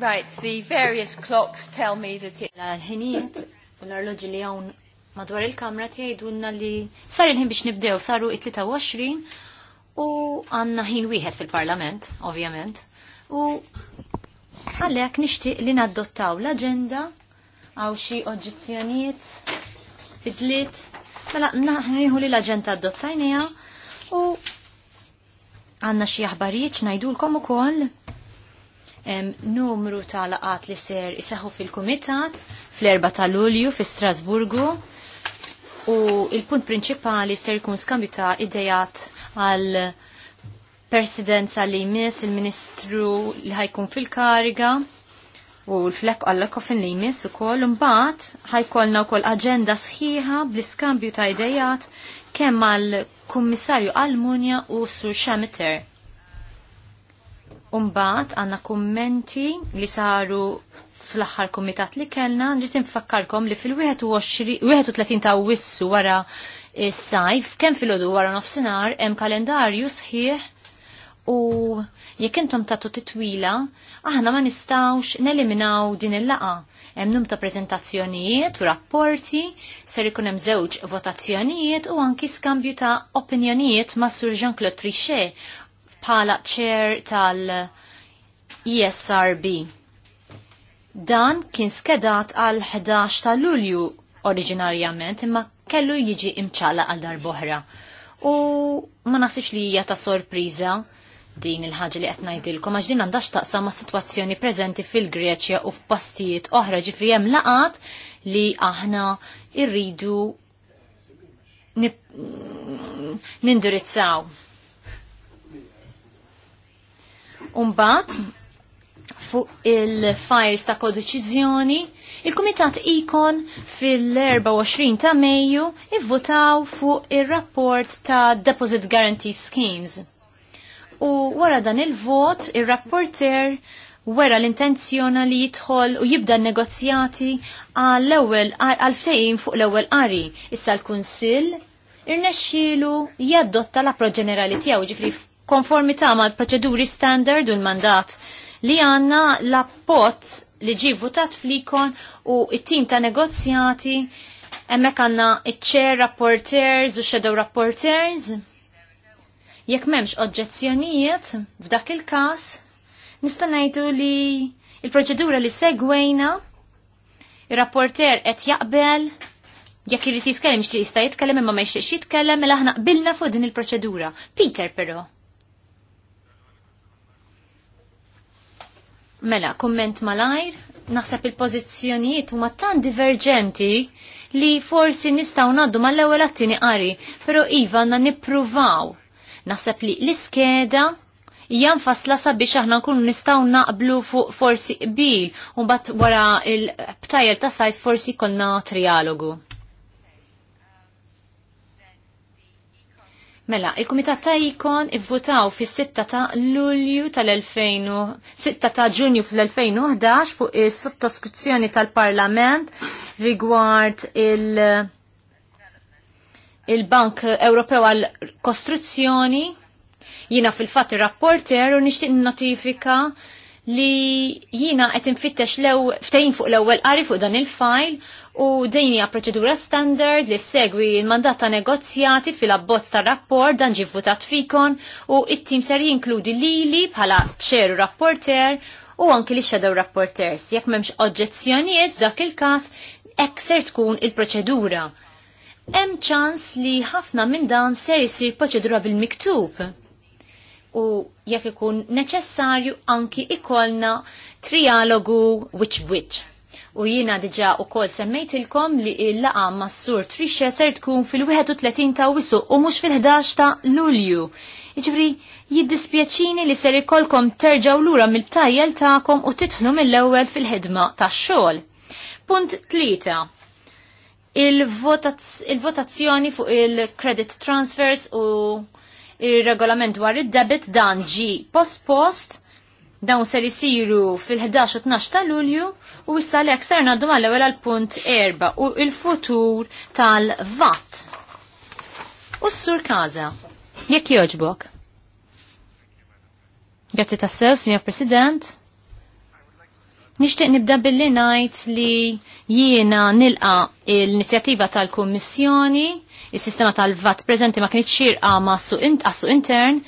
Right, the various clocks tell me that it... L-ħinijiet u l-arloġi li għawn madwar il-kamra tiegħidulna li sar il-ħin biex nibdew saru it-23 u għanna ħin wieħed fil-parlament, ovvjament. U għallek nixtieq li naddottaw l-aġenda għaw xi oġġizzjonijiet, id-dlit, mela naħniħu li l agenda addottajnija u għanna xi aħbarijiet ngħidulkom ukoll numru ta' laqat li ser isaħu fil-Kumitat fl-4 ta' Lulju fi Strasburgu u il-punt prinċipali ser jkun skambju ta' idejat għal presidenza li jmiss il-Ministru li ħajkun fil-kariga u l-flek għall-ekofin li jmiss u koll ħajkolna u wkoll aġenda sħiħa bl-iskambju ta' idejat kemm għal kummissarju Almunja u Sur Xamiter Umbat għanna kummenti li saru fl-axħar komitat li kellna, nrid nfakkarkom li fil-31 ta' wissu wara s-sajf, kemm fil-ħodu wara nofsinhar hemm kalendarju sħiħ u jekk intom tagħtu titwila, aħna ma nistgħux neliminaw din il-laqa. Hemm num ta' preżentazzjonijiet u rapporti, ser ikun hemm żewġ votazzjonijiet u anki skambju ta' opinjonijiet ma' Sur Jean-Claude Trichet bħala ċer tal-ESRB. Dan kien skedat għal 11 ta' Lulju oriġinarjament imma kellu jiġi imċala għal boħra. U ma nasibx li hija ta' sorpriża din il-ħaġa li qed ngħidilkom għax din għandax taqsam ma' sitwazzjoni preżenti fil-Greċja u f'pastijiet oħra ġifri hemm laqat li aħna irridu nindirizzaw. Umbat, fuq il-fires ta' kodeċizjoni, il-Kumitat Ikon fil-24 ta' Mejju ivvotaw fuq il-rapport ta' Deposit Guarantee Schemes. U wara dan il-vot, il-rapporter wera l-intenzjona li jidħol u jibda negozjati għal-ewwel għal-ftehim fuq l-ewwel qari. Issa l-Kunsill irnexxielu jaddotta l proġenerali ġenerali tiegħu ġifri konformità mal proċeduri standard u l-mandat li għanna l-appot li ġi votat flikon u it-tim ta' negozjati emmek għanna iċ ċer rapporters u shadow rapporters. Jekk memx oġġezzjonijiet, f'dak il-kas, ngħidu li il-proċedura li segwejna, il-rapporter qed jaqbel, jekk irid jitkellem xi jista' jitkellem imma ma jxiex jitkellem mela aħna qbilna fuq din il-proċedura. Peter però. Mela, komment malajr, naħseb il-pozizjonijiet huma tan diverġenti li forsi nistgħu ngħaddu mal-ewwel attini qari, però iva għandna nippruvaw. Naħseb li l-iskeda hija nfassla sabiex aħna nkunu nistgħu naqblu fuq forsi qbil u mbagħad wara il-btajjel ta' sajf forsi konna trialogu. Mela, il-Kumitat ta' ikon ivvutaw fis-6 ta' Lulju tal-2000, 6 ta' Ġunju fl-2011 fuq is-sottoskrizzjoni tal-Parlament rigward il- il-Bank Ewropew għal Kostruzzjoni. Jina fil-fatt ir-rapporter u nixtieq notifika li jina qed infittex lew ftejn fuq l-ewwel qari fuq dan il-fajl u din hija proċedura standard li segwi l-mandat ta' negozjati fil-abbozz ta' rapport dan ġi votat fikon u it-tim ser jinkludi lili bħala ċeru rapporter u anki li xadaw rapporters. Jekk m'hemmx oġġezzjonijiet dak il-każ hekk ser tkun il-proċedura. Hemm ċans li ħafna minn dan ser jisir proċedura bil-miktub u jekk ikun neċessarju anki ikolna trialogu which which u jina diġa u kol semmejtilkom li il-laqa mas-sur Trisha ser tkun fil-31 ta' wisu u mux fil-11 ta' Lulju. Iġvri, jiddispjaċini li ser ikolkom terġaw lura mill-tajjel ta'kom u titħlu mill-ewwel fil-ħidma ta' xogħol. Punt 3. Il-votazzjoni fuq il-credit transfers u il-regolament dwar id-debit dan ġi post-post dawn ser isiru fil-11 12 ta' Lulju U issa l ser naddu mal ewwel għal punt erba u il-futur tal-vat. U s-sur kaza, jekk joġbok. Grazzi tassew, Signor President. Nishtiq nibda billi najt li jiena nilqa l-inizjattiva tal-Kommissjoni, il-sistema tal-VAT prezenti ma kienx xirqa ma su intern,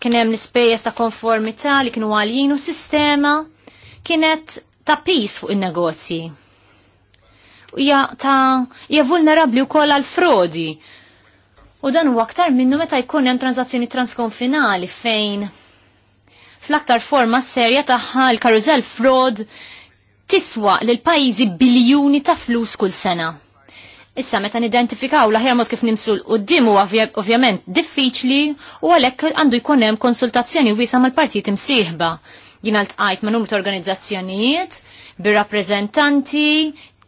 kien hemm l-ispejjeż ta' konformità li kienu għaljin u sistema kienet ta' pis fuq in-negozji. ja ta' vulnerabli vulnerabbli wkoll għal frodi. U dan huwa aktar minnu meta jkun hemm transazzjoni transkonfinali fejn fl-aktar forma serja tagħha l karuzel frod tiswa lil pajjiżi biljuni ta' flus kull sena. Issa meta nidentifikaw l-aħjar mod kif nimsu l-qoddim huwa ovvjament diffiċli u għalhekk għandu jkun hemm konsultazzjoni wiesa' mal-partit imsieħba. Jina l-tqajt ma' numru ta' organizzazzjonijiet, bir-rappreżentanti,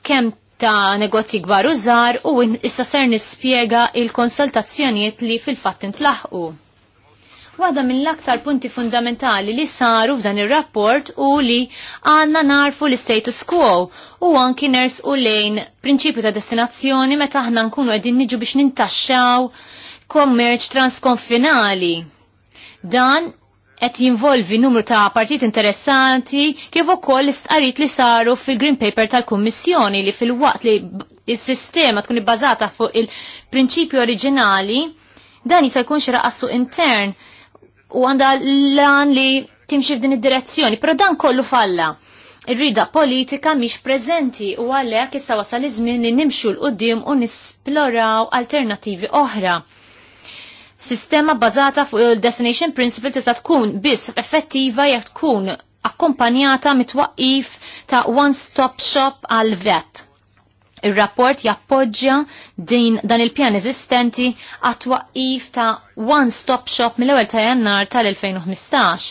kemm ta' negozji gbar u u issa ser nispjega il-konsultazzjonijiet li fil-fatt intlaħqu. Wada mill-aktar punti fundamentali li saru f'dan ir-rapport u li għanna narfu l-status quo u anki ners u lejn prinċipju ta' destinazzjoni meta aħna nkunu qegħdin niġu biex nintaxxaw kommerċ transkonfinali. Dan qed jinvolvi numru ta' partit interessanti kif ukoll istqarit li saru fil-Green Paper tal-Kummissjoni li fil-waqt li il-sistema tkun ibbażata fuq il-prinċipju oriġinali dan jista' jkun xi raqqassu intern u għandha lan li timxi f'din id-direzzjoni, però dan kollu falla. Ir-rida politika mhix preżenti u għalhekk issa wasal iż-żmien li nimxu l qudiem u nisploraw alternattivi oħra Sistema bazata fuq il-destination principle tista' tkun biss effettiva jekk tkun akkompanjata mitwaqqif ta' one-stop shop għal vet. Ir-rapport jappoġġja din dan il-pjan eżistenti għat-twaqqif ta' one-stop shop mill-ewwel ta' jannar tal-2015.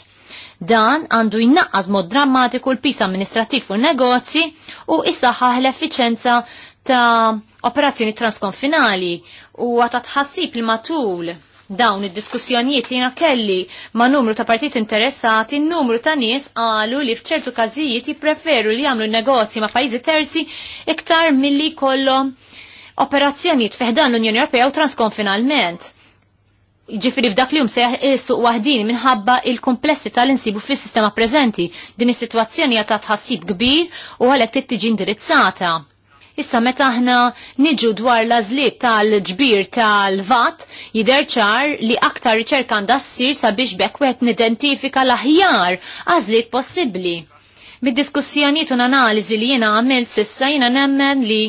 Dan għandu jnaqqas mod drammatiku l-pis amministrativ u negozji u isaħħaħ l-effiċenza ta' operazzjoni transkonfinali u għata tħassib il-matul dawn id-diskussjonijiet li jina kelli ma' numru ta' partit interessati, numru ta' nies għalu li fċertu kazijiet jipreferu li jagħmlu negozji ma' pajizi terzi iktar milli kollom operazzjonijiet fiħdan l-Unjoni Ewropea u transkonfinalment. Ġifiri f'dak li seħ suq wahdini minħabba il-komplessi tal-insibu fis sistema preżenti. Din is-sitwazzjoni għata tħassib kbir u għalhekk tittiġi indirizzata. Issa meta aħna niġu dwar lażliet tal-ġbir tal-vat, jidher ċar li aktar riċerka għandha ssir sabiex bekwet nidentifika l-aħjar għażliet possibbli. Bid-diskussjonijiet u analiżi li jiena għamilt sissa jiena nemmen li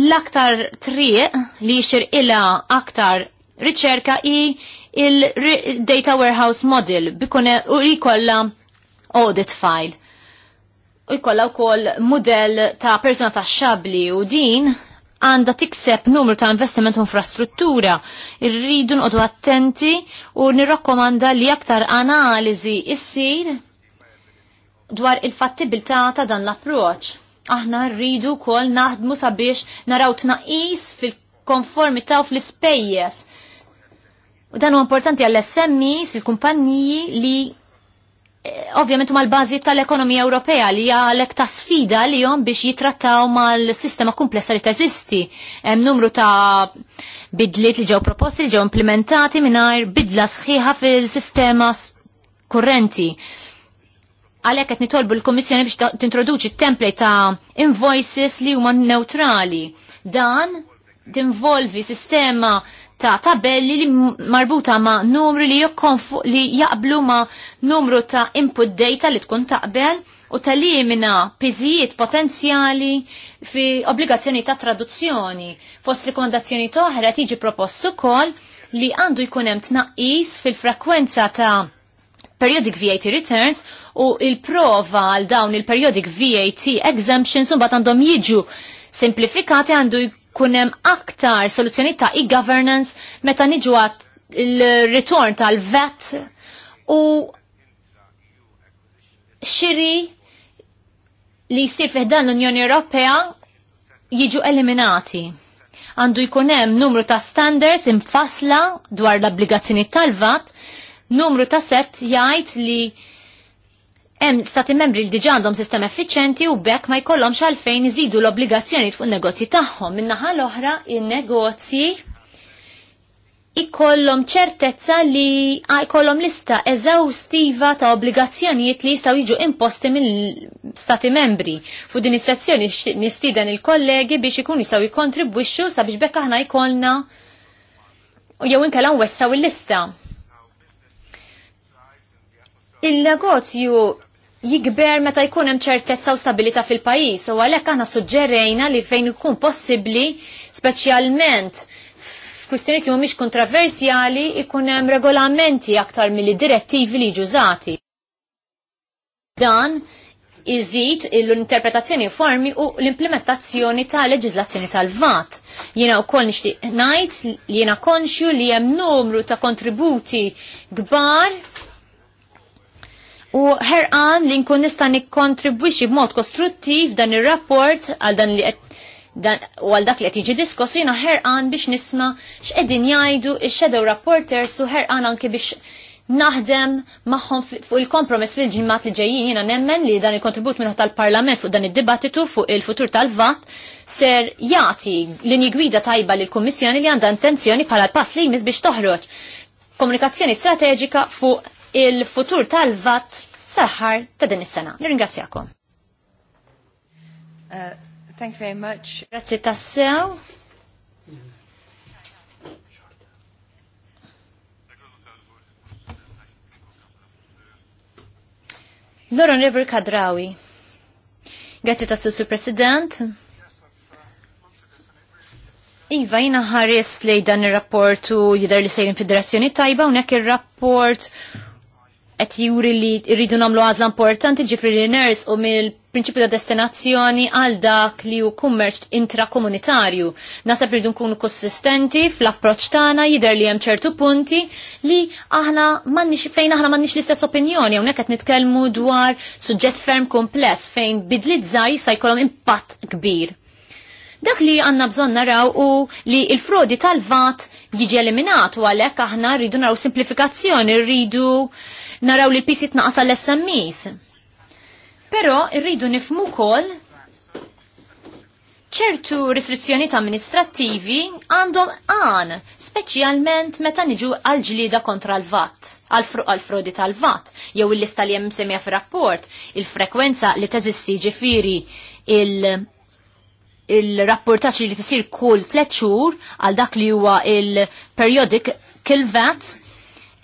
l-aktar triq li ilha aktar riċerka i il-data warehouse model bikun u jikolla audit file u jkollha wkoll mudell ta' persona xabli u din għanda tikseb numru ta' investiment u infrastruttura. Irridu nqodu attenti u nirrakkomanda li aktar analiżi issir dwar il-fattibilità ta' dan l-approċ. Aħna rridu kol naħdmu sabiex naraw tnaqis fil-konformità u fl-ispejjeż. U dan u importanti għall smis il-kumpanniji li Eh, ovvjament mal bażi tal-ekonomija Ewropea li għalek ta' sfida li jom biex jitrattaw mal-sistema komplessa li teżisti. Hemm numru ta' bidliet li ġew proposti li ġew implementati mingħajr bidla sħiħa fil-sistema kurrenti. Għalhekk qed nitolbu l-Kummissjoni biex tintroduċi template ta' invoices li huma neutrali. Dan tinvolvi sistema ta' tabelli li marbuta ma' numri li li jaqblu ma' numru ta' input data li tkun taqbel u tal-limina pizijiet potenzjali fi obbligazzjoni ta' traduzzjoni. Fost rekomendazzjoni toħra tiġi propostu kol li għandu jkunem tnaqis fil-frekwenza ta' periodic VAT returns u il-prova għal dawn il-periodic VAT exemptions un bat għandhom jiġu simplifikati għandu jkunem kunem aktar soluzzjoni ta' e-governance meta niġu il-return tal-vet u xiri li jisir fiħdan l-Unjoni Ewropea jiġu eliminati. Għandu jkunem numru ta' standards imfasla dwar l-obbligazzjoni tal-vat, numru ta' set jgħid li Hemm stati membri li diġà għandhom sistema effiċenti u bekk ma jkollhomx għalfejn iżidu l-obbligazzjoni fuq in-negozji tagħhom. Min-naħa l-oħra in-negozji ikollhom ċertezza li jkollhom lista eżawstiva ta' obbligazzjonijiet li jistgħu jiġu imposti mill-stati membri. Fu din is-sezzjoni nistieden il-kollegi biex ikun jistgħu jikkontribwixxu sabiex bekk aħna jkollna jew inkella wessaw il-lista. Il-negozju jikber meta jkun hemm ċertezza u stabilità fil-pajjiż u għalhekk aħna suġġerejna li fejn ikun possibbli speċjalment f'kwistjonijiet li mhumiex kontroversjali ikun hemm regolamenti aktar milli direttivi li ġużati. Dan iżid l-interpretazzjoni formi u l-implementazzjoni ta' leġizlazzjoni tal-VAT. Jiena u koll nixtieq ngħid li jiena konxju li hemm numru ta' kontributi kbar U ħerqan li nkun nista' nikkontribwixxi b'mod kostruttiv dan ir-rapport għal dan li dan u għal dak li qed jiġi diskoss jiena ħerqan biex nisma' x'qegħdin jgħidu x shadow rapporters u ħerqan anke biex naħdem magħhom fuq il-kompromess fil-ġimgħat li ġejjin jiena nemmen li dan il-kontribut minn tal-Parlament fuq dan id-dibattitu fuq il-futur tal-vat ser jagħti linji gwida tajba lil kummissjoni li għandha intenzjoni bħala l-pass li jmiss biex toħroġ komunikazzjoni strateġika fuq il-futur tal-vat saħħar ta' din is-sena. Nirringrazzjakom. Uh, thank you very much. Grazzi tassew. Loro River Kadrawi. Grazzi tassew, Sir President. Iva, jina ħares li dan il rapportu jidher li sejrin federazzjoni tajba, unek il-rapport qed juri li rridu nagħmlu għażla importanti ġifri li u mill-prinċipju ta' destinazzjoni għal dak li hu kummerċ intrakomunitarju. Nasab rridu nkunu konsistenti fl-approċċ tagħna jidher li hemm ċertu punti li aħna m'għandniex fejn aħna m'għandniex l-istess opinjoni hawnhekk qed nitkellmu dwar suġġett ferm kompless fejn bidliet żgħar jista' jkollhom impatt kbir dak li għanna bżon naraw u li il-frodi tal-vat jiġi eliminat u għalek aħna rridu naraw simplifikazzjoni, rridu naraw li l-pis jitnaqsa l-SMEs. Pero irridu nifmu kol ċertu restrizzjonijiet amministrattivi għandhom għan, speċjalment meta niġu għal-ġlida kontra l-vat, għal-frodi tal-vat, jew il-lista li hemm semja rapport il-frekwenza li teżisti ġifiri il- il rapportaċ li tisir kull tliet xhur għal dak li huwa il-periodic kill vats,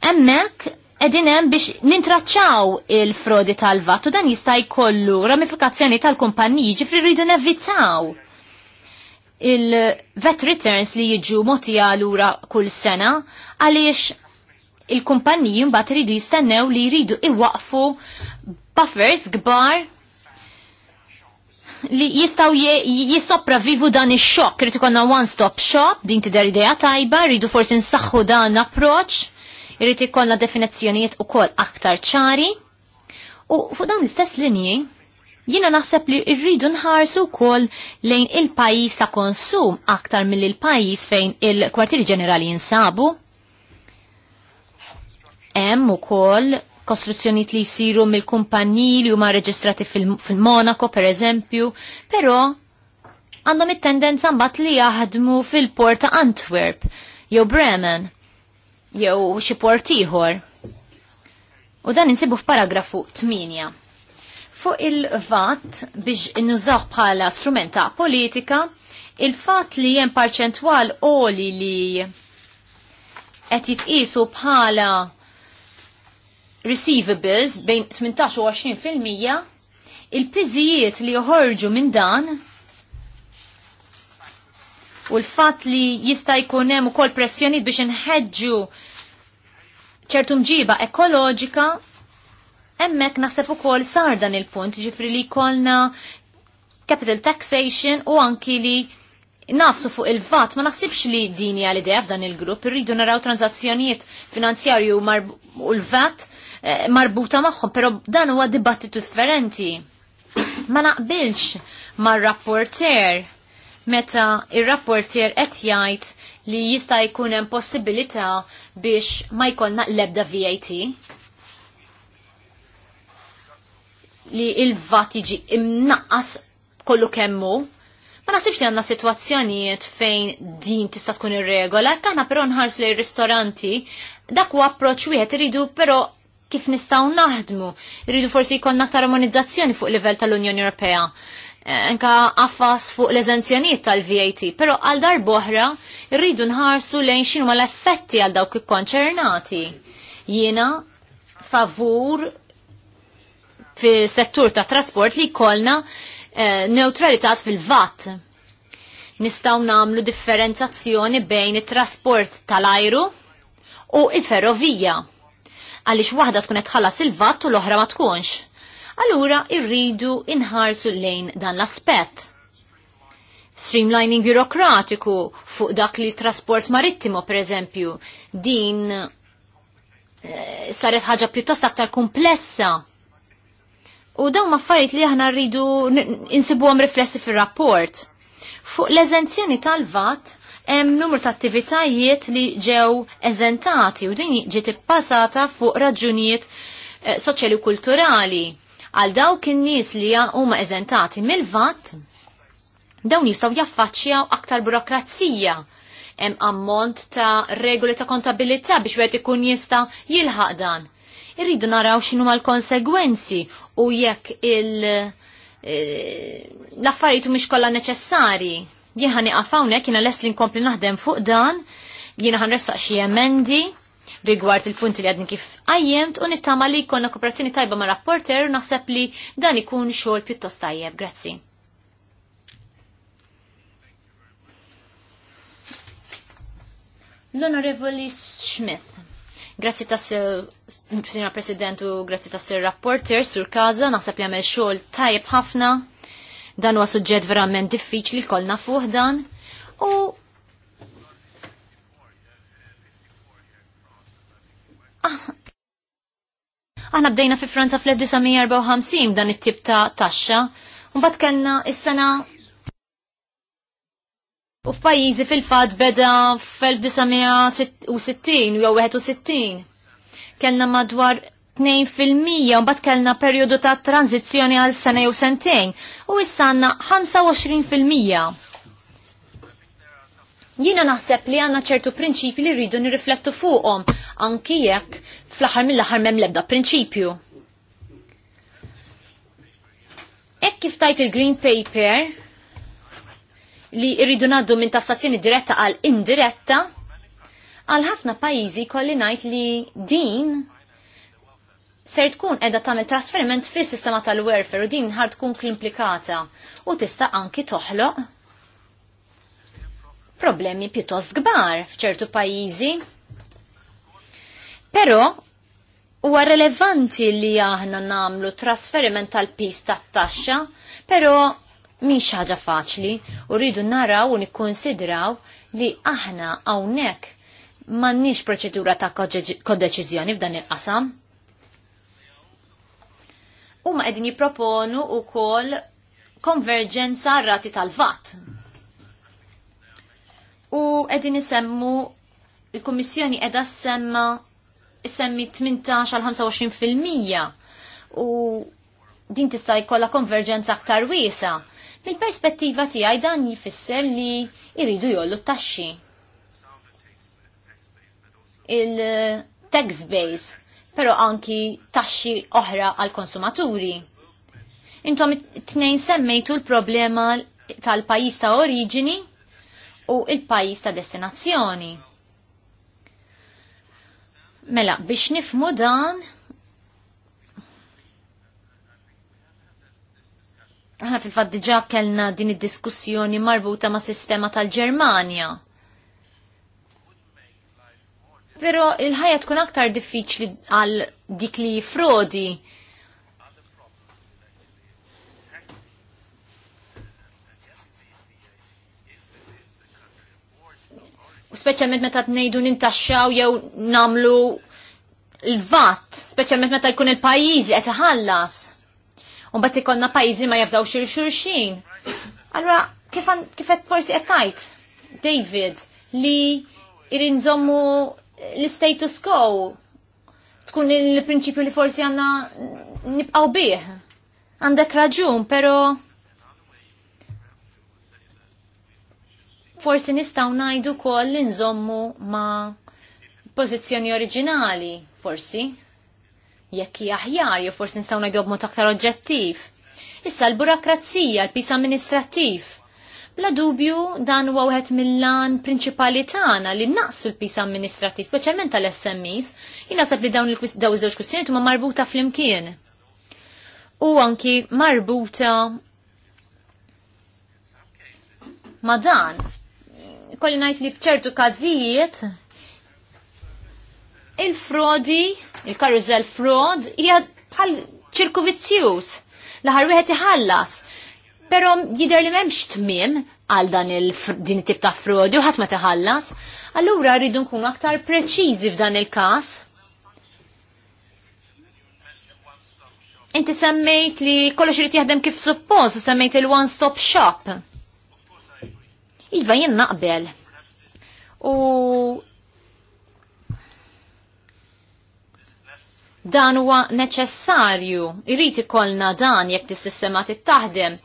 hemmhekk edinem hemm biex nintraċċaw il-frodi tal-vat u dan jista' jkollu ramifikazzjoni tal-kumpaniji ġifri rridu nevitaw il-vet returns li jiġu moti lura kull sena għaliex il-kumpaniji mbagħad iridu jistennew li jridu iwaqfu buffers kbar li jistaw jissopravivu dan ix-xokk, rrid ikollna one-stop shop, din tidher idea tajba, rridu forsi nsaħħu dan approach Irrid ikollna definizzjonijiet ukoll aktar ċari. U fuq dawn l-istess linji, jiena naħseb li rridu nħarsu wkoll lejn il-pajjiż ta' konsum aktar mill il-pajjiż fejn il-kwartieri ġenerali jinsabu. Hemm ukoll kostruzzjonijiet li jsiru mill kumpanji li huma reġistrati fil-Monaco per eżempju, però għandhom it-tendenza mbagħad li jaħdmu fil-port ta' Antwerp jew Bremen jew xi port ieħor. U dan insibu f'paragrafu 8. Fuq il-vat biex innużaw bħala strumenta politika, il-fat li jem parċentwal oli li qed jitqisu bħala receivables bejn 18 u 20 fil-mija, il-piżijiet li joħorġu minn dan u l-fat li jista' jkun hemm ukoll pressjoni biex nħedġu ċertu mġiba ekoloġika hemmhekk naħseb ukoll sar dan il-punt, ġifri li jkollna capital taxation u anki li nafsu fuq il-vat, ma naħsibx li dini għal idea f'dan il-grupp, irridu naraw tranzazzjonijiet finanzjarju u l-vat eh, marbuta magħhom, pero dan huwa dibattitu differenti. Ma naqbilx mar rapporter meta il rapportier qed jgħid li jista' jkun hemm possibilità biex ma jkollna l-ebda VAT li il-vat jiġi imnaqqas kollu kemmu. Ma nasibx li għanna situazzjonijiet fejn din tista' tkun ir-regola, kana però nħars li ristoranti dak huwa approċċ wieħed iridu però kif nistgħu naħdmu. Iridu forsi jkollna aktar armonizzazzjoni fuq livell tal-Unjoni Ewropea anka affas fuq l-eżenzjoniet tal-VAT, pero għal dar boħra rridu nħarsu lejn xinu ma l-effetti għal dawk konċernati. Jiena favur fi settur ta' trasport li kolna eh, neutralitat fil-VAT. Nistaw namlu differenzazzjoni bejn it-trasport tal-ajru u il-ferrovija għaliex waħda tkun tħallas il-VAT u l-oħra ma tkunx allura irridu inħarsu lejn dan l-aspett. Streamlining birokratiku fuq dak li trasport marittimo, per eżempju, din eh, saret ħaġa pjuttost aktar komplessa. U dawn affarijiet li aħna rridu insibuhom riflessi fir-rapport. Fuq l-eżenzjoni tal-vat, hemm numru ta' attivitajiet li ġew eżentati u din ġiet ippassata fuq raġunijiet eh, soċjali kulturali għal dawk in-nies li huma eżentati mill-vat, dawn jistgħu jaffaċċjaw aktar burokrazija hemm ammont ta' regoli ta' kontabilità biex wieħed ikun jista' jilħaq dan. Irridu naraw x'inhu l-konsegwenzi u jekk il- e, l-affarijiet mhux kollha neċessari. Jiena ħani hawnhekk jiena lest li nkompli naħdem fuq dan, jiena ħanressaq xi emendi rigward il-punti li għadni kif għajjemt u nittama li jkollna kooperazzjoni tajba ma' rapporter u naħseb li dan ikun xogħol pjuttost tajjeb. Grazzi. L-Onorevoli Schmidt. Grazzi ta' Sina President u grazzi tas rapporter sur kaza, naħseb li għamel xogħol tajjeb ħafna. Dan huwa suġġett verament diffiċli kollna fuq dan. U Aħna bdejna fi Franza fl-1954 dan it-tip ta' taxxa, u kellna is-sena u f'pajjiżi fil fatt beda f'1960 u jew 61. Kellna madwar 2% u mbagħad kellna perjodu ta' tranzizzjoni għal sena jew sentejn u issa għandna 25%. Jiena naħseb li għanna ċertu prinċipi li rridu nirriflettu fuqhom anki jekk fl-aħħar mill-aħħar mem l-ebda prinċipju. Hekk kif tajt il-Green Paper li rridu naddu minn tassazzjoni diretta għal indiretta, għal ħafna pajjiżi kolli ngħid li din ser tkun edha tagħmel trasferiment fis-sistema tal-welfare u din ħar tkun klimplikata u tista' anki toħloq problemi pjuttost kbar f'ċertu pajjiżi. Però huwa relevanti li aħna namlu trasferiment tal-pis tat-taxxa, però mhix ħaġa faċli u rridu naraw u nikkonsidraw li aħna hawnhekk m'għandniex proċedura ta' kodeċiżjoni f'dan il-qasam. Huma qegħdin jipproponu wkoll konverġenza rati tal-vat u qegħdin isemmu il-Kummissjoni qiegħda semma semmi 18 għal 25 fil-mija u din tista' jkollha konverġenza aktar wiesa. Mill-perspettiva tiegħi dan jifisser li jridu jollu t-taxxi. Il-tax base, però anki taxxi oħra għal konsumaturi. Intom t-tnejn semmejtu l-problema tal-pajis ta' oriġini u il-pajis ta' destinazzjoni. Mela, biex nifmu dan, Aħna fil-fat diġa kellna din id-diskussjoni marbuta ma' sistema tal-Ġermanja. Pero il-ħajja tkun aktar diffiċli għal dik li frodi speċjalment meta tnejdu nintaxxaw jew namlu l-vat, speċjalment meta jkun il-pajjiżi qed iħallas. U mbagħad ikollna pajjiżi ma jafdaw xil xulxin. Allura kif qed forsi qed tajt, David, li irinżommu l-status quo tkun il-prinċipju li forsi għanna nibqaw bih. Għandek raġun, pero forsi nistaw najdu kol li nżommu ma pozizjoni oriġinali, forsi. Jekk hija aħjar, jew forsi nistgħu ngħidu b'mod aktar oġġettiv. Issa l-burokrazija, l-pis amministrattiv. Bla dubju dan huwa wieħed mill-lan prinċipali tagħna li naqsu l-pis amministrattiv, speċjalment tal-SMEs, jinasab li dawn daw żewġ kwistjonijiet huma marbuta flimkien. U anki marbuta ma dan kolli najt li fċertu kazijiet il-frodi, il-karuzel frod, hija bħal ċirku vizzjuż. l wieħed iħallas. Però jidher li m'hemmx tmiem għal dan din tip ta' frodi u ħadd ma tiħallas. Allura rridu nkunu aktar preċiżi f'dan il-każ. Inti semmejt li kollox irid jaħdem kif suppost u semmejt il-one-stop shop. Iva jien naqbel. U dan huwa neċessarju, irrid ikollna dan jekk tis-sistema tittaħdem.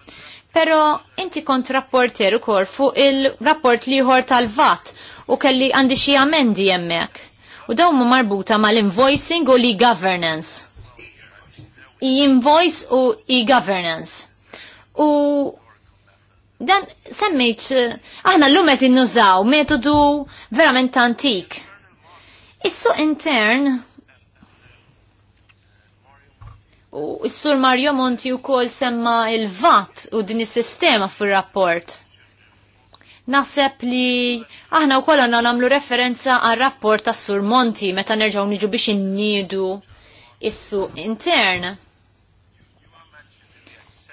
Pero inti kont rapporter ukoll fuq il-rapport liħor tal-VAT u kelli għandi xi amendi hemmhekk. U dawn huma marbuta mal-invoicing u l-e-governance. i invoice u e-governance. U Dan semmejt eh, aħna l-lum qed innużaw metodu verament antik. Issu intern u s-sur Mario Monti u kol semma il-vat u din is-sistema fir-rapport. Naħseb li aħna u kolla namlu referenza għal rapport tas sur Monti meta nerġaw niġu biex innidu issu intern.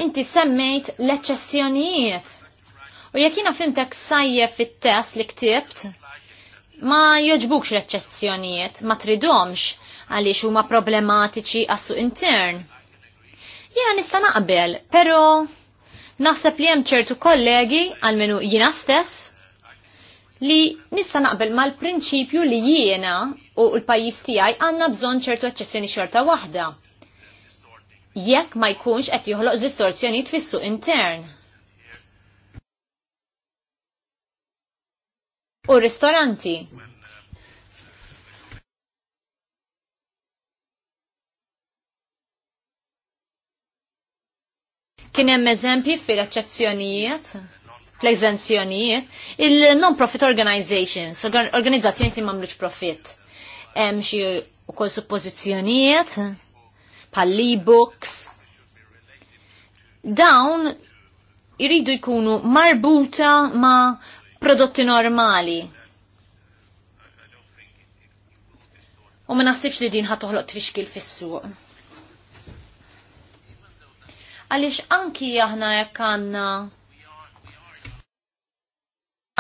Inti semmejt l-eċċessjonijiet. U jekk jiena fimtek sajjef fit-test li ktibt, ma joġbukx l-eċċezzjonijiet, ma tridomx għaliex huma problematiċi għassu intern. Jiena nista' naqbel, però naħseb li hemm ċertu kollegi għal minnu jiena stess li nista' naqbel mal-prinċipju li jiena u l-pajjiż tiegħi għandna bżonn ċertu eċċezzjoni xorta waħda jekk ma jkunx qed joħloq distorzjonijiet fis-suq intern. u ristoranti. Kien hemm eżempji fil-eċċezzjonijiet, fl-eżenzjonijiet, il-non-profit organizations, organizzazzjoni li mamluċ profit. Hemm xi wkoll suppożizzjonijiet bħal e-books. Dawn iridu jkunu marbuta ma' prodotti normali. U ma naħsibx li din toħloq tfixkil fis-suq. Għaliex anki aħna jekk għandna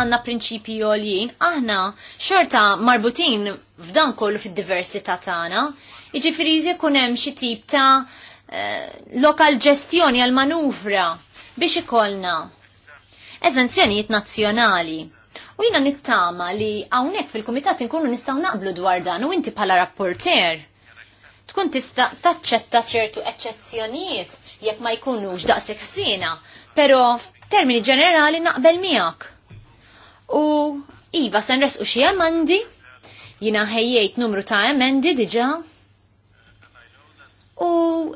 għanna prinċipi għoljien, aħna xorta marbutin f'dan kollu fid-diversità tagħna, jiġifieri jkun hemm xi tip ta' eh, lokal ġestjoni għal manuvra biex ikollna eżenzjonijiet nazzjonali. U jina nittama li hawnhekk fil-kumitat inkunu nistgħu naqblu dwar dan u inti bħala rapporter tkun tista' taċċetta ċertu eċċezzjonijiet jekk ma jkunux x'daqsek ħsiena, però f'termini ġenerali naqbel miegħek. U iva se nresqu xi emendi, jiena ħejjejt numru ta' emendi diġa', U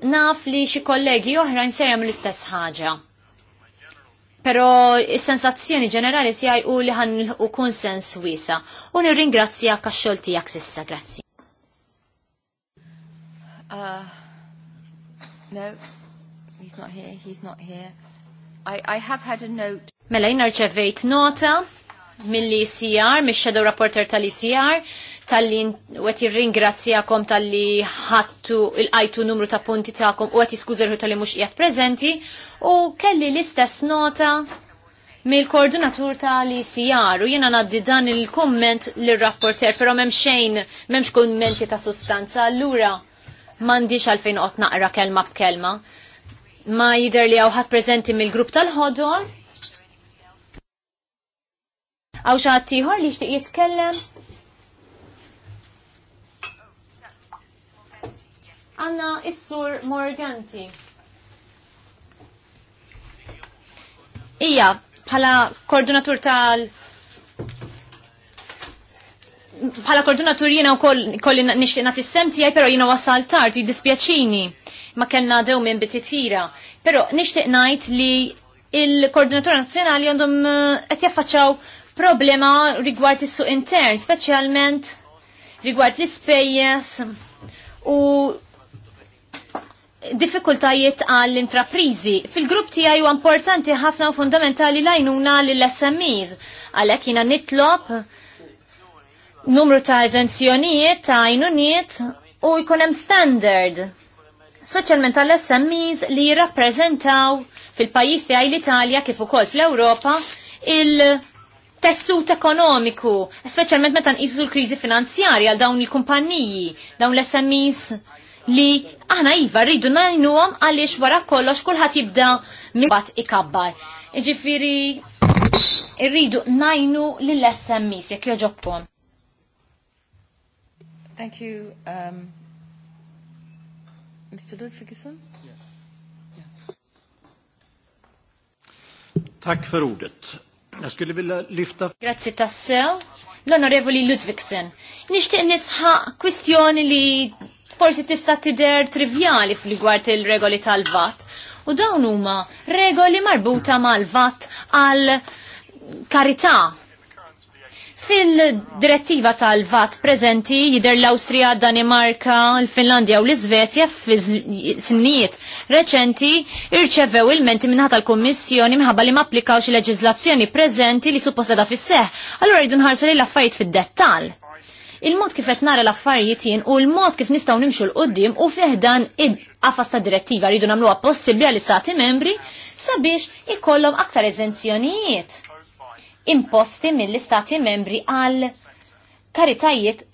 naf li xi kollegi oħra nsejjem l-istess ħaġa. Pero il-sensazzjoni ġenerali tijaj u li ħan u sens wisa. U nirringrazzja kaxxol tijak sissa, grazzi. Uh, no, he's not here, he's not here. I, I have had a note. Mela jina rċevejt nota mill-ICR, mill-Shadow Rapporter tal-ICR, tal-li għet jirringrazzjakom tal-li ħattu il-għajtu numru ta' punti ta'kom u għet jiskużerħu tal-li mux jgħat prezenti u kelli l-istess nota mill-koordinatur tal-li sijar u jena naddi dan il-komment l-rapporter pero memx xejn memx kommenti ta' sustanza allura mandiċ għalfejn qot naqra kelma f'kelma ma jider li għawħat prezenti mill-grupp tal ħodol għaw xaħat tiħor li xtiq jitkellem Għanna is-sur Morganti. Ija, bħala koordinatur tal bħala koordinatur jina u kolli kol nixtiqna tissem tijaj, pero jina wasal tard, dispjaċini ma kellna dew minn bititira. Pero nixtieq ngħid li il-koordinatur nazzjonali għandhom eh, qed jaffaċċaw problema rigward is-suq intern, speċjalment rigward l-ispejjeż u diffikultajiet għall intraprizi Fil-grupp tiegħi huwa importanti ħafna u fundamentali lajnuna lill-SMEs. Għalhekk jiena nitlob numru ta' eżenzjonijiet ta' jnuniet u jkun hemm standard. Soċjalment għall-SMEs li jirrappreżentaw fil-pajjiż tiegħi l-Italja kif ukoll fl-Ewropa il- tessut ekonomiku, speċjalment meta nqisu l-kriżi finanzjarja għal dawn il-kumpanniji, dawn l-SMEs li aħna iva rridu għom għaliex wara kollox kulħadd jibda minn bat ikabbar. Iġifiri, rridu najnu lill-SMEs jekk joġobkom. Thank you. Um, Mr. Ludvigsson? Tack för ordet. Jag skulle vilja lyfta... Grazie tassel. L-onorevoli Ludvigsen. Nishtiq nisħa kwistjoni li forsi tista' tidher trivjali fil-gwart il-regoli tal-vat. U dawn huma regoli marbuta mal-vat għal karità. Fil-direttiva tal-VAT preżenti jidher l-Awstrija, Danimarka, l-Finlandja u l-Iżvezja sniet reċenti irċevew il-menti minnħat tal-Kommissjoni minħabba li m'applikawx il leġizlazzjoni preżenti li supposta da fis Allora jidun jridu nħarsu li laffajt affarijiet fid-dettall il-mod kif qed nara l-affarijiet jien u l-mod kif nistgħu nimxu l-qudiem u dan id-qafas ta' direttiva rridu nagħmluha possibbli għal istati membri sabiex ikollhom aktar eżenzjonijiet imposti mill-istati membri għal karitajiet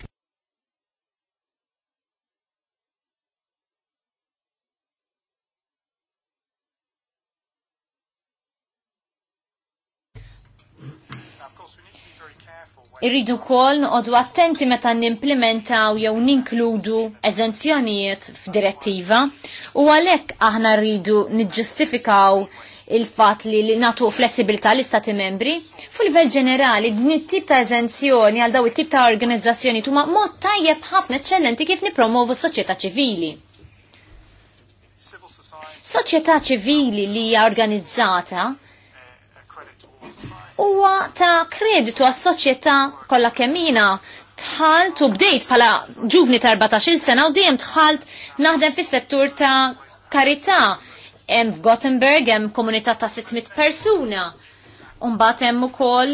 irridu wkoll noqogħdu attenti meta nimplementaw jew ninkludu eżenzjonijiet f'direttiva u għalhekk aħna rridu niġġustifikaw il-fat li, li natu flessibilità l-istati membri, fu vel ġenerali, din it-tip ta' eżenzjoni għal daw it-tip ta' organizzazzjoni tuma mod tajjeb ħafna eċċellenti kif nipromovu s-soċjetà ċivili. Soċjetà ċivili li hija organizzata huwa ta' kreditu għas-soċjetà kollha kemmina tħalt u bdejt bħala ġuvni ta' 14 sena u dejjem tħalt naħdem fis-settur ta' karità. Hemm f'Gothenburg hemm komunità ta' 600 persuna. mbagħad hemm ukoll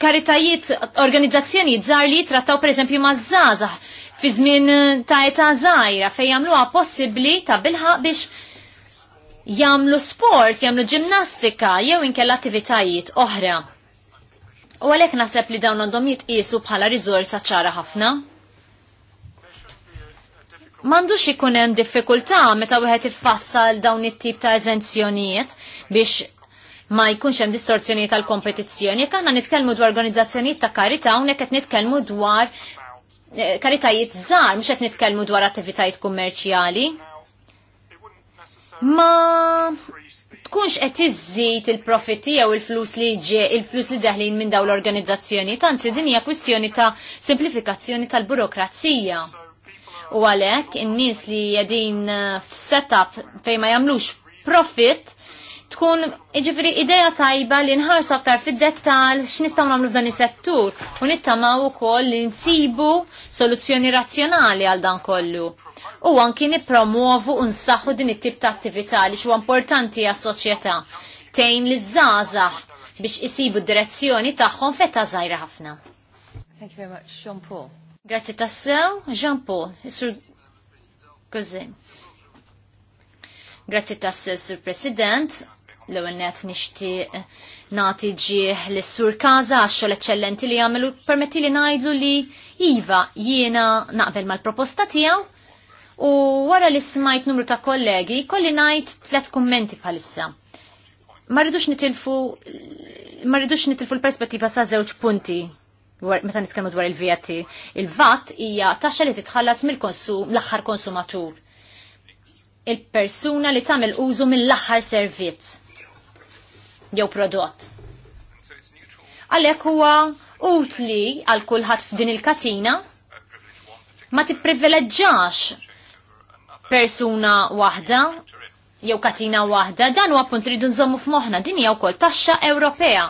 karitajiet, organizzazzjoni żgħar li jitrattaw pereżempju ma' żgħażagħ fi żmien ta' età żgħira fejn jagħmluha possibbli ta' bilħaq biex jamlu sport, jamlu ġimnastika, jew inkella attivitajiet oħra. U għalek nasab li dawn għandhom jitqisu bħala riżorsa ċara ħafna. Mandux ikun hemm diffikultà meta wieħed iffassal dawn it-tip ta' eżenzjonijiet biex ma jkunx hemm distorzjoni tal-kompetizzjoni. Jekk aħna nitkellmu dwar organizzazzjonijiet ta' karità hawnhekk qed nitkellmu dwar eh, karitajiet żgħar mhux qed nitkellmu dwar attivitajiet kummerċjali ma tkunx qed iżżid il-profitti jew il-flus li ġie il-flus li daħlin minn dawn l-organizzazzjoni, tanzi din hija kwistjoni ta' simplifikazzjoni tal-burokrazija. U għalhekk in-nies li qegħdin f'setup fejn ma jagħmlux profit tkun iġifri ideja tajba li nħarsu aktar fid-dettal x'nistgħu nagħmlu f'dan is-settur u nittamaw ukoll li nsibu soluzzjoni razzjonali għal dan kollu. U anki nippromovu u nsaħħu din it-tip ta' attività li huwa importanti għas-soċjetà tejn li żgħażagħ biex isibu d-direzzjoni tagħhom feta żgħira ħafna. Thank you very much, Jean Paul. Grazzi tassew, Jean Paul, Isur Kozin. Grazzi tassew, Sur President l-għennet nixtieq nagħti ġieħ lis sur Kaza għax-xogħol eċċellenti li jagħmlu permetti li ngħidlu li iva jiena naqbel mal-proposta tiegħu u wara li smajt numru ta' kollegi kolli ngħid tliet kummenti bħalissa. Ma rridux nitilfu ma rridux nitilfu l-perspettiva sa' żewġ punti meta nitkellmu dwar il-VAT. Il-VAT hija taxxa li titħallas mill-konsum l-aħħar konsumatur il-persuna li tagħmel użu mill-aħħar servizz jew prodott. Għalhekk huwa utli għal kulħadd f'din il-katina ma tipprivileġġax persuna waħda jew katina waħda, dan huwa punt rridu nżommu f'moħħna din hija wkoll taxxa Ewropea.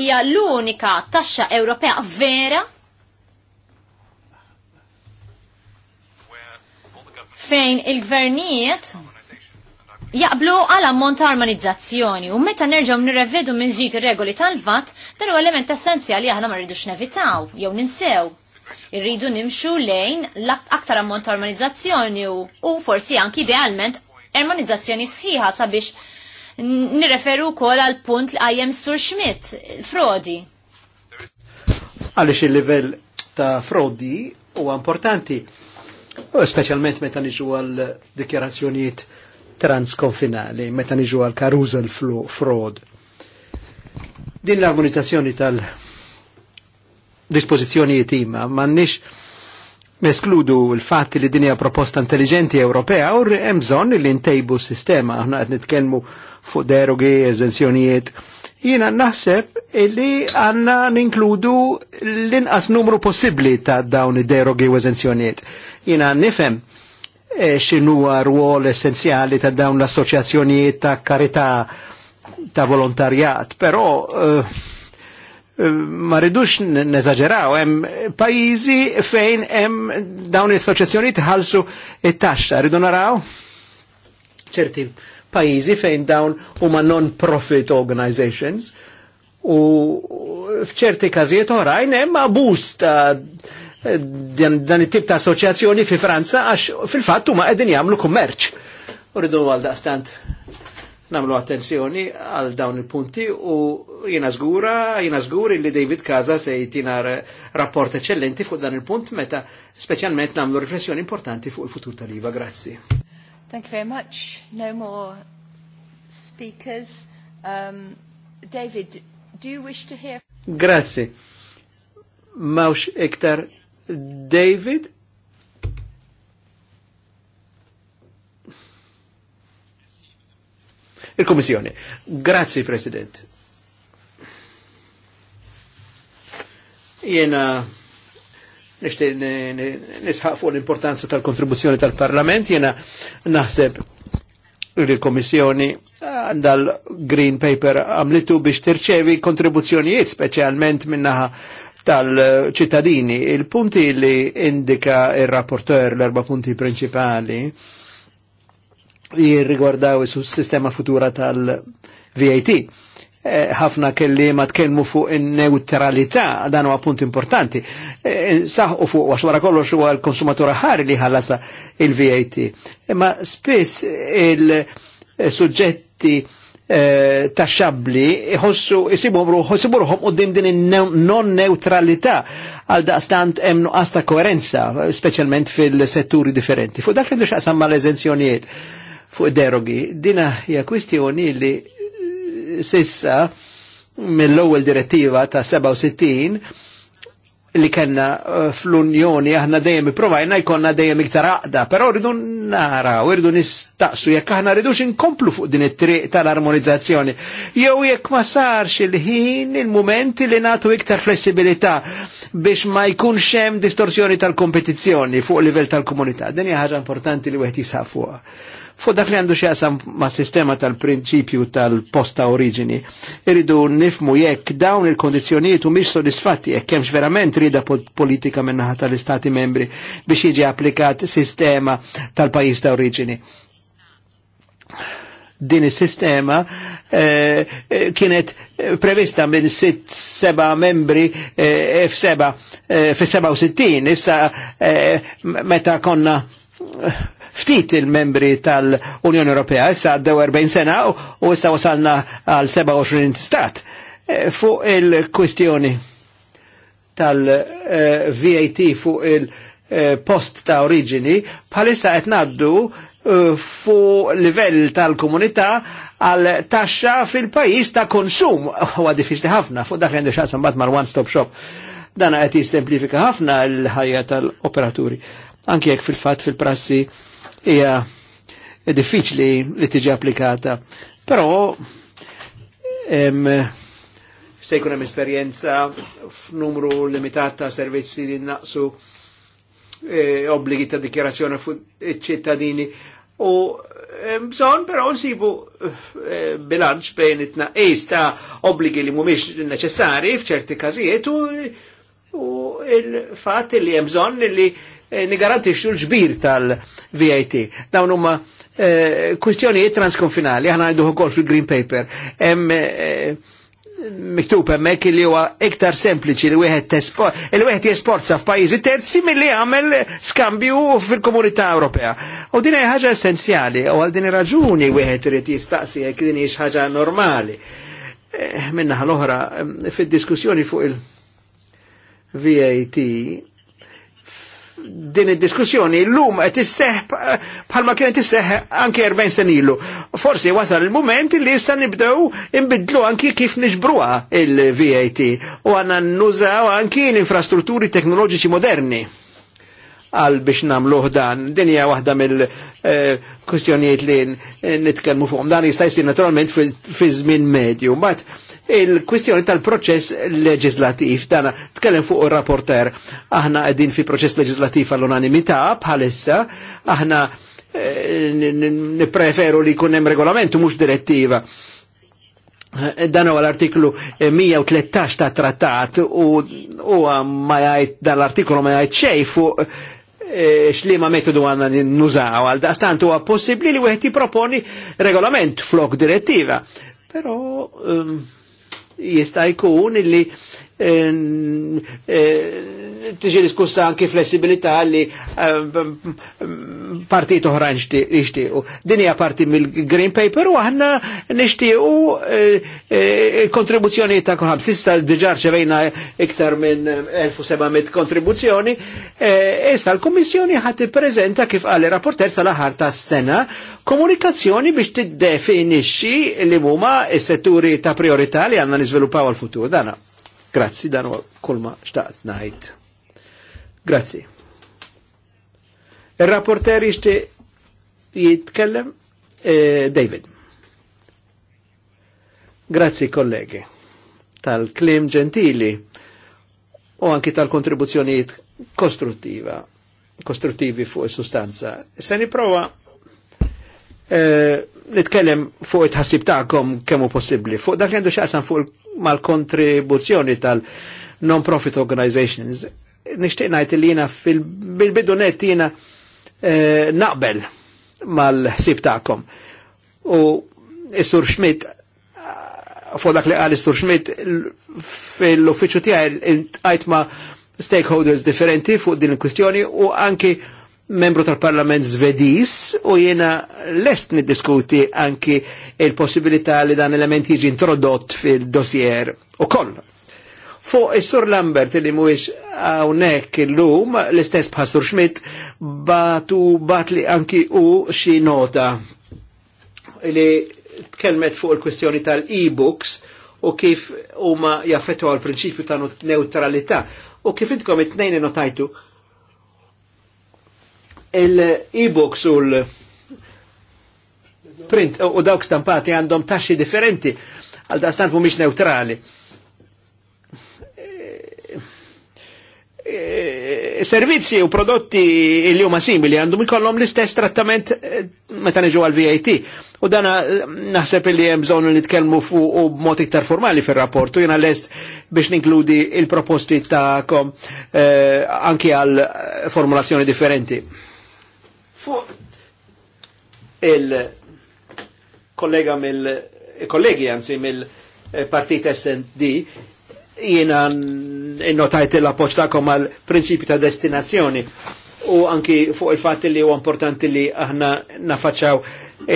Hija l-unika taxxa Ewropea vera fejn il-gvernijiet jaqblu għal ammont ta' armonizzazzjoni u meta nerġgħu nirrevedu minn ġid ir-regoli tal-vat dan huwa element essenzjali aħna ma rridux nevitaw jew ninsew. Irridu nimxu lejn l aktar ammont ta' armonizzazzjoni u, u forsi anki idealment armonizzazzjoni sħiħa sabiex nirreferu wkoll għal punt li għajjem Sur Schmidt, frodi. Għaliex il-livell ta' frodi huwa importanti, specialment meta niġu għal dikjarazzjonijiet transkonfinali meta niġu għal karuza l-frod. Din l-armonizzazzjoni tal-dispozizjonijiet ima m'għandniex Neskludu l-fatti li dinja proposta intelligenti Ewropea u hemm bżonn li ntejbu s-sistema, aħna qed nitkellmu fuq derogi, eżenzjonijiet. Jiena naħseb li għandna ninkludu l-inqas numru possibbli ta' dawn id-derogi u eżenzjonijiet. Jiena nifhem E xinu ruol essenzjali ta' dawn l-assoċjazzjonijiet ta' karità ta' volontarjat, però e, e, ma ridux neżagġeraw, hemm pajjiżi fejn hemm dawn l-assoċjazzjonijiet ħalsu it-taxxa, rridu naraw ċerti pajjiżi fejn dawn huma non-profit organizations u fċerti każijiet oħrajn hemm abuż ta' Eh, dan it-tip ta' assoċjazzjoni fi Franza għax fil-fatt huma qegħdin jagħmlu kummerċ. Uridu għal daqstant namlu attenzjoni għal dawn il-punti u jena zgura, jena zguri li David Kaza se jtina rapport eccellenti fuq dan il-punt meta specialment namlu riflessjoni importanti fuq il-futur tal-IVA. Grazzi. Thank you very much. No more speakers. Um, David, do you wish to hear? Grazzi. Mawx iktar David? Il-Komissjoni. Grazzi, President. Jena nishtiq nisħaq fuq l-importanza tal-kontribuzzjoni tal-Parlament, jena naħseb il-Komissjoni dal-Green Paper għamlitu biex terċevi kontribuzzjonijiet, specialment minnaħa tal-ċittadini. Il-punti li indika il-rapporteur l-erba punti principali jirrigwardaw il-sistema futura tal-VAT. Eh, ħafna e, kelli ma tkellmu fuq in-neutralità, dan huwa punt importanti. E, Saħ u fuq għax wara kollox huwa l-konsumatur ħari li ħallasa il-VAT. Imma e, spiss il-suġġetti il Eh, xabli jħossu jisibuhom ruħu qudiem din non-neutralità għal da' hemm emnu għasta koerenza, speċjalment fil-setturi differenti. Fuq dak li xaqsam mal-eżenzjonijiet fuq derogi, dina hija kwistjoni li sissa mill-ewwel direttiva ta' 67 li kena eh, fl-Unjoni aħna dejjem provajna jkonna dejjem iktar aqda, però rridu nara, u rridu nistaqsu jekk aħna rridux inkomplu fuq din it-triq tal-armonizzazzjoni. Jew jekk ma sarx il-ħin il-mumenti li natu iktar flessibilità biex ma jkunx hemm distorsjoni tal-kompetizzjoni fuq livell tal-komunità. Din hija ħaġa importanti li wieħed jisaf fuqha fuq dak li għandu xieqsam ma' sistema tal-prinċipju tal-posta oriġini. Irridu nifmu jekk dawn il kondizjoniet u miex sodisfatti jekk kemx verament rida politika minnaħa tal-Istati membri biex jiġi applikat sistema tal-pajis ta' oriġini din is-sistema eh, eh, kienet prevista minn 6 seba membri eh, f-seba f-67 issa meta konna ftit il-membri tal-Unjoni Ewropea, issa għaddew 40 sena u issa wasalna għal 27 stat. E, fuq il-kwistjoni tal-VAT fuq il-post ta' oriġini, bħalissa qed ngħaddu e, fuq livell tal-komunità għal taxxa fil-pajis ta' konsum. Huwa diffiċli ħafna fuq dak li għandu xansam bat mal-one-stop shop. Dan qed jissemplifika ħafna l-ħajja tal-operaturi. Anki jekk fil-fatt fil-prassi hija diffiċli li tiġi applikata. Però se jkun hemm esperjenza f'numru limitat ta' servizzi li naqsu e, obbligi ta' dikjarazzjoni fuq iċ-ċittadini u bżon però nsibu e, bilanċ bejn it-tnaqqis ta' obbligi li mhumiex neċessari f'ċerti każijiet u il fatt li hemm bżonn li Eh, nigarantixxu l-ġbir tal-VAT. Dawn huma eh, kwistjonijiet transkonfinali, aħna għajduħu kol fil-Green Paper. Hemm eh, miktub hemmhekk li huwa iktar sempliċi li wieħed il wieħed jesporza f'pajjiżi terzi milli għamel skambju fil-Komunità Ewropea. U din hija ħaġa essenzjali u għal din raġuni wieħed irid jistaqsi jekk din hix ħaġa normali. Minnaħa l-oħra fid-diskussjoni fuq il-VAT din id-diskussjoni l-lum qed isseħ bħalma kienet isseħ anke 40 sen ilu. Forsi wasal il-moment li issa nibdew inbidlu anki kif niġbruha il-VAT u għandna nużaw anki l-infrastrutturi teknoloġiċi moderni għal biex namluħ dan. Dinja waħda mill-kustjonijiet li nitkellmu fuqhom. Dan jista' jsir naturalment fi żmien medju. Mbagħad il-kwistjoni tal-proċess leġislativ dana tkellem fuq ir-rapporter. Aħna qegħdin fi proċess leġislativ għall-unanimità bħalissa, aħna eh, nipreferu li jkun hemm regolamentu mhux direttiva eh, dan huwa l-artiklu 113 ta' trattat u, u ma jgħid dan l-artiklu ma jgħid xejn fuq E, xlima metodu għanna n nużaw għal daqstant huwa possibbli li għetti proponi regolament flok direttiva. Pero um, ehm, jista' jkun illi E, tiġi diskussa anki flessibilità li e, partit oħrajn ixtiequ. Din hija parti mill-Green Paper u għanna nixtiequ e, kontribuzzjoni ta' kulħadd. Sista diġà ċevejna iktar minn 1700 kontribuzzjoni. Issa l-Kummissjoni ħadd prezenta kif għalli rapporter sal-aħħar tas-sena komunikazzjoni biex tiddefinixxi li huma s-setturi ta' priorità li għandna niżviluppaw għal-futur. Dana. Grazzi, dan u kolma xtaqt najt. Grazzi. Il-rapporter ixti jitkellem eh, David. Grazzi kollegi tal-klim ġentili u anki tal kontribuzzjoni kostruttiva, kostruttivi fuq il-sustanza. Se niprofa eh, nitkellem fuq it-ħassib ta'kom kemmu possibli, fuq dak li għandu xaqsan fuq il mal-kontribuzzjoni tal-non-profit organizations. Nishtiq ngħid li jina fil-bidunet jiena eh, naqbel mal sib ta'kom. U Isur Schmidt fuq dak li għal Isur Schmidt fil uffiċu tijaj għajt ma' stakeholders differenti fuq din il-kwistjoni u anki membru tal-Parlament Zvedis, u jiena lest niddiskuti anki il-possibilità li dan element jiġi introdott fil-dossier u koll. Fuq is-Sur Lambert li mhuwiex hawnhekk illum l-istess bħasur Schmidt batu bat li anki u xi nota li tkellmet fuq il-kwestjoni tal-e-books u kif huma jaffettwaw il-prinċipju ta' neutralità u kif idkom it-tnejn notajtu il-e-books u l-print u dawk stampati għandhom taxxi differenti għal da stant mumiex neutrali. E, servizzi u prodotti li huma simili għandhom ikollhom l-istess trattament e, meta neġu għal VAT. U dan e, naħseb li hemm bżonn li nitkellmu fuq u mod iktar formali fir-rapport u jiena lest biex ninkludi il-proposti ta' anke anki għal formulazzjoni differenti. Fuq il-kollega mill kollegi anzi mill-partit eh, SND jiena innotajt il-appoċtakom għal prinċipi ta' destinazzjoni u anki fuq il-fat li huwa importanti li aħna nafaċċaw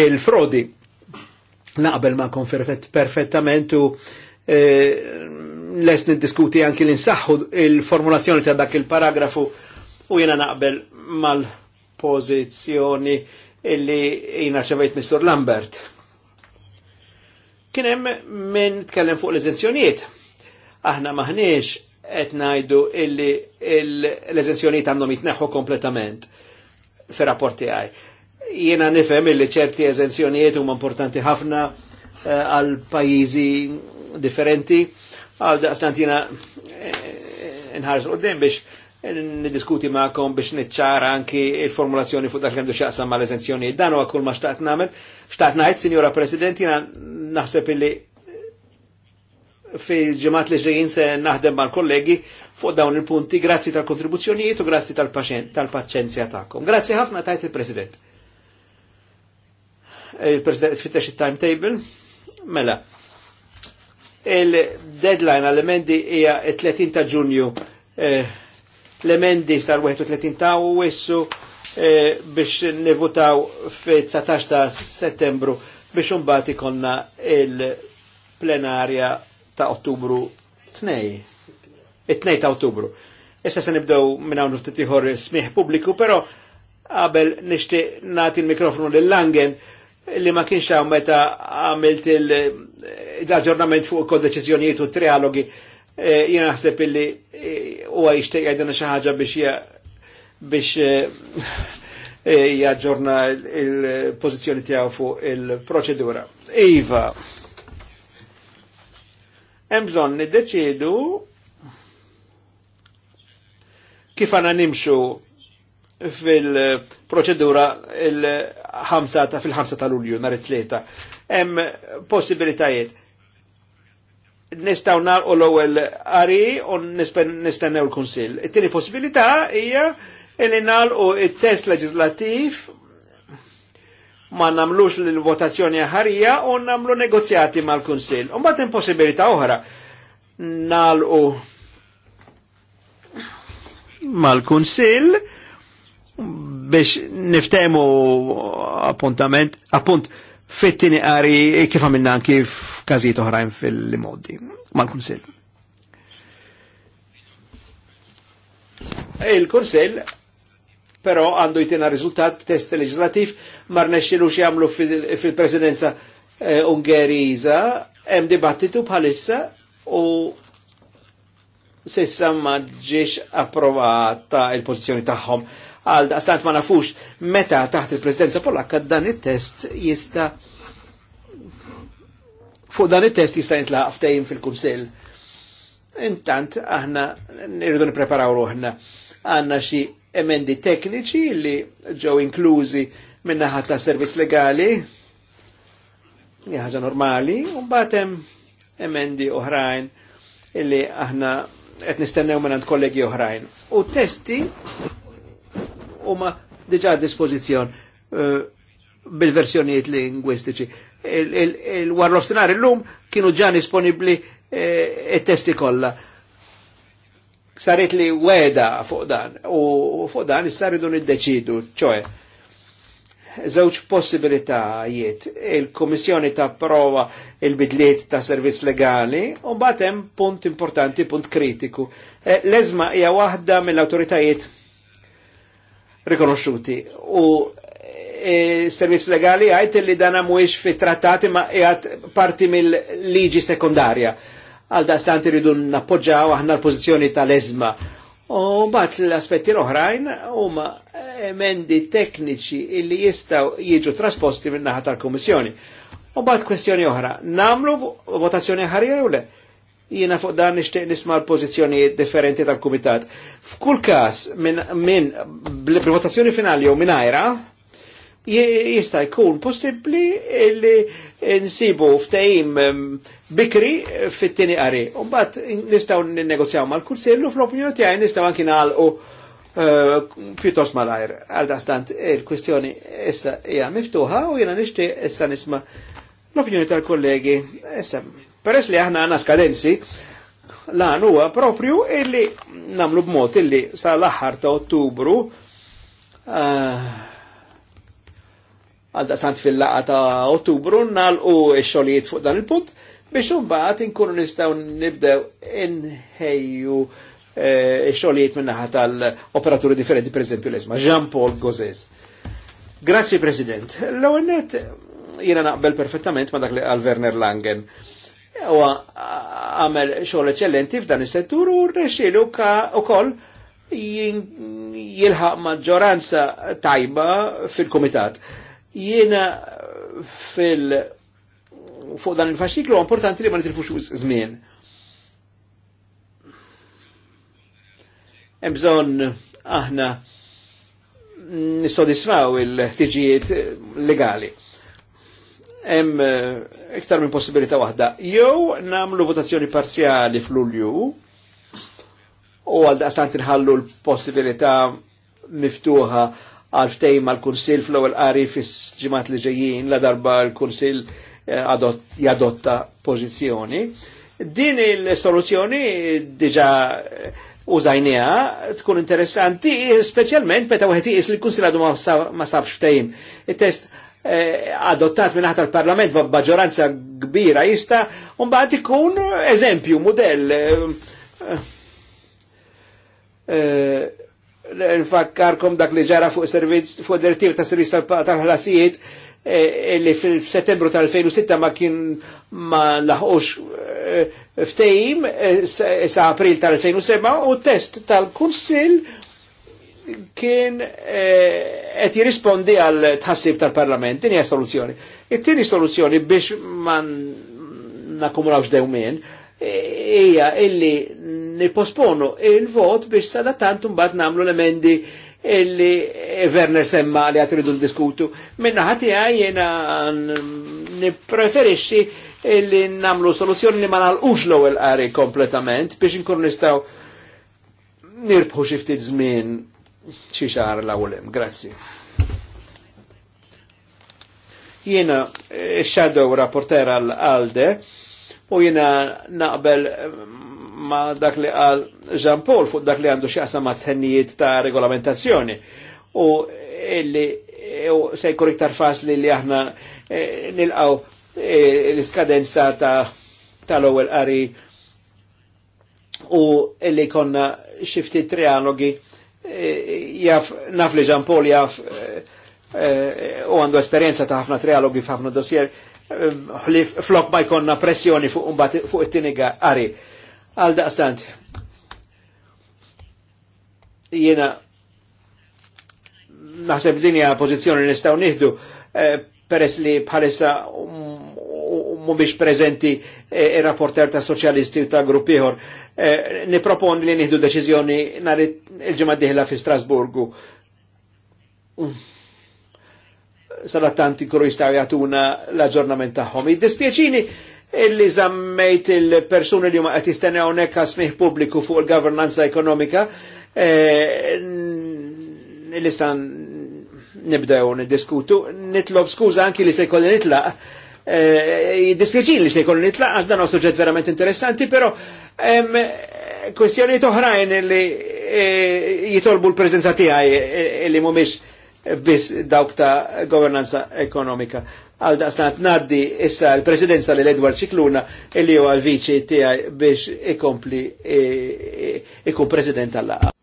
il-frodi. Naqbel ma' kon perfettament u e, les diskuti anki l-insaħħu il-formulazzjoni ta' dak il-paragrafu u jena naqbel mal- pożizzjoni illi jina xevajt Mr. Lambert. Kien hemm min tkellem fuq l-eżenzjonijiet. Aħna maħniex qed ngħidu illi l-eżenzjonijiet għandhom jitneħħu kompletament fir rapporti għaj. Jiena nifhem illi ċerti eżenzjonijiet huma importanti ħafna eh, għal pajjiżi differenti, għal daqstant jiena eh, eh, nħarsu biex nidiskuti ma'kom biex niċċara anki il-formulazzjoni fuq dak li għandu xaqsam ma' l-eżenzjoni. Dan huwa kull ma xtaqt nagħmel. Xtaqt ngħid, Sinjora President, jiena naħseb illi fi ġemat li ġejjin se naħdem mal-kollegi fuq dawn il-punti. Grazzi tal-kontribuzzjonijiet u grazzi tal-paċenzja tagħkom. Grazzi ħafna tajt il-President. Il-President fittex il-timetable. Mela, il-deadline għall-emendi hija 30 ta' ġunju eh, l-emendi sar-31 ta' u wissu eh, biex nivutaw fi 19 ta' settembru biex unbati konna il-plenarja ta' ottubru 2. It-2 ta' ottubru. Issa se nibdew minn unu ftit ieħor smih pubbliku, però qabel nixtieq nagħti l-mikrofonu l Langen li ma kienx meta għamilt il-aġġornament fuq il-kodeċiżjonijiet u trialogi Eh, Jien naħseb illi huwa eh, jixtieq għajdena xi ħaġa biex biex eh, jaġġorna il-pożizzjoni tiegħu fuq il-proċedura. Iva, hemm bżonn niddeċiedu kif għana nimxu fil-proċedura il-ħamsa ta' fil-ħamsa ta' lulju nar it-tlieta. Hemm possibilitajiet nistaw u l-ewwel għari u nistennew l-Kunsill. It-tieni possibilità hija li nalqu it-test leġislattiv ma namlux l-votazzjoni ħarija u namlu negozjati mal kunsil U mbagħad possibilità oħra nalqu mal-Kunsill biex niftemu appuntament, appunt, fit-tini qari eh, kif għamilna anki f'każijiet oħrajn fil-modi mal-Kunsill. Eh, il kunsell però għandu jtina riżultat test leġislativ mar nexxilu jagħmlu fil-presidenza eh, Ungeriża hemm dibattitu bħalissa u sissa ma ġiex approvata il-pożizzjoni tagħhom għal daqstant ma nafux meta taħt il-presidenza polakka dan il-test jista fuq dan il-test jista jintlaq ftejn fil-Kunsell. Intant aħna nirridu nipreparaw ruħna għanna xi emendi tekniċi li ġew inklużi minnaħat ta' servizz legali, ħaġa normali, u batem emendi oħrajn illi aħna qed nistennew minn kollegi oħrajn. U testi huma diġà dispożizzjon eh, bil-versjonijiet lingwistiċi. il senar il-lum kienu ġan disponibli eh, il-testi kollha. Saret li weda fuq dan, u fuq dan issaridu niddeċidu, ċoe, żewġ possibilitajiet. Il-Komissjoni ta' prova il-bidliet ta' servizz legali u batem punt importanti, punt kritiku. Eh, lezma hija waħda mill-autoritajiet rikonosciuti. U e, servizz legali għajt li dana muħiex fi trattati ma jgħat parti mill-liġi sekundarja. Għal da stanti ridu nappoġġaw aħna l-pozizjoni tal-ezma. U bat l-aspetti l-oħrajn huma emendi tekniċi illi jistaw jiġu trasposti minnaħat tal-Komissjoni. U bat kwestjoni oħra, namlu votazzjoni ħarja jew le? jiena fuq dan nixtieq nisma' l-pożizzjoni differenti tal-Kumitat. F'kull kas, minn min, votazzjoni finali jew ajra, jista' jkun possibbli li nsibu ftehim bikri fit-tieni qari. U mbagħad nistgħu ninnegozjaw mal u fl-opinjoni tiegħi nistgħu anki nagħlqu eh, pjuttost malajr. Għal stant il-kwistjoni issa hija miftuħa u jiena nixtieq issa nisma' l-opinjoni tal-kollegi issa Peress li aħna għana skadenzi, lan huwa propju illi namlu b'mod illi sa l-aħħar ta' Ottubru eh, Għalda stant fil-laqa ta' Ottubru nalqu x-xogħlijiet fuq dan il-punt biex imbagħad inkunu nistgħu nibdew inħejju eh, x-xogħlijiet minnaħa tal-operaturi differenti, pereżempju l-isma' Jean Paul Gozes. Grazzi President. L-ewwel jiena naqbel perfettament ma dak li għal Werner Langen Ewa, għamel xogħol eċellenti f'dan is-settur u u koll jilħaq maġġoranza tajba fil-kumitat. Jiena fil fuq dan il fasċiklu importanti li ma nitrifux żmien. Hemm bżonn aħna nistodisfaw il-ħtiġijiet legali hemm eh, iktar minn possibilità waħda. Jew namlu votazzjoni parzjali fl-Ulju u għal daqstant inħallu l-possibilità miftuħa għal ftejm mal kunsil fl-ewwel qari fis-ġimgħat li ġejjin la darba l-kunsil eh, jadotta pożizzjoni. Din il-soluzzjoni diġa eh, użajnija tkun interessanti, specialment meta wieħed is li kunsil għadu ma sabx ftejm. Il-test eh, adottat minn ħatar parlament b'maġġoranza kbira jista' mbagħad ikun eżempju, mudell. Eh, eh, nfakkarkom dak li ġara fuq servizz fuq dirittiv ta' servizz tal-ħlasijiet eh, li fil-settembru tal-2006 ma kien ma laħqux ftejim sa' april tal-2007 u test tal kursil kien qed eh, jirrispondi għal tħassib tal-Parlament, din hija soluzzjoni. It-tieni soluzzjoni biex ma nakkumulawx dewmien eh, hija illi nipposponu il-vot biex sada sadattant mbagħad nagħmlu l-emendi illi Werner semma li għat l diskutu Minna ħati jena nipreferisċi illi namlu soluzzjoni li ma nalqux l-ewwel qari kompletament biex inkun nistaw nirbħu xi ftit żmien xi xahar l-awlem. Grazzi. Jena xadow eh, rapporter għal-Alde u jena naqbel mm, ma dak li għal Jean Paul fuq dak li għandu xaqsa ma tħennijiet ta' regolamentazzjoni u illi eh, u se jkun iktar faċli li aħna eh, nilqaw eh, l-iskadenza ta' tal-ewwel qari u illi konna xifti trialogi jaf, naf li Paul jaf eh, u għandu esperienza ta' ħafna trialogi f'ħafna dossier, eh, flok ma jkonna pressjoni fuq it tiniga għari. Għal daqstant, jena naħseb dinja pozizjoni nistaw nihdu, eh, peress li bħalissa biex prezenti eh, il-rapporter e, ta' soċjalisti u ta' gruppiħor. Eh, Niproponi li nieħdu deċiżjoni nhar il-ġimgħa diħla fi Strasburgu. Mm. Salattanti kuru jistaw jagħtuna l-aġġornament tagħhom. Id-dispjaċini illi zammejt il-persuni li ma qed jistennew hawnhekk smih pubbliku fuq il-governanza ekonomika eh, li stan nibdew niddiskutu, nitlob skuża anki li se jkolli nitlaq Eh, jiddispjaċin li se jkollu nitlaq, nitlaqax dan suġġett verament interessanti, però kwestjonijiet oħrajn li e, jitolbu l-preżenza tiegħi e, e, li mhumiex biss dawk ta' governanza ekonomika. Għal daqsnat naddi issa l-presidenza li l-Edward Ċikluna illi huwa l-viċi tiegħi biex ikompli ikun president tal-laqa.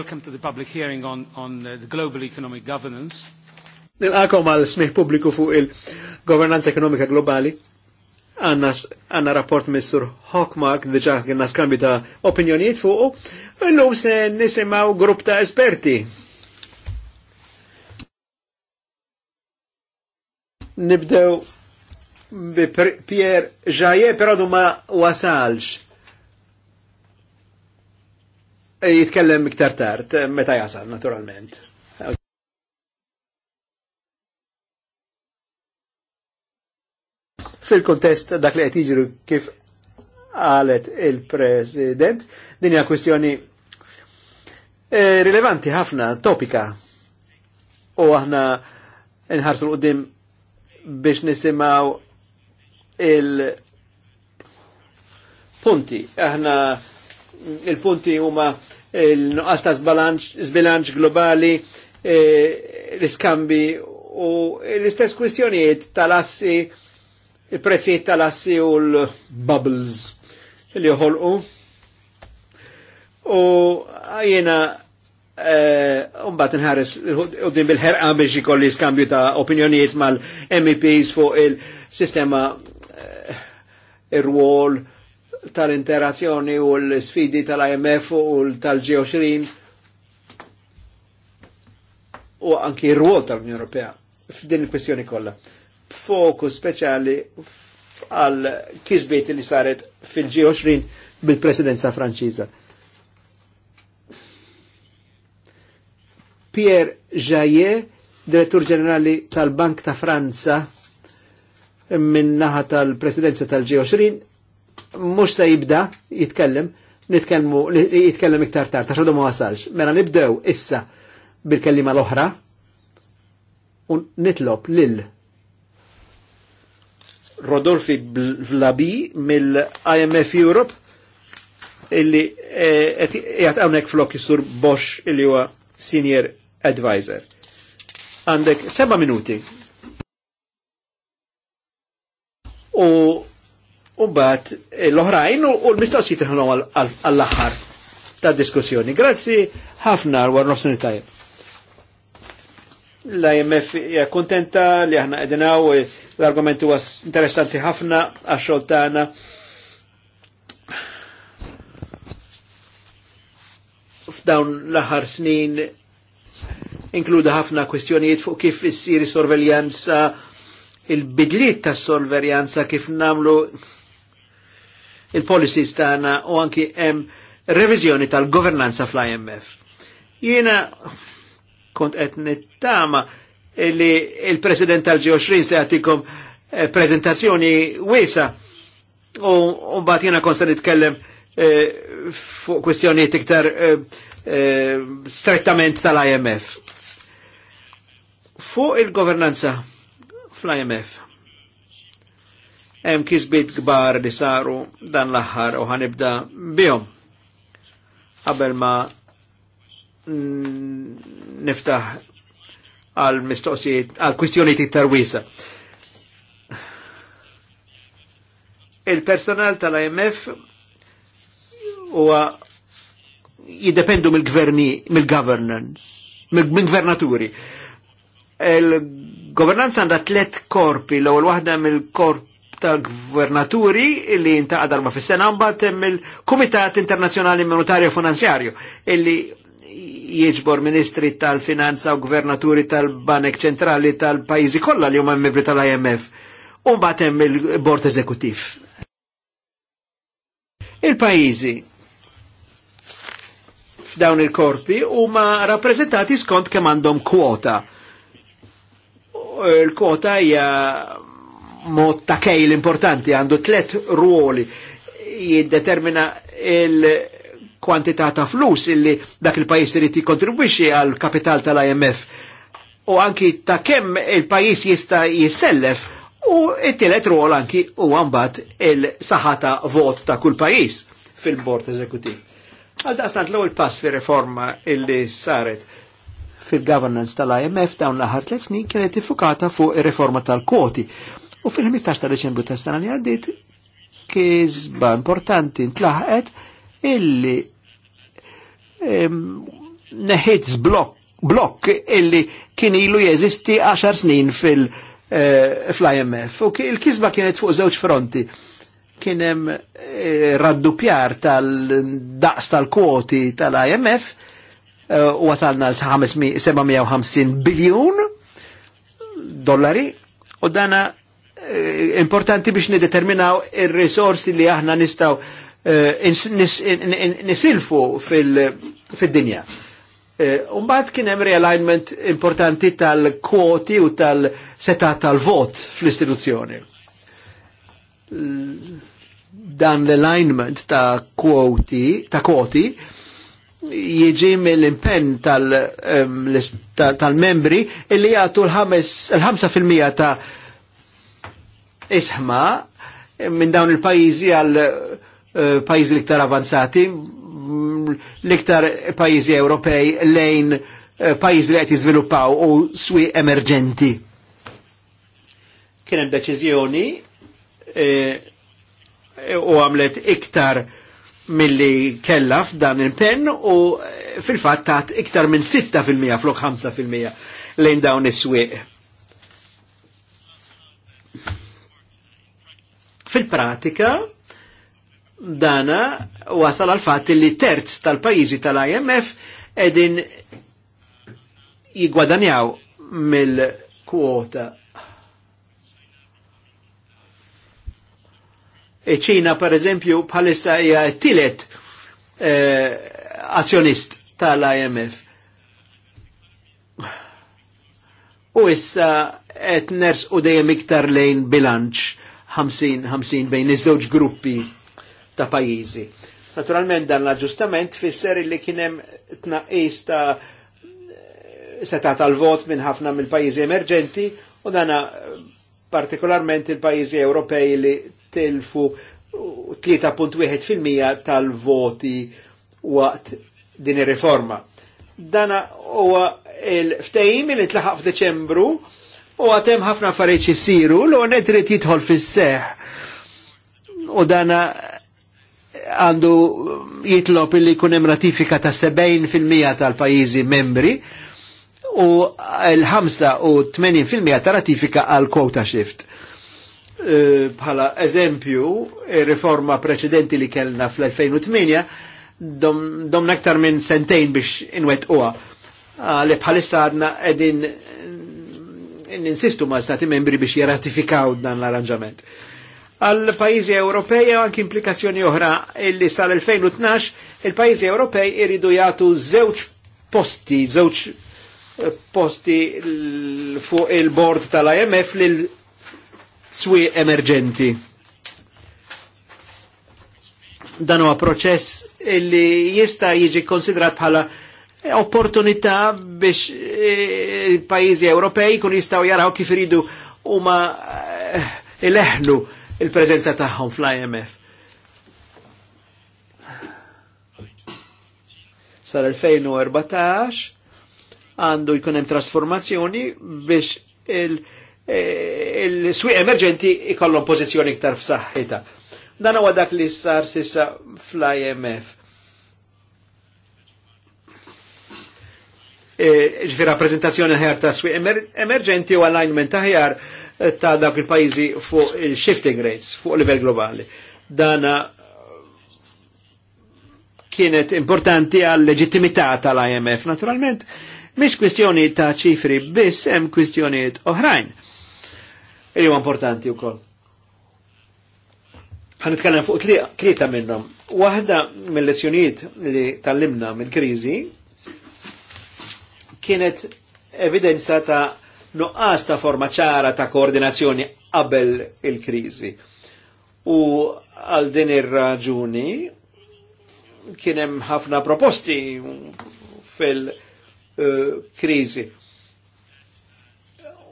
Welcome to the public hearing on, on uh, the global economic governance. Nilqakom għal smih publiku fuq il-governanza ekonomika globali. Għanna rapport Mr. Hockmark diġa għanna skambi ta' opinjoniet fuq. l-lum se nisimaw grupp ta' esperti. Nibdew bi Pierre Jaye, pero ma wasalx E jitkellem iktar tard, meta jasal, naturalment. Fil-kontest dak li qed jiġru kif qalet il-President, din hija kwistjoni eh, rilevanti ħafna, topika. U aħna nħarsu l-qudiem biex nisimaw il-punti. Aħna il-punti huma il-nuqqas ta' zbilanċ globali, eh, l-iskambi u l-istess kwistjoniet tal-assi, il-prezzijiet tal-assi u l-bubbles li joħolqu. U jena eh, Umbat nħares din bil-ħerqa biex ikolli skambju ta' opinjonijiet mal-MEPs fuq il-sistema eh, ir Uh, tal-interazzjoni u l-sfidi tal-IMF u tal-G20 u anki r-ruol tal-Unjoni Ewropea f'din il-kwestjoni kollha. Fokus speċjali għal kisbiet li saret fil-G20 mill-presidenza franċiża. Pierre Jaillet, direttur ġenerali tal-Bank ta' Franza, minnaħa naħa tal-presidenza tal-G20, mux se jibda jitkellem, nitkellmu, jitkellem iktar tar, ta' xodu muħasalx. Mela nibdew issa bil-kellima l-oħra u nitlob lil Rodolfi Vlabi mill-IMF Europe illi e, jgħat għawnek flok jissur Bosch illi huwa Senior Advisor. Għandek seba minuti. U u bat eh, l-oħrajn u l-mistoqsijiet iħnu għall-aħħar ta' diskussjoni. Grazzi ħafna għal nofsin tajb. L-IMF hija kontenta li aħna għedinaw eh, l-argumenti was interessanti ħafna għax xoltana F'dawn l-aħħar snin inkluda ħafna kwestjonijiet fuq kif issiri sorveljanza il-bidliet tas sorveljanza kif namlu il-policies tagħna u anki hemm reviżjoni tal-governanza fl-IMF. Jiena kont qed nittama li il-President tal-G20 se jagħtikom eh, prezentazzjoni wiesa u mbagħad jiena konsta nitkellem eh, fuq kwistjonijiet iktar eh, strettament tal-IMF. Fuq il-governanza fl-IMF hemm kisbit kbar li saru dan l-aħħar u ħanibda bihom. Qabel ma niftaħ għal mistoqsijiet għal kwistjonijiet iktar wiesa. Il-personal tal-IMF huwa jiddependu mill-gverni, mill-governance, mill-gvernaturi. il governance għandha tlet korpi, l-ewwel waħda mill-korp tal-gvernaturi li intaqa darba fis sena mbagħad hemm il-Kumitat Internazzjonali Monetarju e Finanzjarju illi jieġbor ministri tal-finanza u gvernaturi tal-Banek Ċentrali tal-pajjiżi kollha li huma membri tal-IMF u mbagħad hemm il-Bord Eżekuttiv. Il-pajjiżi f'dawn il-korpi huma rappreżentati skont kemm għandhom kwota. Il-kwota hija mod ta' kejl importanti, għandu tlet ruoli jiddetermina il-kwantità ta' flus illi dak il-pajis irid jikontribwixxi għal kapital tal-IMF u anki ta' kemm il-pajis jista' jissellef u it-tielet ruol anki u għambat il-saħata vot ta' kull pajis fil-bord eżekutiv. Għal daqstant l-ewwel pass fi reforma illi saret fil-governance tal-IMF dawn l-aħħar snin kienet iffukata fuq ir-riforma tal-kwoti U fil-15 ta' Deċembru ta' sena li għaddit kizba importanti ntlaħet illi neħit blok, blok illi kien ilu jeżisti 10 snin fil- eh, fl-IMF. U il-kisba kienet fuq żewġ fronti. Kien hemm eh, raddupjar tal-daqs tal-kwoti tal-IMF eh, u wasalna l-750 biljun dollari u dana Eh, importanti biex nideterminaw il resorsi li aħna nistaw eh, nisilfu fil-dinja. Eh, Umbad kien hemm realignment importanti tal-kwoti u tal-seta tal-vot fl-istituzzjoni. Dan l-alignment ta' kwoti, ta' kwoti, jieġi mill-impenn tal-membri illi jgħatu l-5% ta' isħma minn dawn il-pajizi għal eh, pajizi liktar avanzati, mm, liktar pajizi Ewropej lejn eh, pajizi li għet jizviluppaw u swi emerġenti. Kienem deċizjoni eh, u għamlet iktar mill-li kella f'dan il-pen u fil-fat tat iktar minn 6% flok 5% lejn dawn is-swieq Fil-pratika, dana wasal għal fat li terz tal-pajizi tal-IMF edin jigwadanjaw mill-kwota. Eċina, per eżempju, bħalissa hija tilet eh, azzjonist tal-IMF. U issa qed ners u dejjem iktar lejn bilanċ 50-50 bejn iż-żewġ gruppi ta' pajjiżi. Naturalment dan l-aġġustament fisser li kien hemm tnaqqis ta' seta' tal-vot minn ħafna mill-pajjiżi emerġenti u dana partikolarment il-pajjiżi Ewropej li tilfu 3.1% tal-voti waqt din ir-riforma. Dana huwa il-ftehim li tlaħaq f'Deċembru u għatem ħafna affarijiet jisiru l għonet trid jidħol fis-seħ. U dana għandu jitlob illi kunem ratifika ta' 70% tal-pajizi membri u l 80% ta' ratifika għal quota shift. E, bħala eżempju, riforma preċedenti li kellna fl-2008 domna dom minn sentejn biex inwet uwa. Għalli bħalissa għadna edin ninsistu ma' stati membri biex jiratifikaw dan l-arranġament. Għal pajizi Ewropej anki implikazzjoni oħra illi sal-2012 il-pajizi Ewropej iridu jagħtu żewġ posti, żewġ eh, posti fuq il-bord tal-IMF lil swi emerġenti. Dan huwa proċess illi jista' jiġi konsidrat bħala opportunità biex il-pajizi eh, Ewropej kun jistaw jaraw kif iridu huma eh, ileħlu il-preżenza tagħhom fl-IMF. Sal-2014 għandu jkun hemm trasformazzjoni biex eh, il-swieq emerġenti ikollhom pożizzjoni iktar f'saħħitha. Dan huwa dak li sar sissa fl-IMF ġifi rappresentazzjoni ħjar ta' swi emerġenti u alignment ta' ħjar eh, ta' dawk il-pajizi fuq il-shifting rates fuq livell globali. Dana kienet importanti għal leġittimità tal-IMF. Naturalment, mhix kwistjoni ta' ċifri biss hemm kwistjonijiet oħrajn. Illi huwa importanti wkoll. Ħanitkellem fuq tlieta minnhom. Waħda mill-lezzjonijiet li tallimna mill-kriżi kienet evidenza ta' nuqqas ta' forma ċara ta' koordinazzjoni qabel il-krizi. U għal din ir-raġuni kienem ħafna proposti fil-krizi.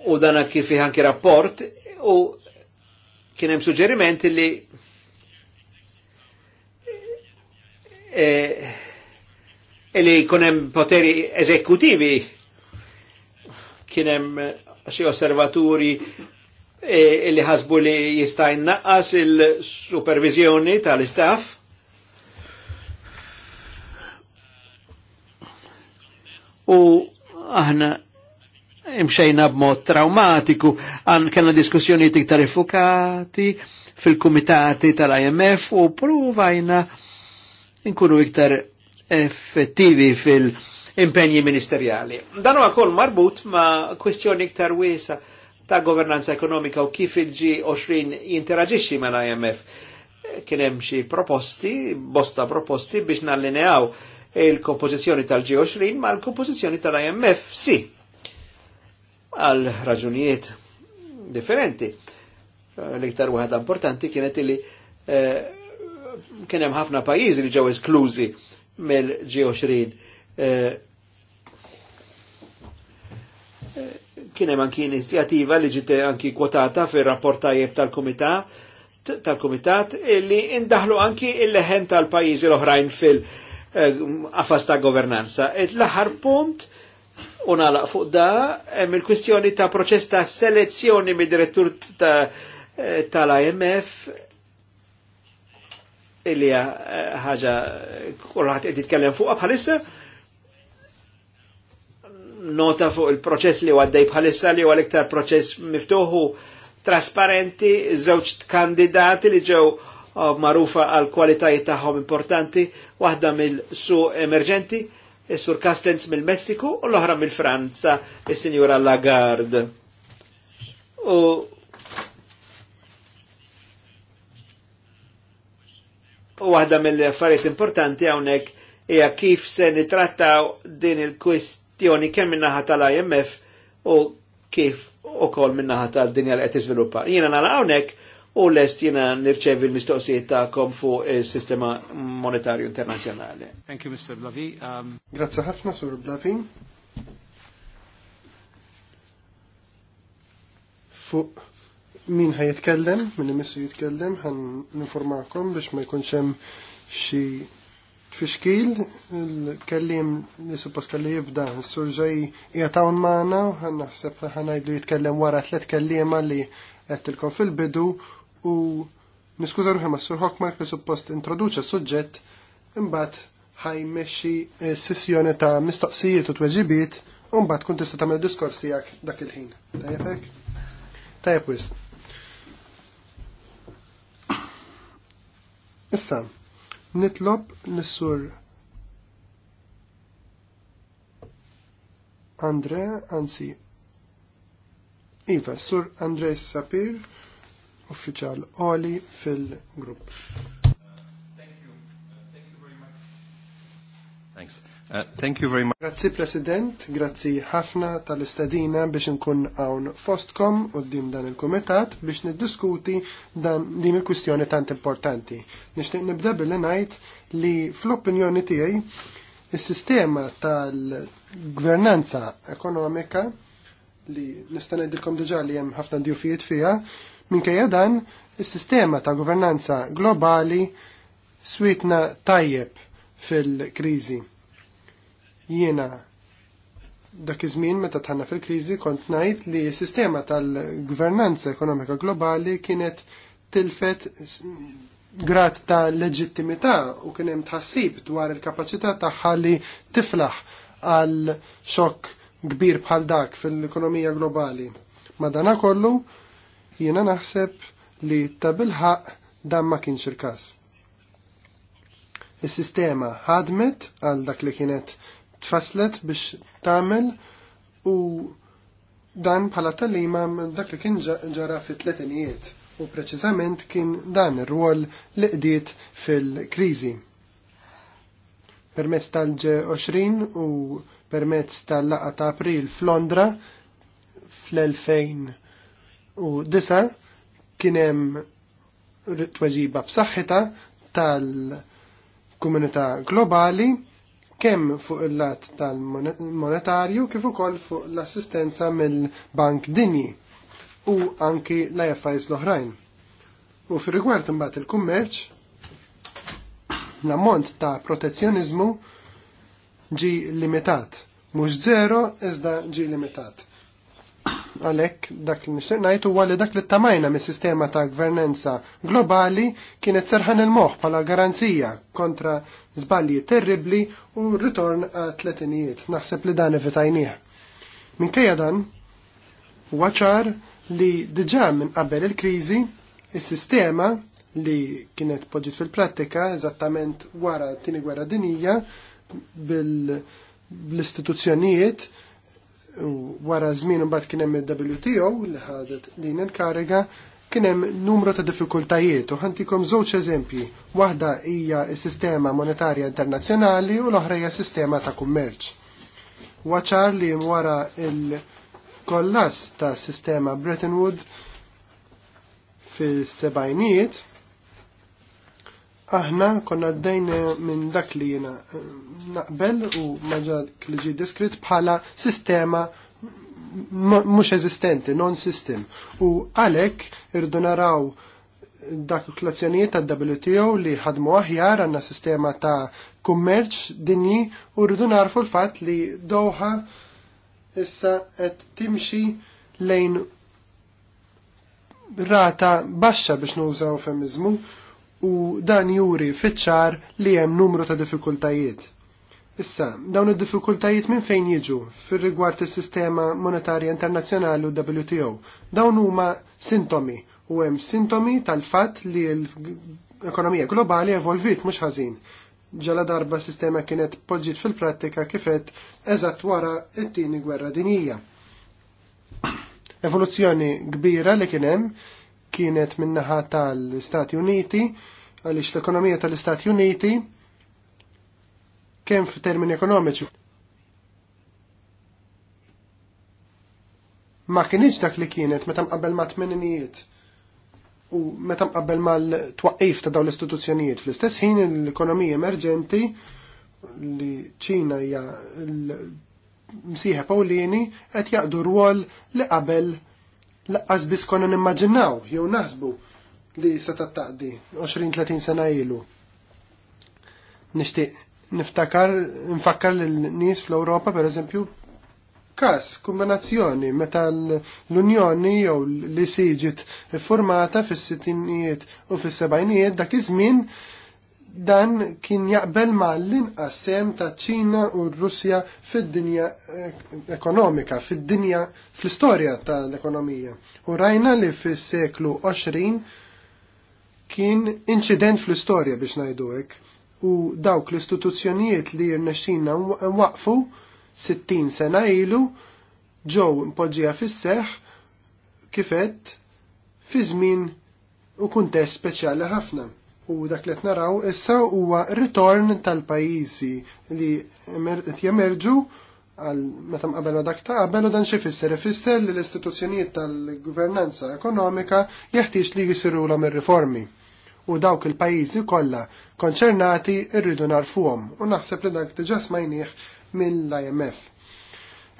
U dan kif anki rapport u kienem suġġerimenti li eh, E li kunem poteri eżekutivi kienem eh, xie osservaturi e, e, li ħasbu li jista' naqas il-supervizjoni tal-istaff. U aħna imxejna b'mod traumatiku, għan kena diskussjoni iktar effukati fil-komitati tal-IMF u provajna nkunu iktar effettivi fil-impenji ministerjali. Dan huwa kol marbut ma' kwestjoni iktar wiesa ta' governanza ekonomika u kif il-G20 jinteraġixxi ma' l-IMF. Kien hemm xi proposti, bosta proposti biex nallineaw il-kompożizzjoni tal-G20 ma' l-kompożizzjoni tal-IMF si għal raġunijiet differenti. L-iktar waħda importanti kienet li eh, kien hemm ħafna pajjiżi li ġew esklużi mill-G20 eh, eh, kien hemm anki inizjattiva li ġiet anki kwotata fir-rapport tajjeb tal-Kumitat tal-Kumitat li indaħlu anki il-leħen tal-pajjiżi l-oħrajn fil-qafas ta' governanza. L-aħħar punt u fuq da hemm il-kwistjoni ta' proċess ta' selezzjoni mid-direttur tal-IMF ta eh, illi eh, ħaġa kulħadd qed jitkellem fuqha bħalissa nota fuq il-proċess li għaddej bħalissa li huwa iktar proċess miftuħu trasparenti, żewġ kandidati li ġew eh, marufa għal kwalitajiet tagħhom importanti, waħda mill-su emerġenti, is-sur Kastens mill-Messiku u l-oħra mill-Franza, is-Sinjura Lagarde. U U waħda mill-affarijiet importanti hawnhekk hija kif se nitrattaw din il-kwistjoni kemm min-naħa tal-IMF u kif ukoll min-naħa tal-dinja li qed iżviluppa. Jiena nara hawnhekk u lest jiena nirċevi l-mistoqsijiet tagħkom fuq is sistema Monetarju Internazzjonali. Thank you, Mr. Blavi. Um... Grazie ħafna, Sur Blavi. Fuq min ħaj jitkellem, min imissu jitkellem, ħan informakom biex ma jkunx hemm xi tfixkil, il-kellim li suppost kelli jibda, s-surġej jgħatawn maħna, ħan naħseb li ħan għajdu jitkellem wara tlet kellima li għettilkom fil-bidu u niskuza ruħem s-sur Hockmark li suppost introduċa s-sujġet, imbat ħaj meċi eh, sessjoni ta' mistoqsijiet u tweġibiet, un bat kun tista' tagħmel diskors tiegħek dak il-ħin. Tajjeb hekk? Tajjeb wisq. Issa, nitlob nissur Andre, anzi, Iva, sur Andre Sapir, uffiċal Oli fil-grupp. Thank you. Thank you very much. Thanks. Uh, thank you very much. Grazzi President, grazzi ħafna tal-istadina biex nkun hawn fostkom u d-dim dan il-komitat biex niddiskuti dan din il-kwistjoni tant importanti. Nixtieq nibda billi ngħid li fl-opinjoni tiegħi is-sistema tal-gvernanza ekonomika li nista' ngħidilkom diġà li hemm ħafna djufijiet fiha, minkejja dan is-sistema ta' gvernanza globali switna tajjeb fil-kriżi Jiena dak iż-żmien meta tħanna fil-kriżi kont ngħid li s-sistema tal-gvernanza ekonomika globali kienet tilfet grad ta' leġittimità u kien hemm tħassib dwar il-kapaċità tagħha li tiflaħ għal xokk kbir bħal dak fil-ekonomija globali. Madana kollu jiena naħseb li ta' bilħaq dan ma kienx il-każ. Is-sistema ħadmet għal dak li kienet tfaslet biex tagħmel u dan bħala tal-lima dak li kien ġara fit tletinijiet u preċiżament kien dan ir-rwol li qdiet fil-kriżi. Permezz tal-G20 u permezz tal-laqa ta' April f'Londra fl-2009 kien hemm tweġiba b'saħħitha tal-komunità globali kemm fuq il-lat tal-monetarju kif ukoll fuq l-assistenza mill-Bank Dinji u anki l-IFIs l-oħrajn. U fir rigward imbagħad il-kummerċ, l-ammont ta' protezzjonizmu ġi limitat. Mhux zero iżda ġi limitat. Għalek dak li nixtieq ngħid huwa li dak li t-tamajna mis-sistema ta' gvernanza globali kienet serħan il-moħħ bħala garanzija kontra żbalji terribli u ritorn għat tletinijiet. Naħseb li dan evitajnieh. Minkejja dan, huwa ċar li diġà minn qabel il-kriżi il sistema li kienet poġġiet fil-prattika eżattament wara t-tieni gwerra dinija bil-istituzzjonijiet bil wara żmien imbagħad kien hemm il-WTO li ħadet din il-kariga kien hemm numru ta' diffikultajiet u ħantikom żewġ eżempji. Waħda hija s-sistema monetarja internazzjonali u l-oħra hija sistema ta' kummerċ. Waċar li wara il-kollass ta' sistema Bretton Woods fis-sebajniet aħna konna għaddejna minn dak li jena eh, naqbel u maġa li ġi diskrit bħala sistema mux eżistenti, non-system. U għalek irdu naraw dak l-azzjonijiet ta' WTO li ħadmu aħjar għanna sistema ta' kummerċ dinji u rridu narfu l-fat li Doha issa qed timxi lejn rata baxxa biex nużaw femizmu u dan juri fiċ-ċar li hemm numru ta' diffikultajiet. Issa, dawn id-diffikultajiet minn fejn jiġu fir rigward is-sistema monetarja internazzjonali u WTO. Dawn huma sintomi u hemm sintomi tal-fatt li l-ekonomija globali evolvit mhux ħażin. Ġala darba sistema kienet poġġiet fil-prattika kifet eżatt wara t-tieni gwerra dinjija. Evoluzzjoni kbira li kien hemm kienet minnaħa tal istati Uniti, għaliex l-ekonomija tal-Istati Uniti kemm f'termini ekonomiċi ma kienx dak li kienet meta mqabbel ma' t-meninijiet u meta ma mal twaqif ta' dawn l-istituzzjonijiet fl-istess ħin l-ekonomija emerġenti li ċina hija msieħa Pawlini qed jaqdu rwol li qabel laqqas biss konna nimmaġinaw jew naħsbu li se tattaqdi 20-30 sena ilu. Nixtieq niftakar nfakkar lil nies fl-Ewropa pereżempju kas, kombinazzjoni meta l-Unjoni jew li siġit formata fis-sittinijiet u fis-sebgħinijiet dak iż-żmien dan kien jaqbel ma l-inqas sem ta' ċina u r-Russja fid-dinja eh, ekonomika, fid-dinja fl-istorja tal-ekonomija. U rajna li fis-seklu 20 kien inċident fl-istorja biex ngħidu hekk. U dawk l-istituzzjonijiet li rnexxina waqfu 60 sena ilu ġew impoġġija fis-seħħ kifet fi żmien u kuntest speċjali ħafna u dak li naraw issa huwa ritorn tal-pajjiżi li qed jemerġu għal meta mqabel ma dak ta' qabel u dan xi fisser ifisser li l-istituzzjonijiet tal-gvernanza ekonomika jeħtieġ li jisirula ir riformi u dawk il-pajjiżi kollha konċernati rridu narfuhom u naħseb li dak diġà smajnieh mill-IMF.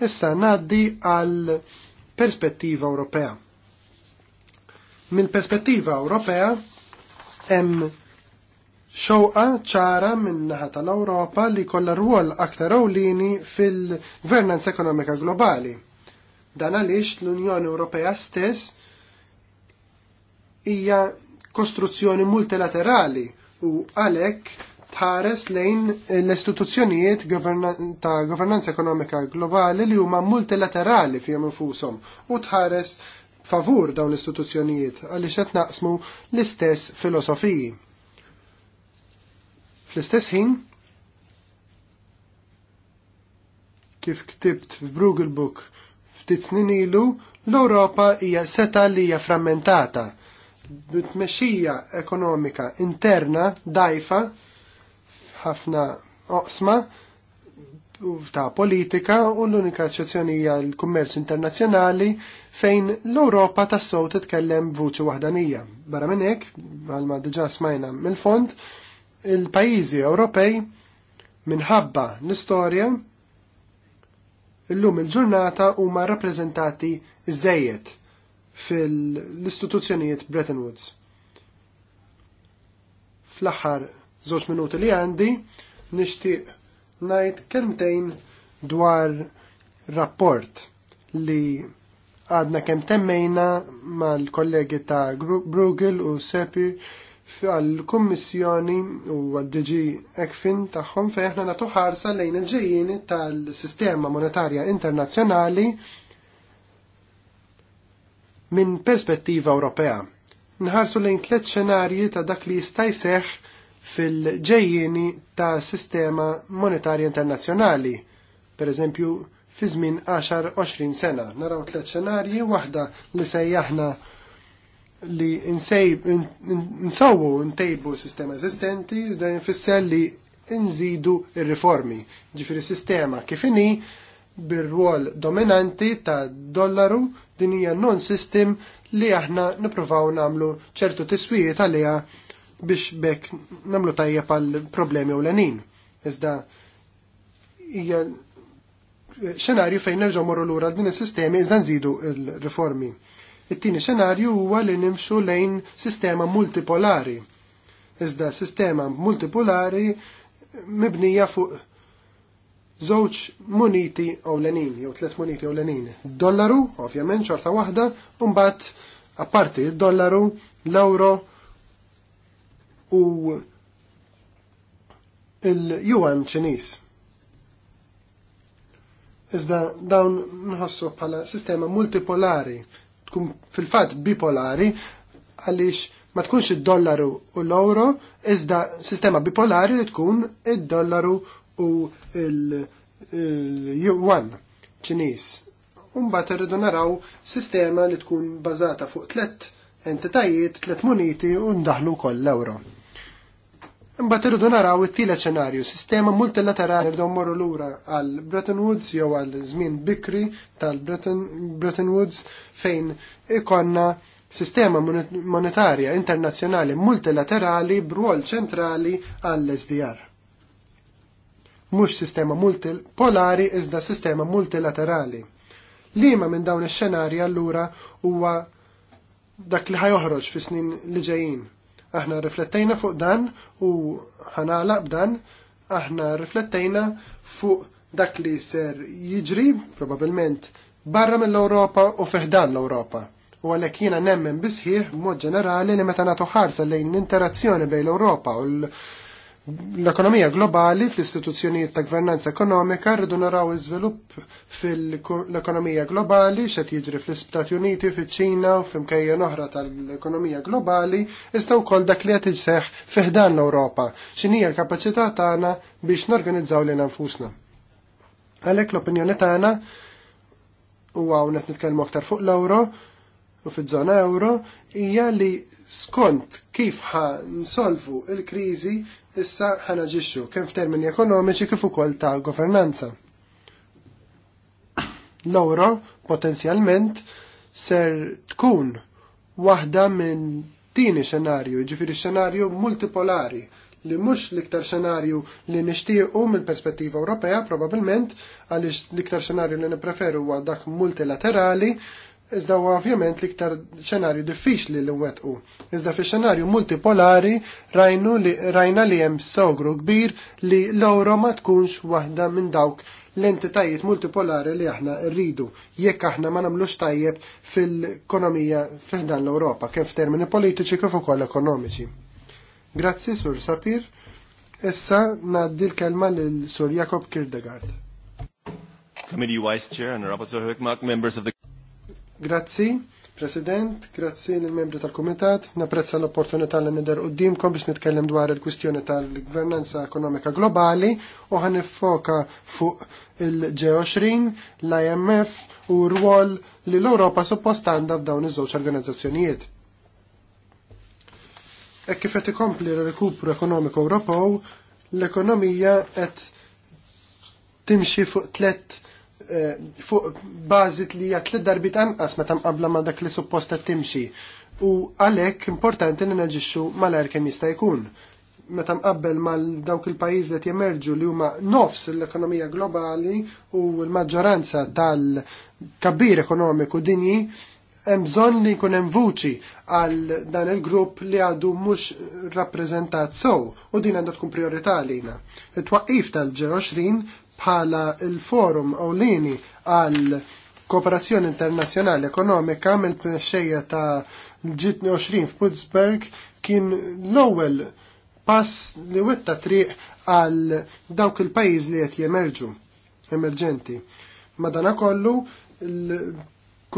Issa ngħaddi għal perspettiva Ewropea. Mill-perspettiva Ewropea hemm xewqa ċara min-naħa tal-Ewropa li kollha rwol aktar ewlieni fil-gvernanza ekonomika globali. Dan għaliex l-Unjoni Ewropea stess hija kostruzzjoni multilaterali u għalhekk tħares lejn l-istituzzjonijiet ta' governanza ekonomika globali li huma multilaterali fihom infushom u tħares favur dawn l-istituzzjonijiet għaliex qed naqsmu l-istess filosofiji. Fl-istess ħin kif ktibt f'Brugel Book ftit snin ilu, l-Ewropa hija seta li hija frammentata b'tmexxija ekonomika interna dajfa ħafna oqsma ta' politika u l-unika eccezzjoni hija l-kummerċ internazzjonali fejn l-Ewropa tassew titkellem vuċi waħdanija. Barra minn hekk, għalma diġà smajna mill-fond, il-pajjiżi Ewropej minħabba l-istorja illum il-ġurnata huma rappreżentati żejjed fil-istituzzjonijiet Bretton Woods. Fl-aħħar żewġ minuti li għandi nixtieq ngħid kelmtejn dwar rapport li għadna kemm temmejna mal-kollegi ta' Bruegel u Sepi għal-Kummissjoni u għad-DG Ekfin tagħhom fejn aħna nagħtu ħarsa lejn il ġejjini tal-Sistema Monetarja Internazzjonali minn perspettiva Ewropea. Nħarsu lejn tliet xenarji ta' dak li jista' jseħħ fil-ġejjieni ta' sistema monetarja internazzjonali, per eżempju fi żmien 10-20 sena. Naraw tliet xenarji, waħda li sejjaħna li nsawu ntejbu sistema eżistenti u dan jfisser li nżidu il riformi Ġifiri sistema kif inhi bir-rwol dominanti ta' dollaru din hija non sistem li aħna nippruvaw nagħmlu ċertu tiswijiet għalija biex bekk namlu tajja pal problemi u l-anin. Iżda hija xenarju fejn nerġgħu morru lura din is-sistemi iżda nżidu l-riformi. It-tieni xenarju huwa li nimxu lejn sistema multipolari. Iżda sistema multipolari mibnija fuq żewġ moniti ewlenin, jew tliet moniti ewlenin. Dollaru, ovvjament, ċorta waħda, u mbagħad apparti d-dollaru, l-euro, u il-Yuan ċinis. Iżda dawn nħossu bħala sistema multipolari, tkun fil-fat bipolari, għaliex ma tkunx id-dollaru u l-euro, iżda sistema bipolari li tkun id-dollaru u il-yuan ċinis. Umbat irridu naraw sistema li tkun bazata fuq tlet entitajiet, tlet muniti u ndaħlu koll l-euro. Imbagħad irridu naraw it-tielet ċenarju, sistema multilaterali rridu morru lura għal Bretton Woods jew għal żmien bikri tal-Bretton Woods fejn ikonna sistema monetarja internazzjonali multilaterali b'rwol ċentrali għall-SDR. Mhux sistema multipolari iżda sistema multilaterali. Lima minn dawn ix-xenarji allura huwa dak li ħajoħroġ fis-snin li ġejjin Aħna riflettejna fuq dan u ħanala dan, aħna riflettejna fuq dak li ser jiġri, probabilment, barra mill-Europa u feħdan l-Europa. U għalek jina nemmen bisħiħ, mod ġenerali, li meta nagħtu ħarsa lejn l-interazzjoni bejn l-Europa u l l-ekonomija globali fl-istituzzjonijiet ta' gvernanza ekonomika rridu naraw iżvilupp fil-ekonomija globali xed jiġri fl-Istati Uniti, fiċ-Ċina u f'imkejja oħra tal-ekonomija globali, iżda wkoll dak li qed iseħħ fiħdan l-Ewropa. X'inhija l-kapaċità tagħna biex norganizzaw lil nfusna. Għalhekk l-opinjoni tagħna huwa hawn qed nitkellmu aktar fuq l-euro u fiż-żona euro hija li skont kif ħa nsolvu il-kriżi issa ħanaġixxu kemm f'termini ekonomiċi kif ukoll ta' governanza. L-euro potenzjalment ser tkun waħda minn tini xenarju, ġifiri xenarju multipolari li mhux l-iktar xenarju li nixtiequ mill-perspettiva Ewropea probabilment għaliex l-iktar xenarju li nippreferu huwa dak multilaterali Iżda huwa ovvjament l-iktar xenarju diffiċli li u. Iżda fi xenarju multipolari rajnu li rajna li hemm sogru kbir li l-ewro ma tkunx waħda minn dawk l-entitajiet multipolari li aħna rridu jekk aħna ma nagħmlux tajjeb fil-ekonomija fiħdan l-Ewropa kemm f'termini politiċi kif ukoll ekonomiċi. Grazzi Sur Sapir. Issa naddi l-kelma lil Sur Jakob Kirdegard. Committee Vice Chair and Rapporteur Hökmark, members of the Grazzi, President, grazzi lill membri tal-Kumitat, napprezza l-opportunità li nidher qudiemkom biex nitkellem dwar il-kwistjoni tal-gvernanza ekonomika globali u ħanifoka fuq il-G20, l-IMF u r-rwol li l-Europa suppost għandha f'dawn iż-żewġ organizzazzjonijiet. E kif qed ikompli l-rekupru ekonomiku Ewropew, l-ekonomija qed timxi fuq tlet Eh, fuq bażit li jgħat tliet darbit anqas meta mqabbla ma' dak li supposta timxi. U għalhekk importanti li naġixxu malajr kemm jista' jkun. Meta mqabbel mal dawk il-pajjiż li jemerġu li huma nofs l-ekonomija globali u l-maġġoranza tal-kabbir ekonomiku dinji hemm bżonn li jkun hemm vuċi għal dan il-grupp li għadu mhux rappreżentat sew u din għandha tkun priorità għalina. It-twaqqif tal-G20 bħala il-forum awlini għal kooperazzjoni internazzjonali ekonomika mill xejja ta' G20 f'Pittsburgh kien l-ewwel pass li wetta triq għal dawk il-pajjiż li qed jemerġu emerġenti. Madanakollu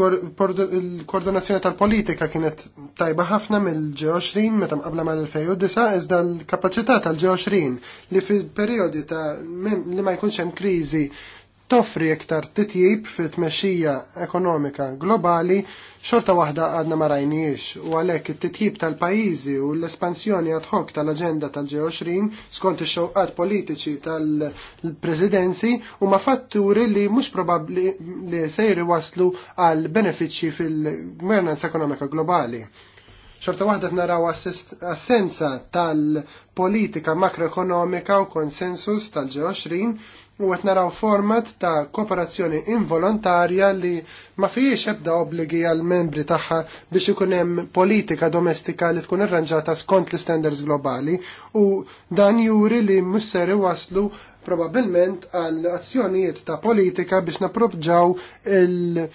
il-koordinazzjoni tal-politika kienet tajba ħafna mill-G20 meta qabla mal-2009 iżda l-kapaċità tal-G20 li fil-perjodi ta' li ma jkunx hemm kriżi toffri iktar titjib fit-tmexxija ekonomika globali xorta waħda għadna ma rajniex u għalhekk it-titjib tal-pajjiżi u l-espansjoni ad hoc tal-aġenda tal-G20 skont ix-xewqat politiċi tal-presidenzi huma fatturi li mhux probabbli li sejri waslu għal benefiċċji fil-gvernanza ekonomika globali xorta waħda naraw assenza tal-politika makroekonomika u konsensus tal g u għet naraw format ta' kooperazzjoni involontarja li ma fijiex ebda obligi għal membri tagħha biex ikun hemm politika domestika li tkun irranġata skont l-standards globali u dan juri li musser waslu probabilment għal azzjonijiet ta' politika biex naprobġaw il-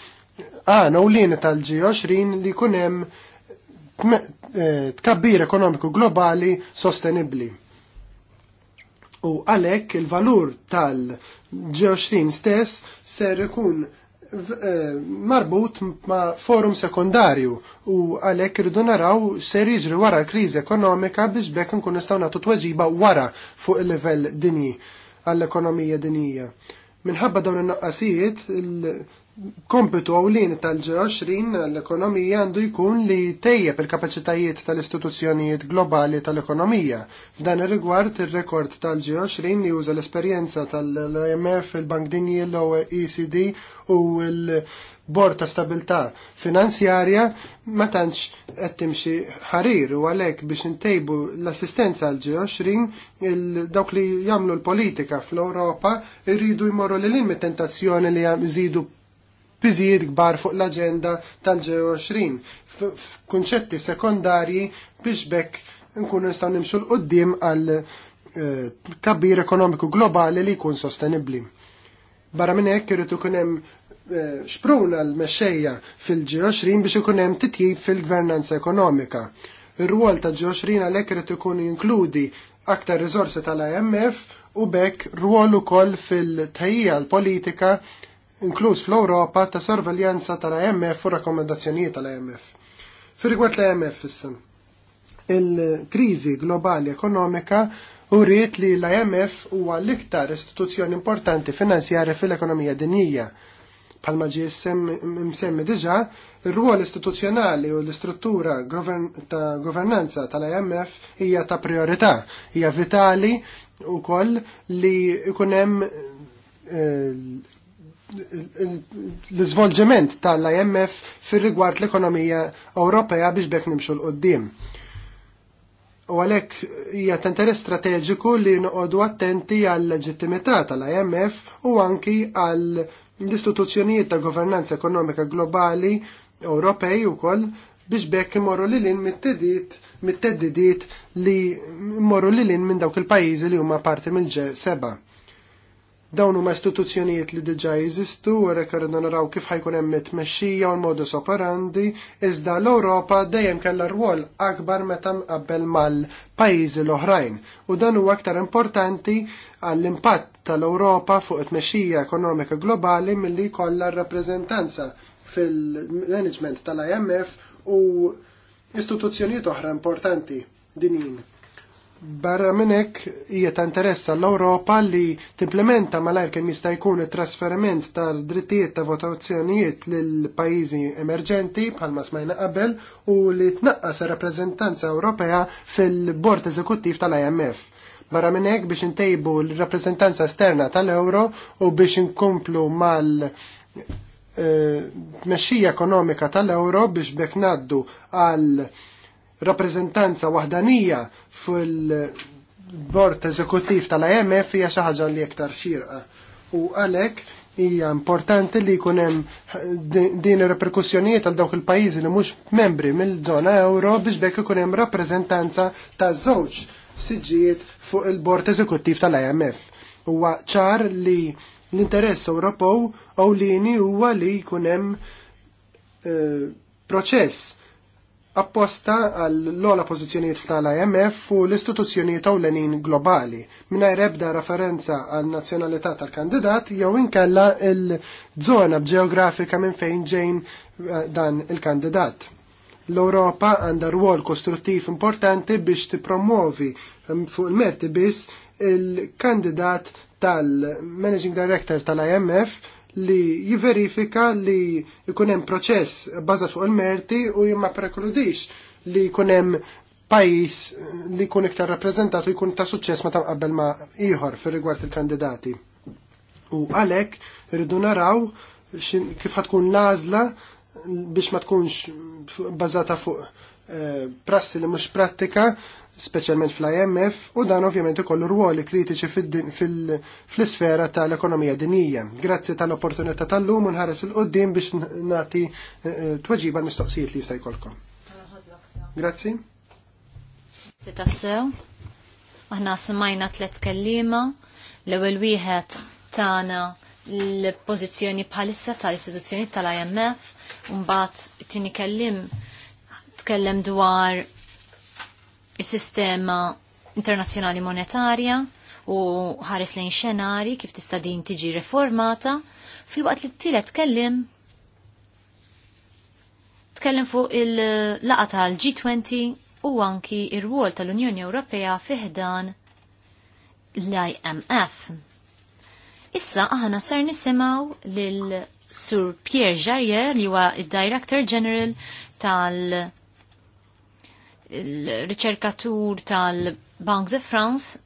għana u lini tal-G20 li kunem eh, tkabbir ekonomiku globali sostenibli u għalhekk il-valur tal-G20 stess ser ikun eh, marbut ma' forum sekundarju u għalhekk irridu naraw ser jiġri wara l-kriżi ekonomika biex bekk nkun nistgħu nagħtu tweġiba wara fuq il-livell dinji għall-ekonomija dinija. Minħabba dawn in-noqqasijiet kompitu għawlin tal-G20 l-ekonomija għandu jkun li tejjeb il-kapacitajiet tal-istituzzjonijiet globali tal-ekonomija. F'dan ir-rigward ir-rekord tal-G20 juża l-esperjenza tal-IMF, il-Bank Dinji, l-OECD e u l-Bord ta' Stabilità Finanzjarja ma tantx qed timxi ħarir u għalhekk biex intejbu l-assistenza għal G20 dawk li jagħmlu l-politika fl-Ewropa irridu jmorru lil mit tentazzjoni li jżidu biżijiet kbar fuq l-aġenda 20 f'kunċetti sekondarji biex bekk nkunu nistgħu nimxu l-qoddim għal eh, kabbir ekonomiku globali li jkun sostenibli. Barra minn hekk irid ikun hemm xpruna eh, l-mexxejja fil-G20 biex ikun hemm titjib fil-gvernanza ekonomika. Ir-rwol ta' G20 għalhekk irid ikun jinkludi aktar riżorsi tal-IMF u bekk rwol ukoll fil-tajja l-politika inkluż fl-Ewropa ta' sorveljanza tal amf u rakkomandazzjonijiet tal amf Fir-rigward l amf issa, il-kriżi globali ekonomika u rrit li l amf huwa l-iktar istituzzjoni importanti finanzjarja fil-ekonomija dinjija. Palma ġi msemmi diġa, ir-ruol istituzzjonali u l-istruttura ta' governanza tal amf hija ta' priorità, hija vitali u koll li ikunem l-izvolġiment tal-IMF fir rigward l-ekonomija Ewropea biex bekk nimxu l-qoddim. U għalek hija interess strateġiku li noqogħdu attenti għal leġittimità tal-IMF u anki għal istituzzjonijiet ta' governanza ekonomika globali Ewropej koll biex bekk imorru li lin mit-teddidiet li morru li lin minn dawk il-pajjiżi li huma parti mill ġer seba' Dawn huma istituzzjonijiet li diġà jeżistu u rekordu naraw kif ħajkun hemm it-tmexxija u modus operandi, iżda l-Ewropa dejjem kellha rwol akbar meta mqabbel mal-pajjiżi l-oħrajn u dan huwa aktar importanti għall-impatt tal-Ewropa fuq it-tmexxija ekonomika globali milli jkollha r-rappreżentanza fil-management tal-IMF u istituzzjonijiet oħra importanti dinin Barra minnek hija ta' interessa l-Ewropa li timplementa malajr kemm jista' jkun it-trasferiment tal-drittijiet ta' votazzjonijiet lill pajjiżi emerġenti bħalma smajna qabel u li tnaqqas rappreżentanza Ewropea fil-bord eżekuttiv tal-IMF. Barra minn hekk biex intejbu l-rappreżentanza esterna tal-Euro u biex inkomplu mal eh, mexxija ekonomika tal-Euro biex beknaddu ngħaddu għal rappreżentanza wahdanija fil-bord eżekuttiv tal-IMF hija xi ħaġa li aktar xirqa. U għalhekk hija importanti li jkun hemm din ir-reperkussjonijiet għal dawk il-pajjiżi li mhux membri mill-żona euro biex bekk ikun hemm rappreżentanza taż-żewġ siġijiet fuq il-bord eżekuttiv tal-IMF. Huwa ċar li l-interess Ewropew ewlieni huwa li jkun hemm eh, proċess apposta għall-ola pożizzjonijiet tal-IMF u l-istituzzjonijiet ewlenin globali mingħajr ebda referenza għal nazzjonalità tal-kandidat jew inkella l-żona ġeografika minn fejn ġejn eh, dan il-kandidat. L-Europa għandha rwol kostruttiv importanti biex tippromovi mm, fuq il-merti biss il-kandidat tal-Managing Director tal-IMF li jiverifika li jkun hemm proċess bażat fuq il-merti u jimma prekludix li jkun hemm pajis li jkun iktar rappreżentatu jkun ta' suċċess ma ta' qabel ma ieħor fir rigward il-kandidati. U għalhekk irridu naraw kif ħatkun l-għażla biex ma tkunx bażata fuq eh, prassi li mhux prattika speċjalment fl-IMF u dan ovvjament ikollu ruoli kritiċi fl-isfera tal-ekonomija dinija. Grazzi tal-opportunità tal-lum u nħares il-qoddim biex nagħti eh, eh, tweġiba l-mistoqsijiet li jista' jkollkom. Grazzi. Grazzi tassew. Aħna smajna tliet kellima. L-ewwel wieħed tagħna l-pożizzjoni bħalissa tal-istituzzjoni tal-IMF, u mbagħad it-tieni kellim tkellem dwar is-sistema internazzjonali monetarja u ħares lejn xenari kif tista' din tiġi reformata fil-waqt li t-tielet tkellim tkellem fuq il-laqa tal-G20 u anki ir-rwol tal-Unjoni Ewropea fiħdan l-IMF. Issa aħna ser nisimaw lil Sur Pierre Jarrier li huwa id-Director General tal- il-riċerkatur tal-Bank de France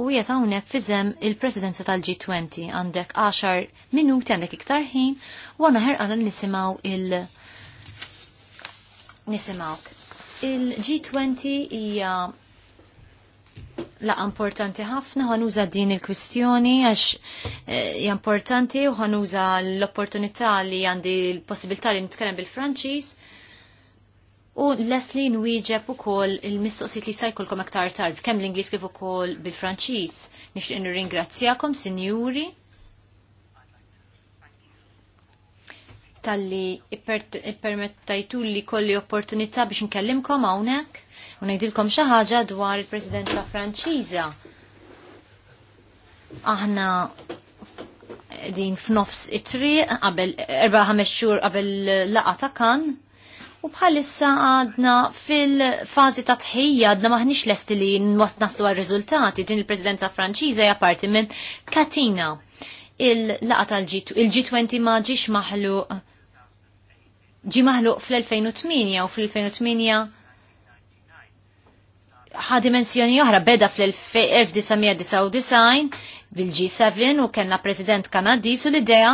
u jiet hawnhekk fiżem il-Presidenza tal-G20 għandek 10 minuti għandek iktar ħin u għana għadam nisimaw il- nisimaw. Il-G20 hija la importanti ħafna ħanuża din il-kwistjoni għax eh, hija importanti u ħanuża l-opportunità li għandi l-possibilità li nitkellem bil-Franċiż U Leslie nwieġeb ukoll il-mistoqsit li stajkolkom aktar tarb, kemm l inglis kif ukoll bil-Franċiż. Nixtieq nirringrazzjakom, sinjuri. Talli ippermettajtu li kolli opportunità biex nkellimkom hawnhekk u ngħidilkom xi ħaġa dwar il-Presidenza Franċiża. Aħna din f'nofs it-triq qabel erba' ħames xhur qabel laqa ta' kan u bħalissa għadna fil-fazi ta' tħejja għadna maħnix lesti li naslu għal-rizultati din il-presidenza franċiza hija parti minn Katina. Il-laqa tal-G20 ma ġiex maħluq ġi maħluq fl-2008 u fl-2008 ħa dimensjoni oħra beda fl-1999 bil-G7 u kellna president Kanadis u l-idea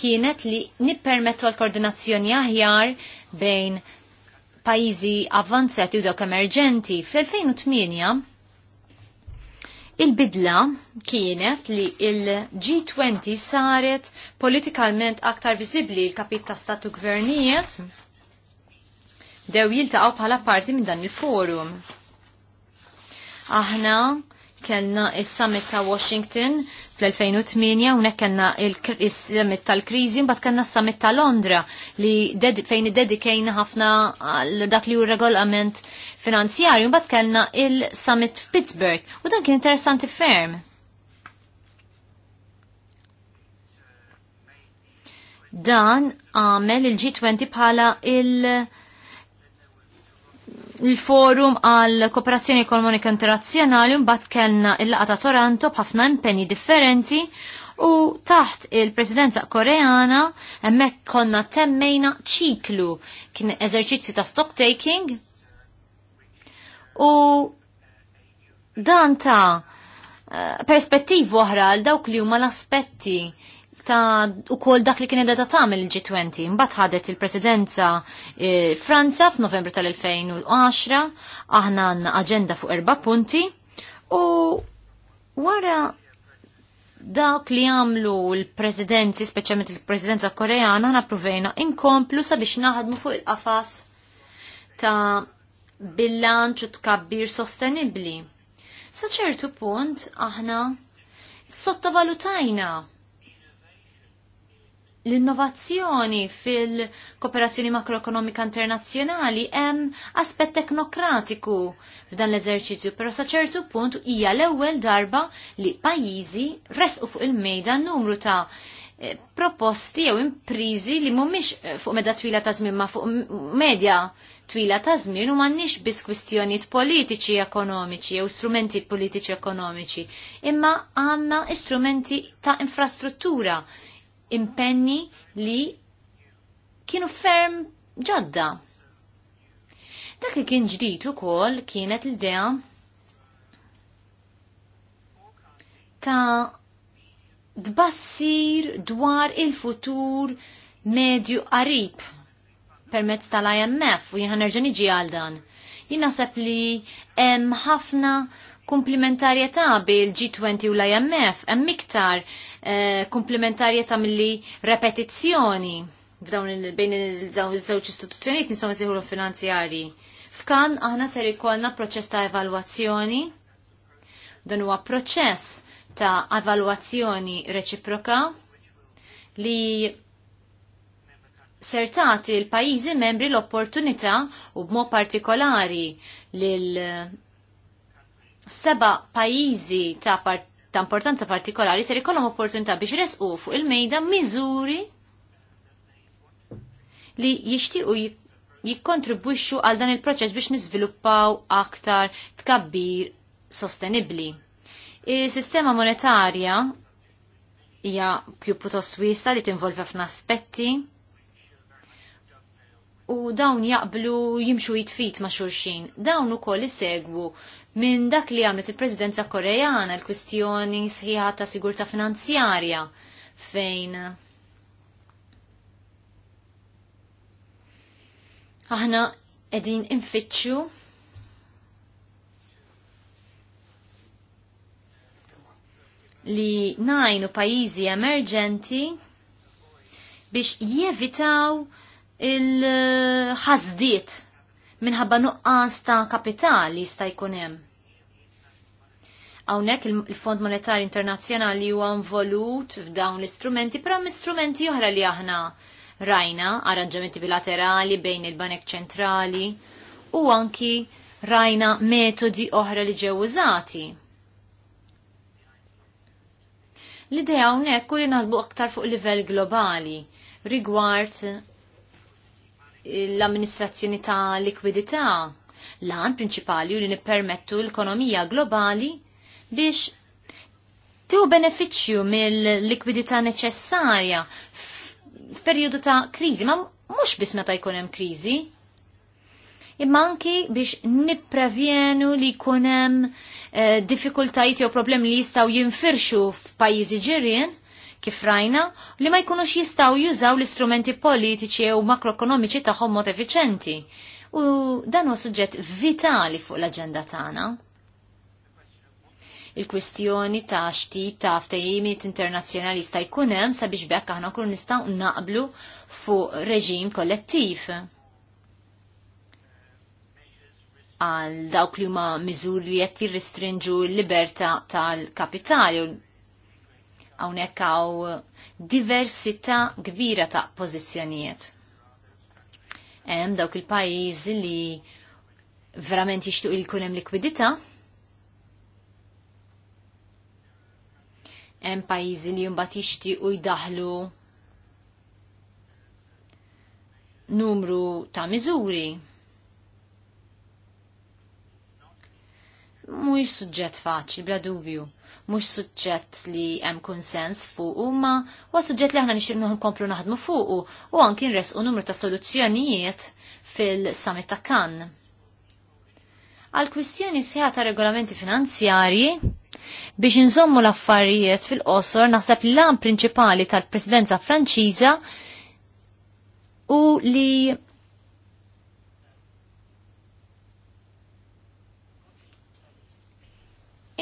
kienet li nippermettu l-koordinazzjoni aħjar bejn pajizi avanzati u dawk emerġenti. Fl-2008 il-bidla kienet li il-G20 saret politikalment aktar viżibbli l-kapit ta' statu gvernijiet dew jiltaqgħu bħala parti minn dan il-forum. Aħna kellna is-summit ta' Washington fl-2008 unek kellna is-summit tal-kriżi mbagħad kellna s-summit ta' Londra li fejn iddedikejna ħafna għal dak li hu regolament finanzjarju mbagħad kellna il-summit f'Pittsburgh u dan kien interessanti ferm. Dan għamel il-G20 bħala il-, l-forum għal kooperazzjoni ekonomika internazzjonali mbagħad kellna il laqgħa ta' Toronto b'ħafna impenji differenti u taħt il-presidenza koreana hemmhekk konna temmejna ċiklu kien eżerċizzju ta' stock taking u dan ta' eh, perspettiv oħra għal dawk li huma l-aspetti ta' u kol dak li kien edha tagħmel il-G20. Mbagħad ħadet il-Presidenza eh, Franza f'Novembru tal-2010, aħna għandna aġenda fuq erba' punti u wara dak li għamlu l-presidenzi, speċjalment il-presidenza koreana, ħana provejna inkomplu sabiex naħdmu fuq il-qafas ta' bilanċ u tkabbir sostenibli. Sa ċertu punt aħna sottovalutajna l-innovazzjoni fil-kooperazzjoni makroekonomika internazzjonali hemm aspett teknokratiku f'dan l-eżerċizzju, però sa ċertu punt hija l-ewwel darba li pajjiżi resqu fuq il-mejda numru ta' eh, proposti jew imprizi li mhumiex eh, fuq meda twila ta' żmien ma' fuq medja twila ta' żmien u m'għandniex biss kwistjonijiet politiċi ekonomiċi jew strumenti politiċi ekonomiċi, imma għandna strumenti ta' infrastruttura impenni li kienu ferm ġodda. Dak li kien ġdid ukoll kienet l-idea ta' dbassir dwar il-futur medju qarib permezz tal-IMF u jien ħanerġa' niġi għal dan. Jien naħseb li hemm ħafna komplementarjetà bil G20 u l-IMF hemm iktar Eh, komplementarjetà milli repetizzjoni f'dawn il-bejn dawn iż-żewġ istituzzjonijiet nistgħu l finanzjarji. F'kan aħna ser ikollna proċess ta' evalwazzjoni. Dan huwa proċess ta' evalwazzjoni reċiproka li sertati l-pajizi membri l-opportunità u b'mod partikolari lil seba pajizi ta' part ta' importanza partikolari ser ikollhom opportunità biex resqu fuq il-mejda miżuri li jixtiequ jikkontribwixxu għal dan il-proċess biex niżviluppaw aktar tkabbir sostenibbli. Is-sistema monetarja hija pjuttost wiesa li tinvolvi ħafna aspetti u dawn jaqblu jimxu jitfit ma' xurxin. Dawn u koll segwu minn dak li għamlet il-Presidenza Koreana l-kwistjoni sħiħa ta' sigurta finanzjarja fejn aħna edin infittxu li najnu pajizi emerġenti biex jevitaw il-ħazdiet minħabba nuqqas ta' kapitali jista' jkun hemm. Hawnhekk il-Fond Monetarju Internazzjonali huwa involut f'dawn l-istrumenti, però strumenti oħra li aħna rajna, arranġamenti bilaterali bejn il-Banek Ċentrali u anki rajna metodi oħra li ġew użati. L-idea hawnhekk u li naħsbu aktar fuq livell globali rigward l-amministrazzjoni ta' likwidità l-għan prinċipali u li nippermettu l-ekonomija globali biex tiħu beneficju mill-likwidità neċessarja f'perjodu ta' krizi, ma mux bis meta jkun hemm krizi. Imma anki biex nipprevjenu li jkun hemm eh, diffikultajiet jew problemi li jistgħu jinfirxu f'pajjiżi ġirien kif rajna li ma jkunux jistaw jużaw l-istrumenti politiċi u makroekonomiċi tagħhom mod effiċenti. U dan huwa suġġett vitali fuq l-aġenda tagħna. Il-kwistjoni ta' xtib ta' ftejimit internazzjonali jista' jkun hemm sabiex bekk aħna kun nistgħu naqblu fuq reġim kollettiv. għal dawk li huma miżuri li qed jirristrinġu l-libertà tal-kapitali Hawnhekk hawn diversità kbira ta' pożizzjonijiet. Hemm dawk il-pajjiżi li verament jixtuq li jkun hemm likwidità. Hemm pajjiżi li mbagħad jixtiequ jdaħlu numru ta' miżuri. Mhux suġġett faċli bla dubju mhux suġġett li hemm konsens fuq huma huwa suġġett li aħna nixtieq nkomplu naħdmu fuqu u anki nresqu numru ta' soluzzjonijiet fil-summit ta' Kann. Għal kwistjoni sħiħa ta' regolamenti finanzjarji, Biex inżommu l-affarijiet fil-qosor naħseb l-lan prinċipali tal-presidenza franċiża u li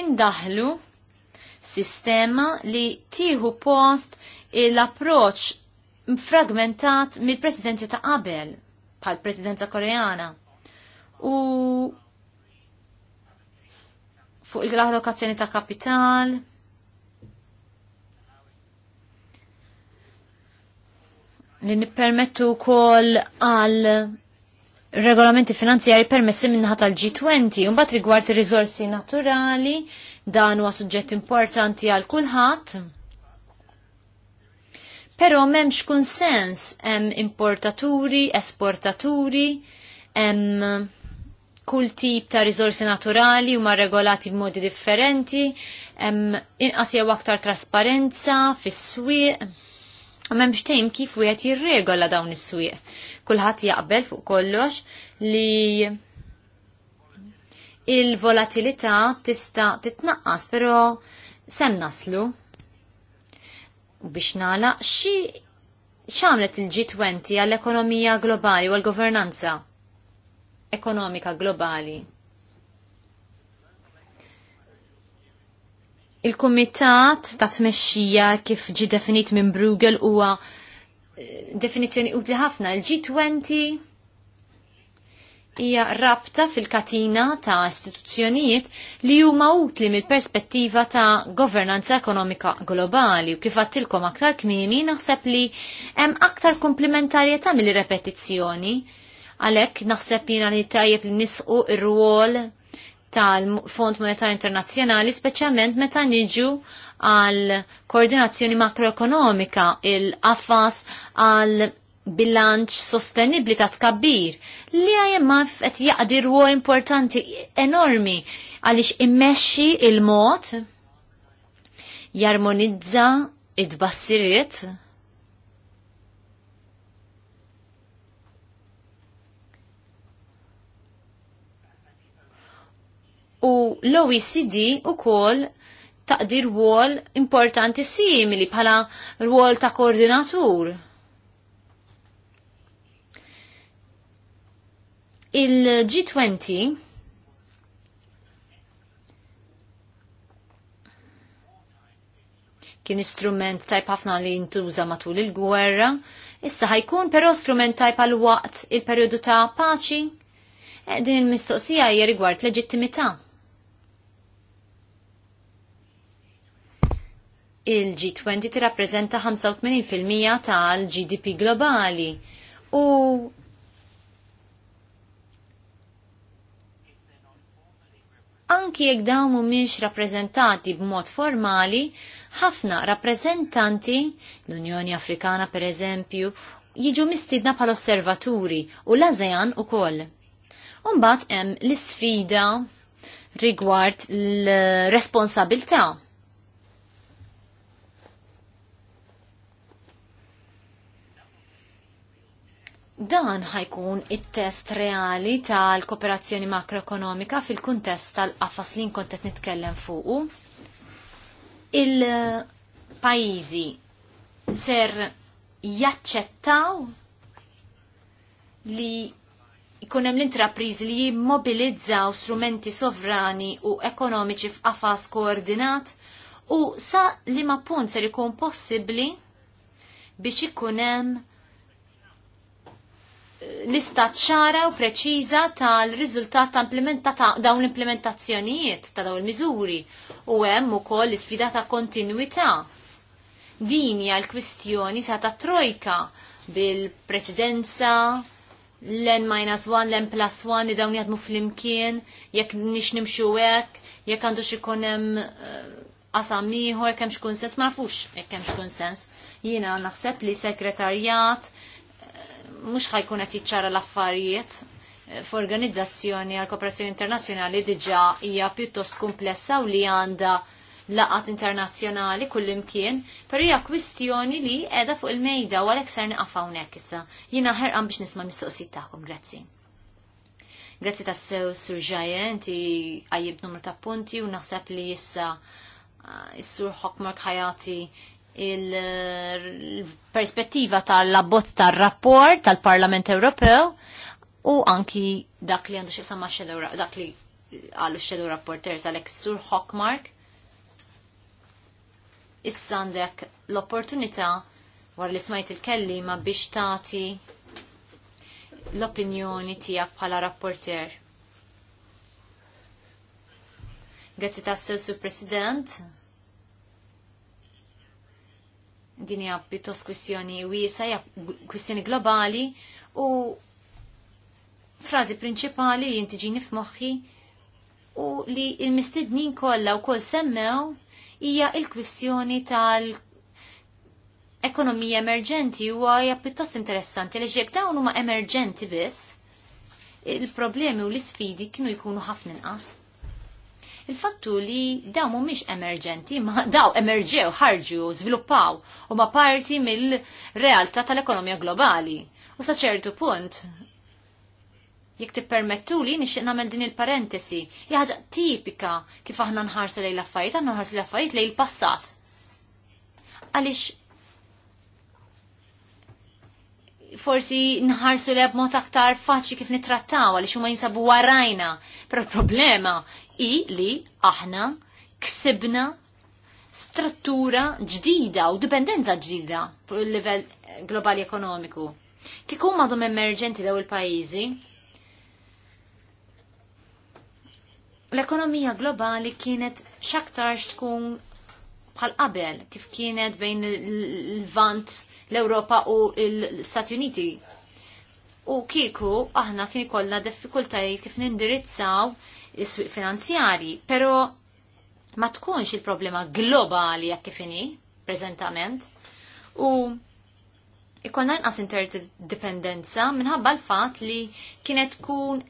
indaħlu sistema li tieħu post l-approċ fragmentat mill-presidenza ta' qabel pal presidenza koreana. U fuq il-allokazzjoni ta' kapital, li nippermettu kol għal regolamenti finanzjari permessi minnaħat tal-G20. bat rigward il-rizorsi naturali, dan huwa suġġett importanti għal kulħadd. Però m'hemmx kunsens hemm importaturi, esportaturi, hemm kull tip ta' rizorsi naturali huma regolati b'modi differenti, hemm inqas jew aktar trasparenza fis-swieq Ma memx tejm kif wieħed jirregola dawn is-swieq. Kulħadd jaqbel fuq kollox li il-volatilità tista' titnaqqas, però sem naslu. U biex nagħlaq xi xamlet il-G20 għall-ekonomija globali u għall-governanza ekonomika globali. Il-Kumitat ta' tmexxija kif ġi definit minn Brugel huwa eh, definizzjoni utli ħafna il g 20 hija rabta fil-katina ta' istituzzjonijiet li huma utli mill-perspettiva ta' governanza ekonomika globali u kif għattilkom aktar kmini naħseb li hemm aktar komplementarjetà mill-repetizzjoni għalhekk naħseb jiena li tajjeb li nisqu ir-rwol tal-Fond Monetar Internazzjonali, speċjalment meta niġu għal koordinazzjoni makroekonomika, il affas għal bilanċ sostenibli ta' tkabbir li IMF qed jaqdi rwol importanti enormi għaliex immexxi il-mod jarmonizza id-bassiriet u l-OECD u kol taqdir wol importanti simili bħala rwol ta' koordinatur. Il-G20 kien istrument tajb ħafna li jintuża matul il-gwerra, issa ħajkun però strument tajb għal waqt il-periodu ta' paċi. Eh, din il-mistoqsija hija rigward leġittimità. il-G20 tirrappreżenta 85% tal-GDP globali u anki jekk dawn mhumiex rappreżentati b'mod formali, ħafna rappreżentanti l-Unjoni Afrikana pereżempju jiġu mistidna bħal osservaturi u l-ASEAN ukoll. mbagħad hemm l-isfida rigward l-responsabilità Dan ħajkun it-test reali tal-kooperazzjoni makroekonomika fil-kuntest tal-qafas li qed nitkellem fuqu. il pajjiżi ser jaċċettaw li jkun hemm l-intrapriżi li jimmobilizzaw strumenti sovrani u ekonomiċi f'qafas koordinat u sa li ma punt ser ikun possibbli biex ikun hemm lista ċara u preċiża tal-riżultat ta' implementa ta' dawn l-implementazzjonijiet ta' dawn il-miżuri u hemm ukoll l-isfida ta' kontinwità. Din hija l-kwistjoni sa ta' trojka bil-presidenza, l-n-1, l-n-1 li dawn jadmu fl-imkien, jekk nix nimxu hekk, jekk għandu xikun hemm eh, qasam ieħor kemm xkun sens ma nafux jekk hemm xkun sens. Jiena naħseb li sekretarjat mhux ħajkun qed jiċċara l-affarijiet eh, f'organizzazzjoni għal kooperazzjoni internazzjonali diġà hija pjuttost komplessa u li għandha laqat internazzjonali kullimkien, per hija kwistjoni li qiegħda fuq il-mejda u għalhekk ser niqaf hawnhekk issa. Jiena ħerqan biex nisma' mistoqsijiet tagħkom, grazzi. Grazzi tassew Sur Ġajen, ti għajib numru ta' punti u naħseb li jissa ah, s sur Hokmark ħajati il-perspettiva tal-abbozz tal-rapport tal-Parlament Ewropew u anki dak li għandu xisama dak li għallu xedu rapporters għalek sur Hockmark. Issa għandek l-opportunità war li smajt il ma biex tati l-opinjoni tijak bħala rapporter. Grazie tassel, Sur President din hija pjuttost kwistjoni wiesa, hija kwistjoni globali u frażi prinċipali li inti ġini f'moħħi u li l-mistednin kollha wkoll semmew hija l-kwistjoni tal ekonomija emerġenti u hija pittost interessanti li jekk dawn huma emerġenti biss, il-problemi u l-isfidi kienu jkunu ħafna inqas. Il-fattu li daw mhumiex emerġenti, ma daw emerġew, ħarġu, żviluppaw u ma parti mill-realtà tal-ekonomija globali. U sa ċertu punt, jekk permettu li nixtieq nagħmel din il-parentesi, hija tipika kif aħna nħarsu lejn l-affarijiet, aħna nħarsu l-affarijiet lejn il-passat. Għaliex forsi nħarsu b-mot aktar faċi kif nittrattaw għaliex huma jinsabu warajna, pero problema i li aħna ksibna struttura ġdida u dipendenza ġdida fuq il-livell globali ekonomiku. Kieku madhom emerġenti daw il-pajjiżi, l-ekonomija globali kienet xaktarx tkun bħal qabel kif kienet bejn il-Vant, l-Europa u l-Stati Uniti. U kieku aħna kien kollha diffikultajiet kif nindirizzaw is-swieq finanzjari, però ma tkunx il-problema globali jekk kifini preżentament u ikonna nqas interdipendenza minħabba l-fatt li kienet tkun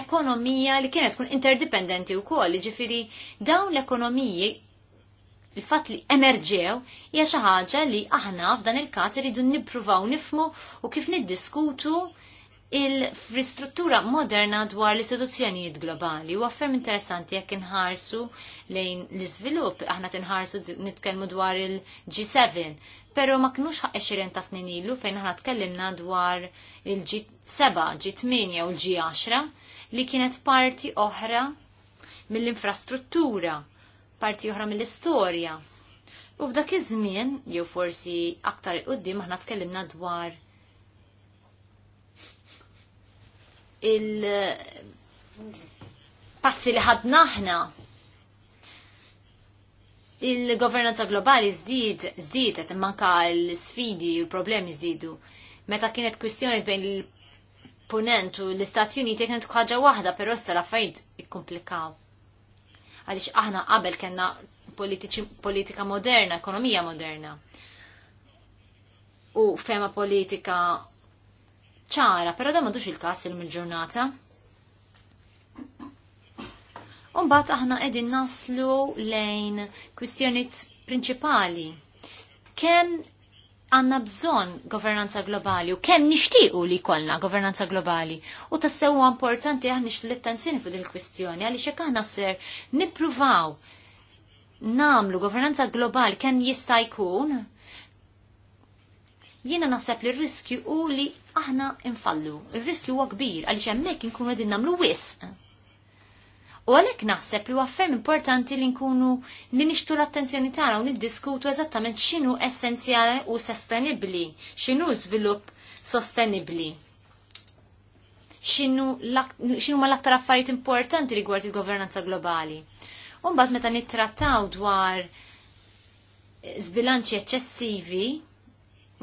ekonomija li kienet tkun interdipendenti wkoll, ġifiri dawn l-ekonomiji il-fatt li emerġew hija xi ħaġa li aħna f'dan il-każ iridu nippruvaw nifmu u kif niddiskutu il fristruttura moderna dwar l-istituzzjonijiet globali. U għaffem interessanti jekk inħarsu lejn l-izvilup, aħna tinħarsu nitkellmu dwar il-G7, pero ma kinux 20 ta' snin ilu fejn aħna tkellimna dwar il-G7, G8 u l-G10 li kienet parti oħra mill-infrastruttura, parti oħra mill-istorja. U f'dak iż-żmien, jew forsi aktar il-qoddim aħna tkellimna dwar il-passi li ħadna aħna il-governanza globali zdid, et manka l-sfidi u l-problemi zdidu. Meta kienet kwistjoni bejn l-ponent u l-Istati Uniti kienet ħaġa waħda, però issa l-affarijiet ikkomplikaw. Għaliex aħna qabel kellna politika moderna, ekonomija moderna. U fema politika ċara, pero da madux il-kas il-mil-ġurnata. Umbat aħna edin naslu lejn kwistjoniet prinċipali. Kem għanna bżon governanza globali u kem nishtiqu li kolna governanza globali u tassewa importanti aħna l-attenzjoni fuq il-kwistjoni għalli xek aħna ser nipruvaw namlu governanza globali kem jista' jkun jiena naħseb li riskju u li aħna infallu. Ir-riskju huwa kbir għaliex hemmhekk inkunu qegħdin nagħmlu wisq. U għalhekk naħseb li huwa ferm importanti li nkunu li nixtu l-attenzjoni tagħna u niddiskutu eżattament x'inhu essenzjali u sostenibbli, x'inhu żvilupp sostenibbli. X'inhu ma l-aktar affarijiet importanti rigward il-governanza globali. U mbagħad meta nittrattaw dwar zbilanċi eċċessivi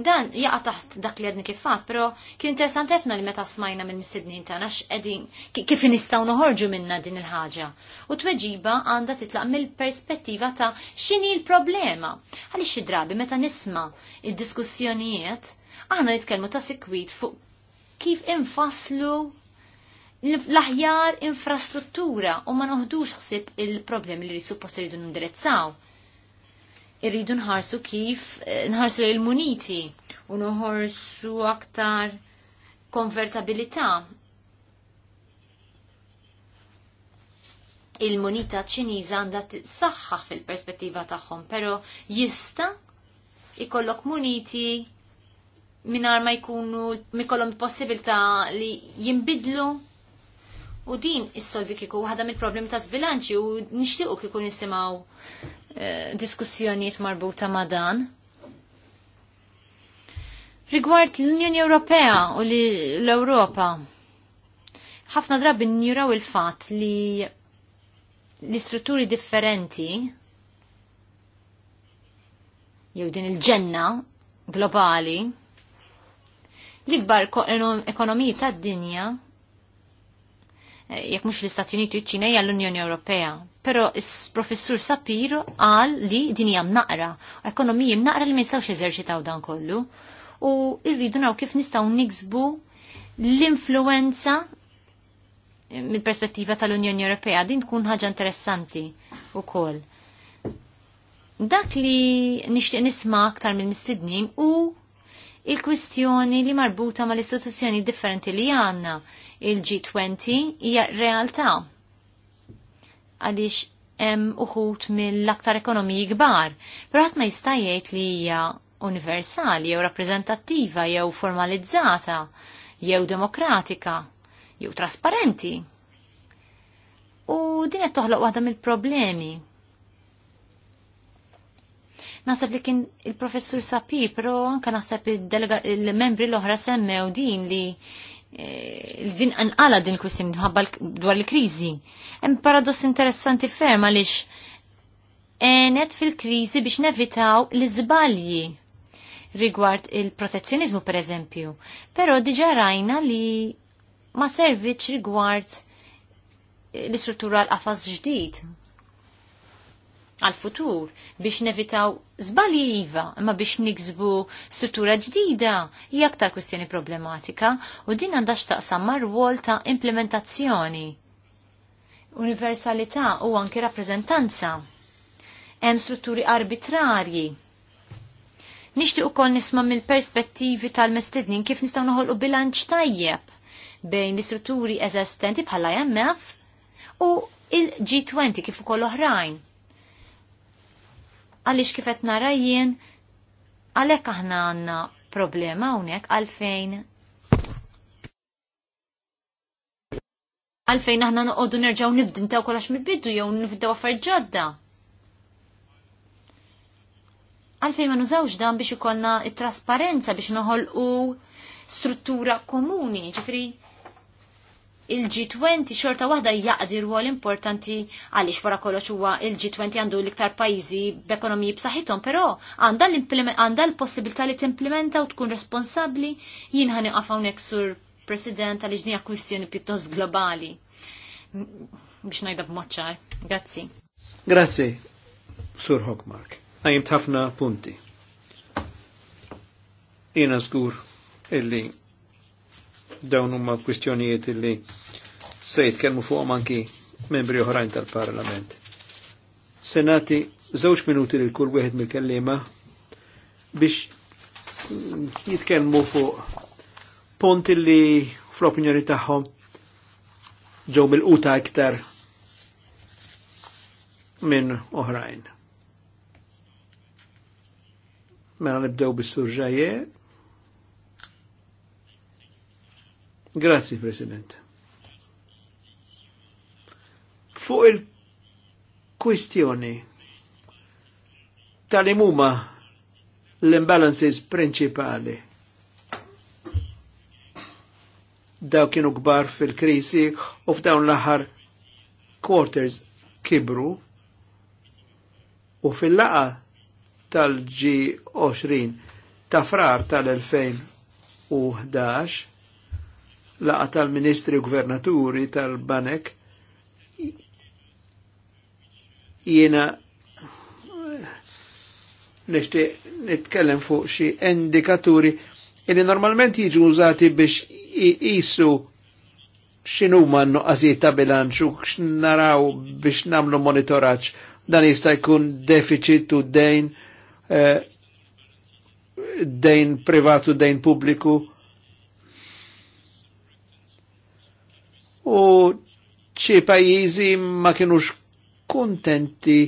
Dan jaqa taħt dak li għedni kifat, pero kien interesant ħafna li meta smajna minn mistednin tagħna edin kif nistaw noħorġu minna din il-ħaġa. U tweġiba għandha titlaq mill-perspettiva ta' x'inhi l-problema. Għaliex xi drabi meta nisma' id-diskussjonijiet aħna nitkellmu ta' sikwit fuq kif infaslu l-aħjar infrastruttura u ma noħdux xsib il-problemi li suppost iridu nindirizzaw irridu nħarsu kif eh, nħarsu il-muniti u nħorsu aktar konvertabilità. Il-munita ċiniża għandha saħħa fil-perspettiva tagħhom, però jista' ikollok muniti minar ma jkunu mikollom possibilità li jinbidlu u din is-solvi kieku waħda mill-problemi ta' zbilanċi u nixtiequ kieku nisimgħu Eh, diskussjonijiet marbuta ma' dan. Rigward l-Unjoni Ewropea u l-Ewropa, ħafna drabi njuraw il-fat li l-istrutturi differenti jew din il-ġenna globali l-ikbar ekonomiji tad-dinja jekk mhux l-Istati Uniti u ċ-Ċina hija l-Unjoni Ewropea. Però is-professur Sapir qal li din hija mnaqra, ekonomiji mnaqra li ma jistgħux eżerċitaw dan kollu. U rridu naraw kif nistgħu niksbu l-influenza mill-perspettiva tal-Unjoni Ewropea din tkun ħaġa interessanti wkoll. Dak li nixtieq nisma aktar minn mistednin u il-kwistjoni li marbuta mal istituzzjoni differenti li għandna, il-G20 hija realtà. Għaliex hemm uħut mill-aktar ekonomiji kbar, però ħadd ma jista' jgħid li hija universali jew rappreżentattiva jew formalizzata jew demokratika jew trasparenti. U din qed toħloq waħda mill-problemi. Nasab li kien il-professur Sapi, però anka nasab il-membri il membri l oħra semmew din li Eh, din anqala din il ħabba dwar il-kriżi. Hemm paradoss interessanti ferm għaliex enet fil-kriżi biex nevitaw l-iżbalji rigward il-protezzjonizmu per eżempju. Però diġa rajna li ma servitx rigward l-istruttura l-qafas ġdid għal-futur biex nevitaw zbali iva, imma biex niksbu struttura ġdida hija aktar kwestjoni problematika u din għandha x'taqsam mar-rwol ta' implementazzjoni. Universalità u anke rappreżentanza. Hemm strutturi arbitrarji Nixtieq ukoll nisma' mill-perspettivi tal-mestednin kif nistgħu noħolqu bilanċ tajjeb bejn l-istrutturi eżistenti bħala IMF u il-G20 kif ukoll oħrajn għaliex kif qed nara jien għalhekk aħna għandna problema hawnhekk għalfejn għalfejn aħna noqogħdu nerġgħu nibdin taw kolax mill jew nibdew affarijiet ġodda. Għalfejn ma nużawx dan biex ikollna it-trasparenza biex noħolqu struttura komuni, ġifri il-G20 xorta waħda jaqdi rwol importanti għaliex wara kollox huwa il-G20 għandu l-iktar pajjiżi b'ekonomiji b'saħħithom, però għandha l-possibilità li timplementa u tkun responsabbli jien ħani hawnhekk sur President għaliex dinja kwistjoni pjuttost globali. Biex ngħidha b'mod ċar. Grazzi. Grazzi, Sur Hockmark. Għajim ħafna punti. Jiena żgur illi dawn huma kwistjonijiet illi se jitkellmu fuqhom anki membri oħrajn tal-Parlament. Senati żewġ minuti lil kull wieħed mill-kellima biex jitkellmu fuq ponti li fl-opinjoni tagħhom ġew mill-quta iktar minn oħrajn. Mela nibdew bis sur Grazie President. Fuq il-kwistjoni tal-imuma l-imbalances principali. Daw kienu kbar fil-krisi u f'dawn l-aħħar quarters kibru u fil-laqa tal-G20 ta' frar tal-2011 laqa tal-ministri u gvernaturi tal-Banek jiena nixtieq nitkellem fuq xi indikaturi illi normalment jiġu użati biex jisu x'inhuma n-nuqqasijiet ta' bilanċ u x'naraw biex nagħmlu monitoraġġ dan jista' jkun deficit u dejn eh, dejn privatu, dejn pubbliku. U ċi pajjiżi ma kienux kontenti,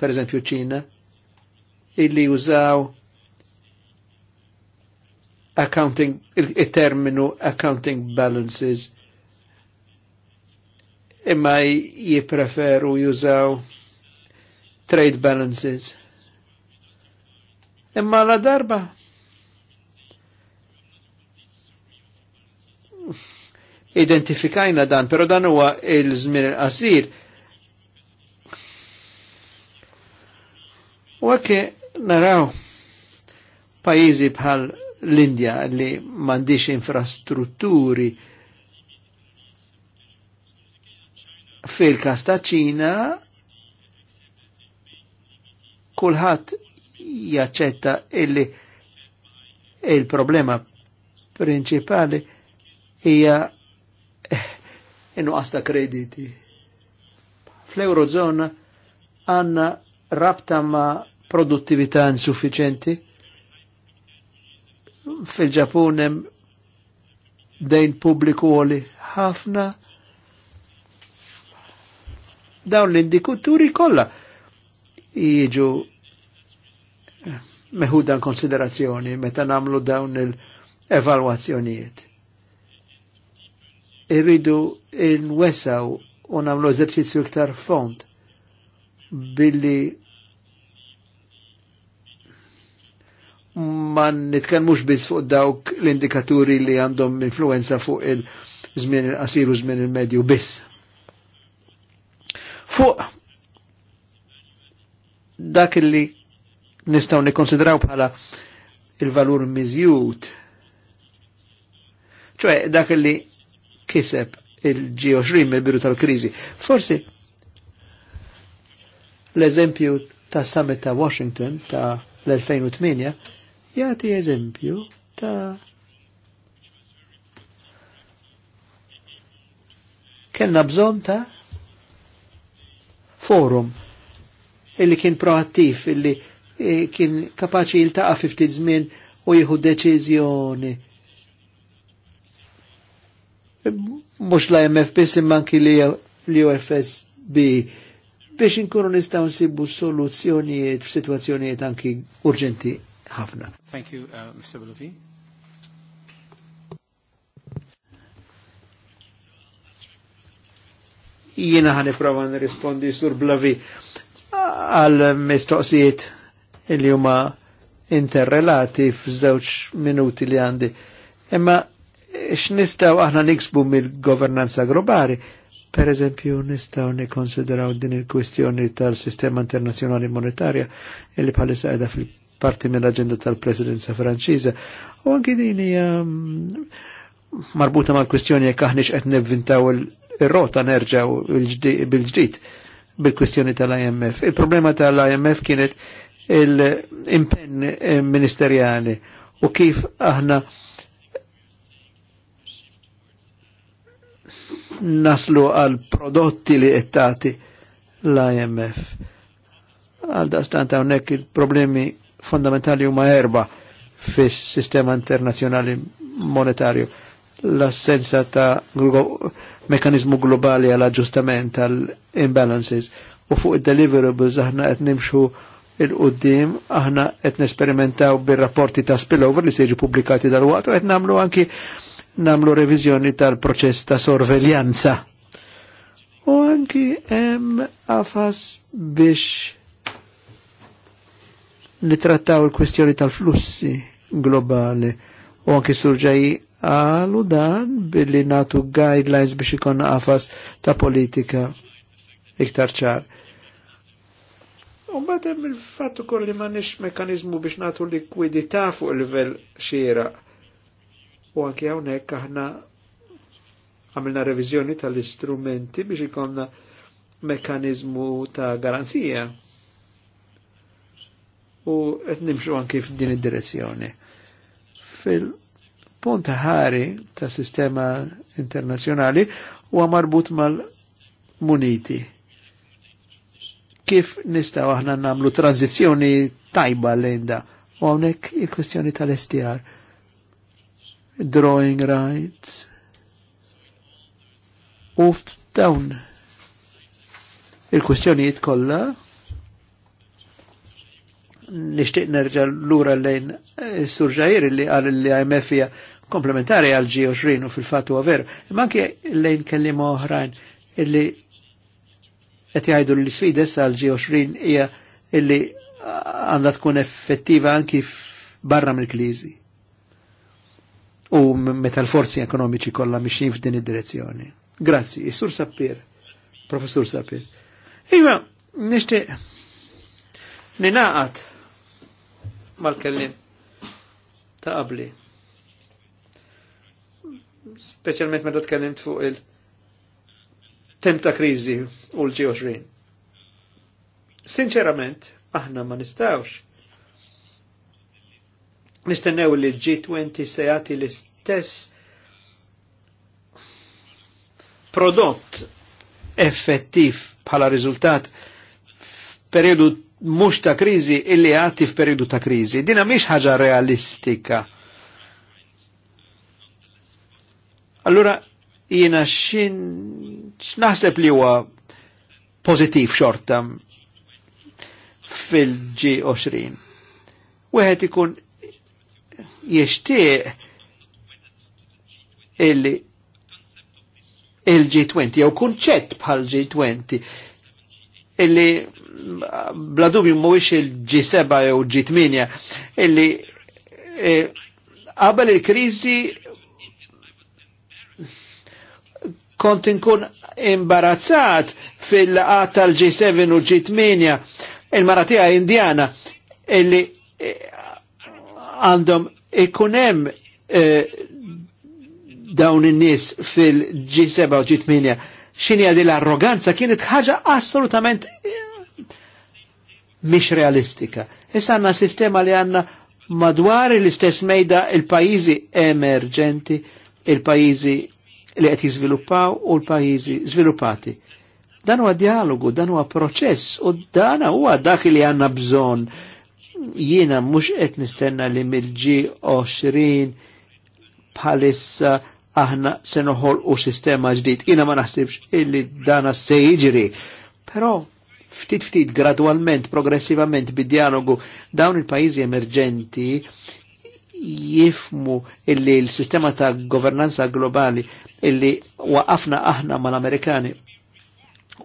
per eżempju ċina, illi użaw accounting, il-terminu accounting balances, imma jipreferu jużaw trade balances. Imma la darba identifikajna dan, pero dan huwa il-żmien il-qasir U għakke naraw pajizi bħal l-Indja li mandiċ infrastrutturi fil kasta ċina kulħat jaċċetta illi il-problema principali hija innuqas krediti. Fl-Eurozona għanna rabta ma' produttività insuffiċenti. Fil-Ġapun hemm dejn pubbliku għoli ħafna dawn l-indikuturi kollha jiġu meħudan konsiderazzjoni meta namlu dawn il-evalwazzjonijiet. Irridu il-wesaw u namlu eżerċizzju iktar font billi ma nitkellmux biss fuq dawk l-indikaturi li għandhom influenza fuq il-żmien il-qasir u żmien il-medju biss. Fuq dak li nistaw nikkonsidraw bħala il-valur miżjud, ċoħe dak li kiseb il-G20 il-biru tal-krizi. Forsi l-eżempju ta' summit ta' Washington ta' l-2008 Jati eżempju ta' kellna bżonn ta' forum illi kien proattiv, illi e, kien kapaċi jiltaqa' ftit żmien u jieħu deċiżjoni. E, mhux la MFB simmanki li l-UFSB biex inkunu nistgħu nsibu soluzzjonijiet f'sitwazzjonijiet anki urġenti ħafna. Thank you, uh, Mr. Willoughby. Jiena ħani iprova nirrispondi sur Blavi għal mistoqsijiet li huma interrelati f'żewġ minuti li għandi. Imma x'nistgħu aħna niksbu mill-governanza globali, per eżempju nistgħu nikkonsideraw din il-kwistjoni tal-sistema internazzjonali monetarja illi bħalissa qiegħda fil parti mill-agenda tal-presidenza franċiża. U anki din hija mm, marbuta mal-kwistjoni jekk aħniex qed nevvintaw ir-rota nerġaw bil-ġdid bil-kwistjoni tal-IMF. Il-problema tal-IMF kienet il-impenn eh, ministerjali u kif aħna naslu għal prodotti li ettati l-IMF. Għal dastant għonek il-problemi fondamentali huma erba fis-sistema internazzjonali monetarju l-assenza ta' mekanizmu globali għal aġustament għal imbalances u fuq il-deliverables aħna qed nimxu il-qoddim aħna qed nesperimentaw bir-rapporti ta' spillover li se jiġu pubblikati dal-waqt u qed nagħmlu anki nagħmlu reviżjoni tal-proċess ta' sorveljanza. U anki hemm afas biex nitrattaw il-kwestjoni tal-flussi globali u anki surġaj għalu dan billi natu guidelines biex ikon għafas ta' politika iktar ċar. U batem il-fattu kolli ma nix mekanizmu biex natu likwidità fuq il-level xira U anki għawnek aħna għamilna revizjoni tal-istrumenti biex ikonna mekanizmu ta' garanzija u qed nimxu anke f'din id-direzzjoni. Fil-punt ħari ta' sistema internazzjonali huwa marbut mal-muniti. Kif nistgħu aħna nagħmlu tranzizzjoni tajba lejn da? U hawnhekk il-kwestjoni tal-STR. Drawing rights. U f'dawn il-kwestjonijiet kollha nishtiq nerġa l-lura lejn eh, surġajir li għal li IMF hija komplementari għal G20 u fil-fat huwa veru. Imma anke lejn kelliem oħrajn illi qed jgħidu li sfides għal G20 hija illi għandha tkun effettiva anki barra mill-kriżi. U meta l-forzi ekonomiċi kollha mixin f'din id-direzzjoni. Grazzi, Sur Sapir, Professur Sapir. Iva, nishtiq ninaqat mal-kellim ta' qabli. Speċjalment meta tkellimt fuq il-tem ta' kriżi u l-G20. Sinċerament, aħna ma nistawx. Nistennew li l-G20 se jagħti l-istess prodott effettiv bħala riżultat periodu mux ta' krizi illi għati f'periodu ta' krizi. Dina miex ħaġa realistika. Allura jina xin x'naħseb li huwa pożittiv xorta fil-G20. Wieħed ikun jishtieq illi il-G20 jew kunċett bħal G20 illi bla dubju mhuwiex il-G7 u G8 illi e, qabel il-kriżi kont inkun imbarazzat fil-qat tal-G7 u G8 il-maratija indiana illi e, għandhom ikunem hemm e, dawn in-nies fil-G7 u G8 xini għadil arroganza kienet ħaġa assolutament mish realistika. Issa għanna sistema li għanna madwar l-istess mejda il-pajizi emerġenti, il-pajizi li qed jiżviluppaw u l-pajizi żviluppati. Dan huwa dialogu, dan huwa proċess u dan huwa dak li għanna bżonn. Jiena mhux qed nistenna li mill-G20 bħalissa aħna se noħolqu sistema ġdid. Jiena ma naħsibx illi dana se jiġri. Però ftit ftit gradualment, progressivament bid-dialogu dawn il-pajjiżi emerġenti jifmu illi l-sistema ta' governanza globali illi waqafna aħna mal-Amerikani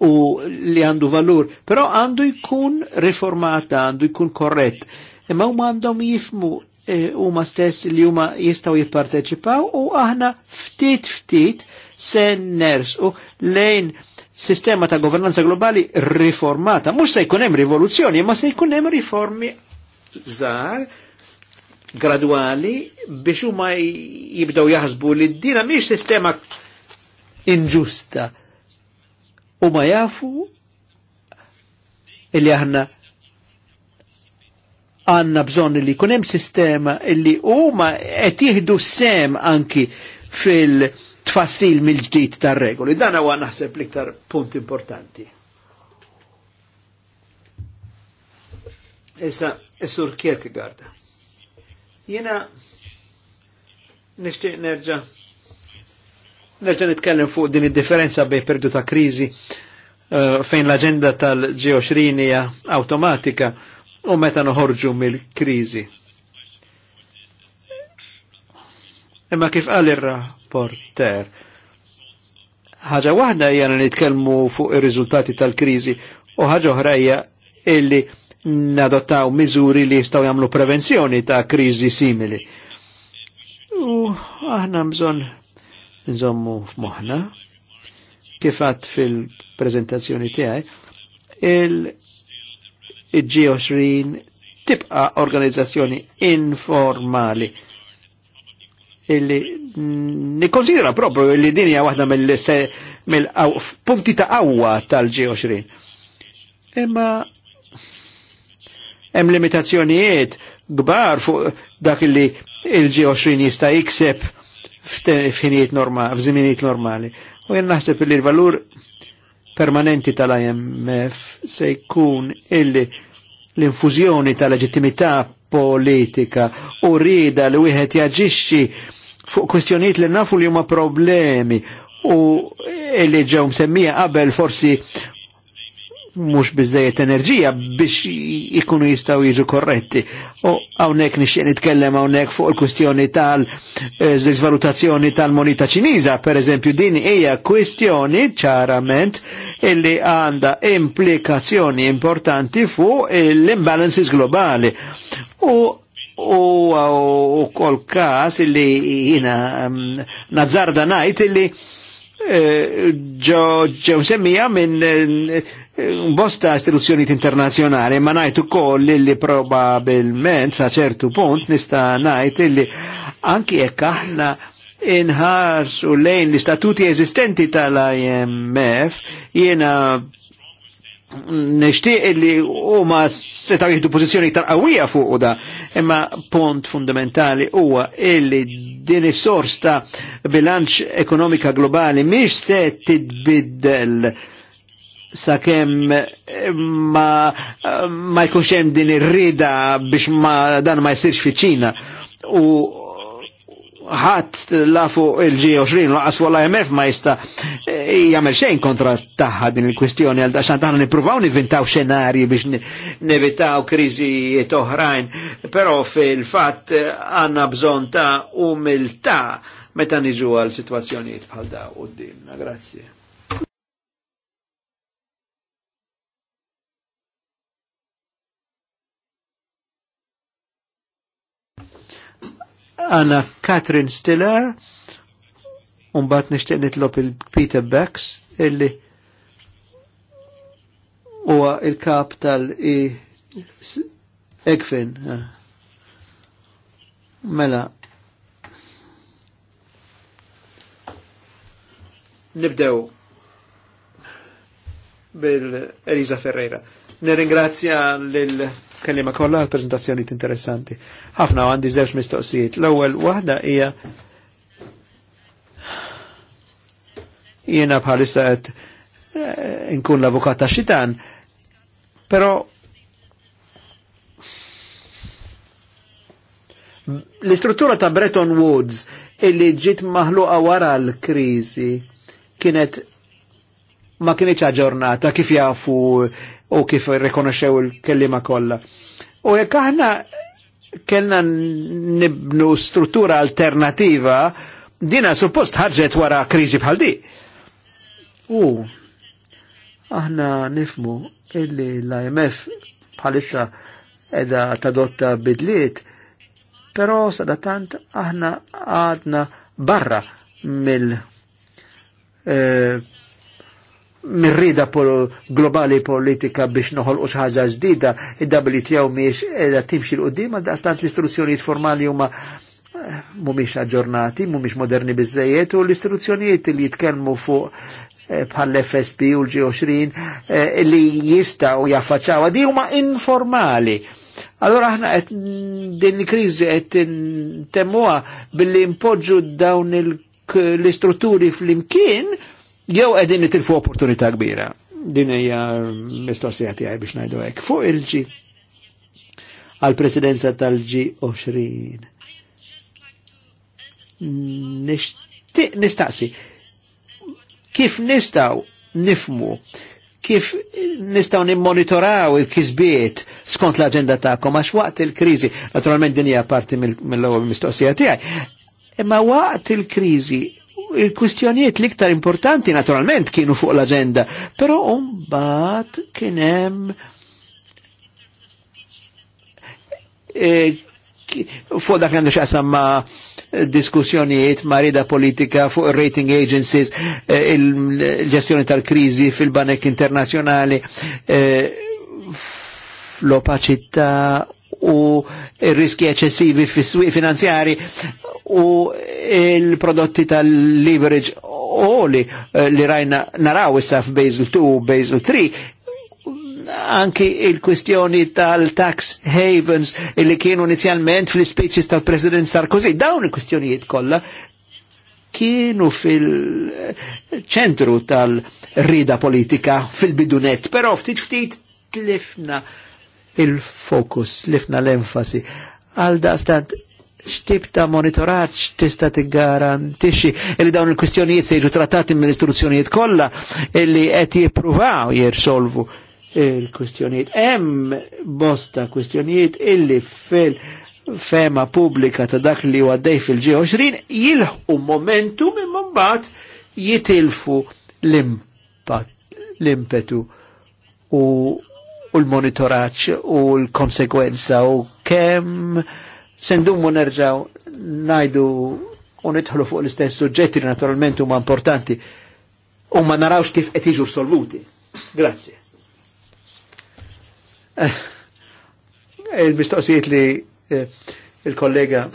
u li għandu valur, però għandu jkun riformata, għandu jkun korrett. Imma huma għandhom jifmu e, huma stess li huma jistgħu jipparteċipaw u aħna ftit ftit se u lejn sistema ta' governanza globali riformata. Mux se jkun hemm rivoluzzjoni, ma se jkun hemm riformi żgħar gradwali biex huma jibdew jaħsbu li d-dina mhix sistema inġusta. U ma jafu illi aħna għanna bżon li kunem sistema illi huma qed jieħdu sem anki fil- tfassil mill-ġdid tar-regoli. Dan huwa naħseb l-iktar punt importanti. Issa, kiet Kierkegaard. Jena nishtiq nerġa' Nerġa nitkellem fuq din id-differenza bej perdu ta' krizi eh, fejn l-agenda tal-20 hija automatika u meta noħorġu mill-krizi. Imma kif qal ir-rapporter, ħaġa waħda hija nitkellmu fuq ir-riżultati tal-kriżi u ħaġa oħra hija illi nadottaw miżuri li jistgħu jagħmlu prevenzjoni ta' kriżi simili. U aħna bżonn nżommu f'moħħna kif għat fil-prezentazzjoni tiegħi il-G20 tibqa' organizzazzjoni informali illi nikkonsidra propju li dinja hija waħda mill-punti ta' qawwa tal g Imma hemm limitazzjonijiet kbar fuq dak li il g jista' jikseb f'ħinijiet normali, f'żminijiet normali. U jien naħseb li l-valur permanenti tal-IMF se jkun illi l-infużjoni tal-leġittimità politika u rida li wieħed jaġixxi fuq kwestjoniet li nafu li huma problemi u e li ġew msemmija qabel forsi mhux biżejjed enerġija biex ikunu jistgħu jiġu korretti. U hawnhekk nixtieq nitkellem hawnhekk fuq il kwistjoni tal-zvalutazzjoni e, tal-monita Ċiniża, pereżempju din hija kwestjoni ċarament illi għandha implikazzjoni importanti fuq l-imbalances globali. U u kol kas illi jina nazzarda najt illi eh, ġew semmija minn eh, bosta istituzzjoniet internazjonali, ma najtu koll illi probabilment sa ċertu punt nista najt illi anki jekk aħna inħarsu lejn l-istatuti eżistenti tal-IMF jiena nishtiq li huma setaw jieħdu pożizzjoni tar qawwija fuq da, imma punt fundamentali huwa illi din is-sors ta' bilanċ ekonomika globali mhix se titbiddel sakemm ma ma jkunx hemm din ir-rida biex ma dan ma jsirx fiċ-Ċina u ħadd lafu il-G20 laqas fuq l-IMF ma jista' jagħmel xejn kontra taħħa din il-kwistjoni għal daċan taħna nippruvaw nivvintaw xenarji biex nevitaw krizi oħrajn, però fil-fatt għandna bżonn ta' umiltà meta niġu għal sitwazzjonijiet bħal daw u Grazie. għana Katrin Stiller, unbat nishtiq nitlob il-Peter Becks, illi huwa il-kap tal-i Egfin. Mela, nibdew bil-Eliza Ferreira. Nirringrazzja lil kellima kollha l-prezentazzjoni interessanti. Ħafna għandi żewġ mistoqsijiet. L-ewwel waħda hija jiena bħalissa qed eh, inkun l-avukat ta' xitan, però l-istruttura ta' Bretton Woods illi ġiet maħluqa wara l-kriżi kienet ma kienieċ ġurnata kif jafu u kif rekonoxew il-kellima kollha. U jekk aħna kellna nibnu struttura alternativa, dina suppost ħarġet wara kriżi bħal di. U aħna nifmu illi l-IMF bħalissa edha tadotta bidliet, pero tant aħna għadna barra mill eh, mirrida pol globali politika biex noħol u xaħġa ġdida, il-WTO miex edha timxi l-qoddim, għastant l-istruzzjonijiet formali huma eh, mumiex aġġornati, mumiex moderni bizzejiet, u l-istruzzjonijiet li jitkelmu fuq eh, bħal fsb u l-G20 eh, li u jaffaċaw, di huma informali. Allora aħna qed din il-kriżi qed temmuha billi impoġġu dawn l-istrutturi fl-imkien jew għedin nitilfu opportunità kbira. Din hija mistoqsija tiegħi biex ngħidu hekk. Fuq il-ġi għal-presidenza tal-G20. Nistaqsi, kif nistaw nifmu, kif nistaw nimmonitoraw il-kizbiet skont l-agenda ta'kom, għax waqt il-krizi, naturalment din hija parti mill-ewwel mistoqsija tiegħi, imma waqt il-krizi il-kwistjonijiet liktar importanti naturalment kienu fuq l-agenda, pero umbat kienem e, fuq dak għandu xaqsam ma' diskussjonijiet ma' rida politika fuq rating agencies, eh, il-ġestjoni tal-krizi fil-banek internazjonali, e, eh, l-opacità u riski eccessivi finanzjari u il-prodotti tal-leverage oli eh, li rajna naraw issa f-Basel 2 u Basel 3 anki il kwistjoni tal-tax havens li kienu inizjalment fl-speeches tal-President Sarkozy. Dawn il kwistjonijiet kollha kienu fil-ċentru tal-rida politika fil-bidunet, pero ftit ftit tlifna il-fokus, lifna l-enfasi. Għal da stant xtib ta' monitoraċ tista t-garantixi illi dawn il-kwistjonijiet se trattati mill istruzzjonijiet kollha illi qed jippruvaw jirsolvu il-kwistjonijiet. Hemm bosta kwistjonijiet illi fil fema pubblika ta' dak li għaddej fil-G20 jilħu momentum imma mbagħad jitilfu l-impetu u u l-monitoraċ u l-konsegwenza u kem sendumu nerġaw najdu u nitħlu fuq l-istess suġġetti li naturalment huma importanti u ma narawx kif qed jiġu solvuti. Grazzi. Eh, il-mistoqsijiet li eh, il-kollega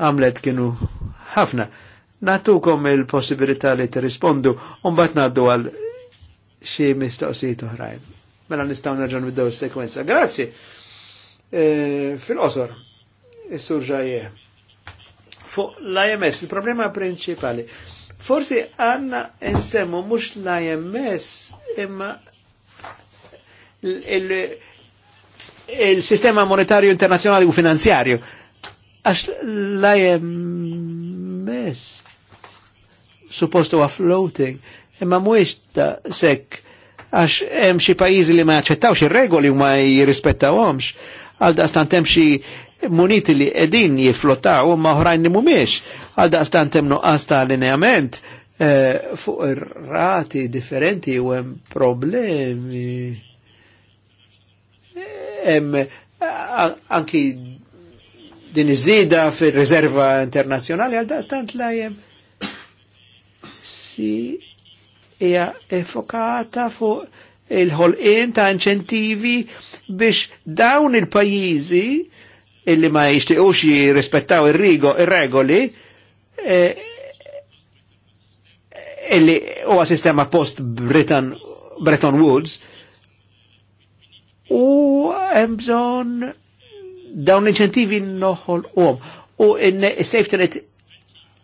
għamlet kienu ħafna. Natukom il-possibilità li t-rispondu un bat naddu għal xie mistoqsijiet uħrajn mela nistaw nerġan biddew daw sekwenza Grazzi. E, fil-qosor, il sur ġajje. Fuq l-IMS, il-problema principali. Forsi għanna nsemmu mux l-IMS imma il-sistema monetario internazjonali u finanzjarju. Għax l-IMS supposto għa floating, imma mux ta' sekk għax hemm xi pajjiżi li ma jaċċettawx ir-regoli u ma jirrispettawhomx, għal daqstant hemm xi muniti li qegħdin jifflottaw u ma oħrajn li mhumiex, għal daqstant hemm nuqqas ta' allineament eh, fuq ir-rati differenti u hemm problemi. Hemm anki din iż-żieda fir-riserva internazzjonali għal daqstant la si hija effokata fuq il-ħolqien ta' inċentivi biex dawn il-pajjiżi illi ma jixtiqux jirrispettaw ir-regoli e, illi huwa sistema post Britain, Bretton Woods u hemm dawn l-inċentivi noħol u u safety net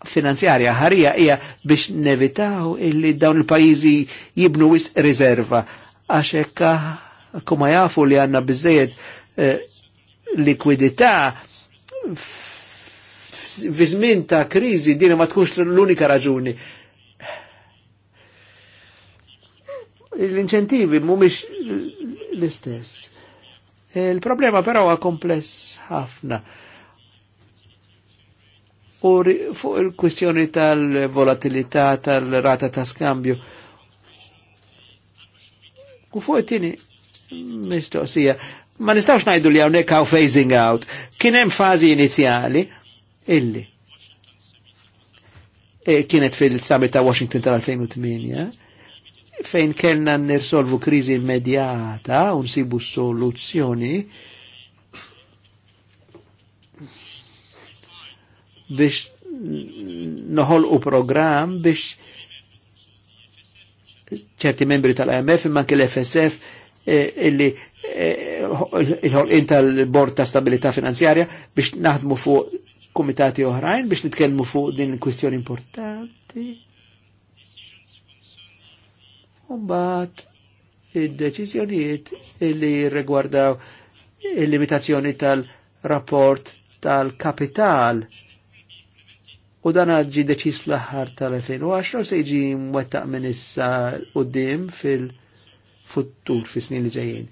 finanzjarja ħarija hija biex nevitaw illi dawn il-pajjiżi jibnu wis riserva għax hekk kuma jafu li għandna biżejjed eh, likwidità fi żmien ta' kriżi din ma tkunx l-unika raġuni. L-inċentivi mhumiex l-istess. Eh, il-problema però huwa kompless ħafna u fuq il-kwistjoni tal-volatilità tal-rata ta' skambju. U fuq it tini mistoqsija, ma nistax ngħidu li għawnek għaw phasing out. Kien hemm fażi inizjali illi e, kienet fil-summit ta' Washington tal-2008 eh, fejn kellna nirsolvu kriżi immedjata u nsibu soluzzjoni biex noħolqu program biex ċerti membri tal-IMF imma kell l-FSF e, illi e, il-ħolqin tal-Bord ta' Stabilità Finanzjarja biex naħdmu fuq komitati oħrajn biex nitkellmu fuq din il-kwistjoni importanti. Umbat id-deċizjonijiet illi regwardaw il-limitazzjoni tal-rapport tal-kapital u dan ġi deċis l-ħar tal-2010 se jġi mwettaq minn issa qudiem fil-futtur fis snin li ġejjin.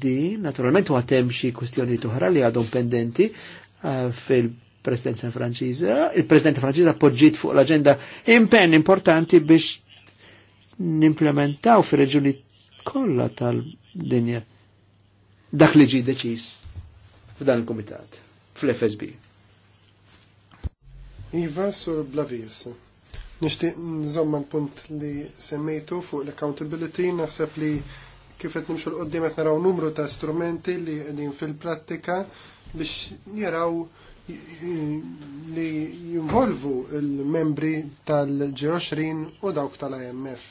Di, naturalment, huwa hemm xi kwistjoni tuħra li għadhom pendenti eh, fil-Presidenza Franċiża. Il-Presidenza Franċiża poġġiet fuq l-aġenda impenn importanti biex nimplementaw fir-reġuni kollha tal-dinja dak li ġi deċis f'dan il-Kumitat fl-FSB. Iva sur Blavis. Nishti nżomma l-punt li semmejtu fuq l-accountability, naħseb li kifet nimxu l-qoddim qed naraw numru ta' strumenti li qegħdin fil-prattika biex jaraw li jinvolvu l-membri tal-G20 u dawk tal-IMF.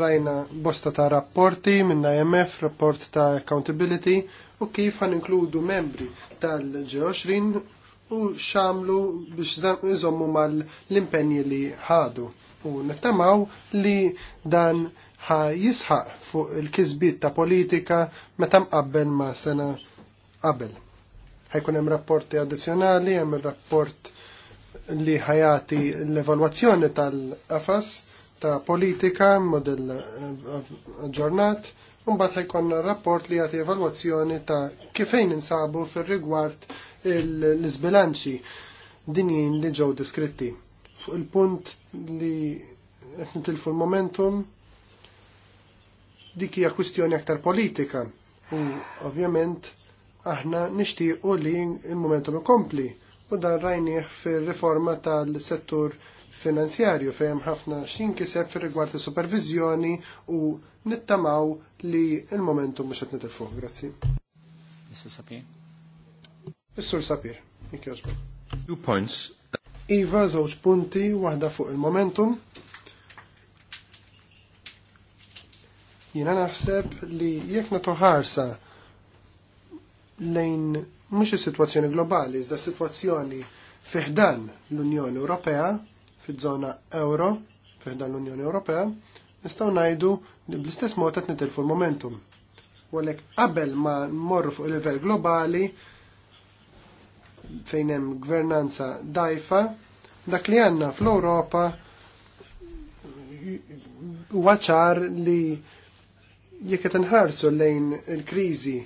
Rajna bosta ta' rapporti minn IMF, rapport ta' accountability u kif ħan inkludu membri tal-G20 u xamlu biex iżommu mal-impenji li ħadu. U nittamaw li dan ħa jisħaq fuq il-kizbit ta' politika meta mqabbel ma' sena qabel. Ħajkun hemm rapporti addizzjonali, hemm rapport li ħajati l-evalwazzjoni tal-qafas ta' politika, model u mbagħad ħajkonna rapport li jagħti evalwazzjoni ta' kifejn insabu fir rigward l-izbilanċi dinjin li ġew diskritti. Fuq il-punt li qed nitilfu l-momentum dik hija kwistjoni aktar politika u ovvjament aħna nixtiequ li l-momentum ikompli u dan rajnieh fir-riforma tal-settur finanzjarju fejn ħafna x'inkiseb fir-rigward is-supervizjoni u nittamaw li l-momentum mhux qed nitilfu. Grazzi. Is-sur Sapir, jikjoġbu. Two points. Iva, żewġ punti, waħda fuq il-momentum. Jina naħseb li jekk nagħtu ħarsa lejn mhux is-sitwazzjoni globali, iżda sitwazzjoni fiħdan l-Unjoni Ewropea, fiż-żona euro, fiħdan l-Unjoni Ewropea, nistgħu ngħidu li bl-istess mod qed nitilfu l-momentum. U għalhekk qabel ma mmorru fuq il livell globali, fejn hemm gvernanza dajfa, dak li għandna fl-Ewropa huwa ċar li jekk qed inħarsu lejn il-kriżi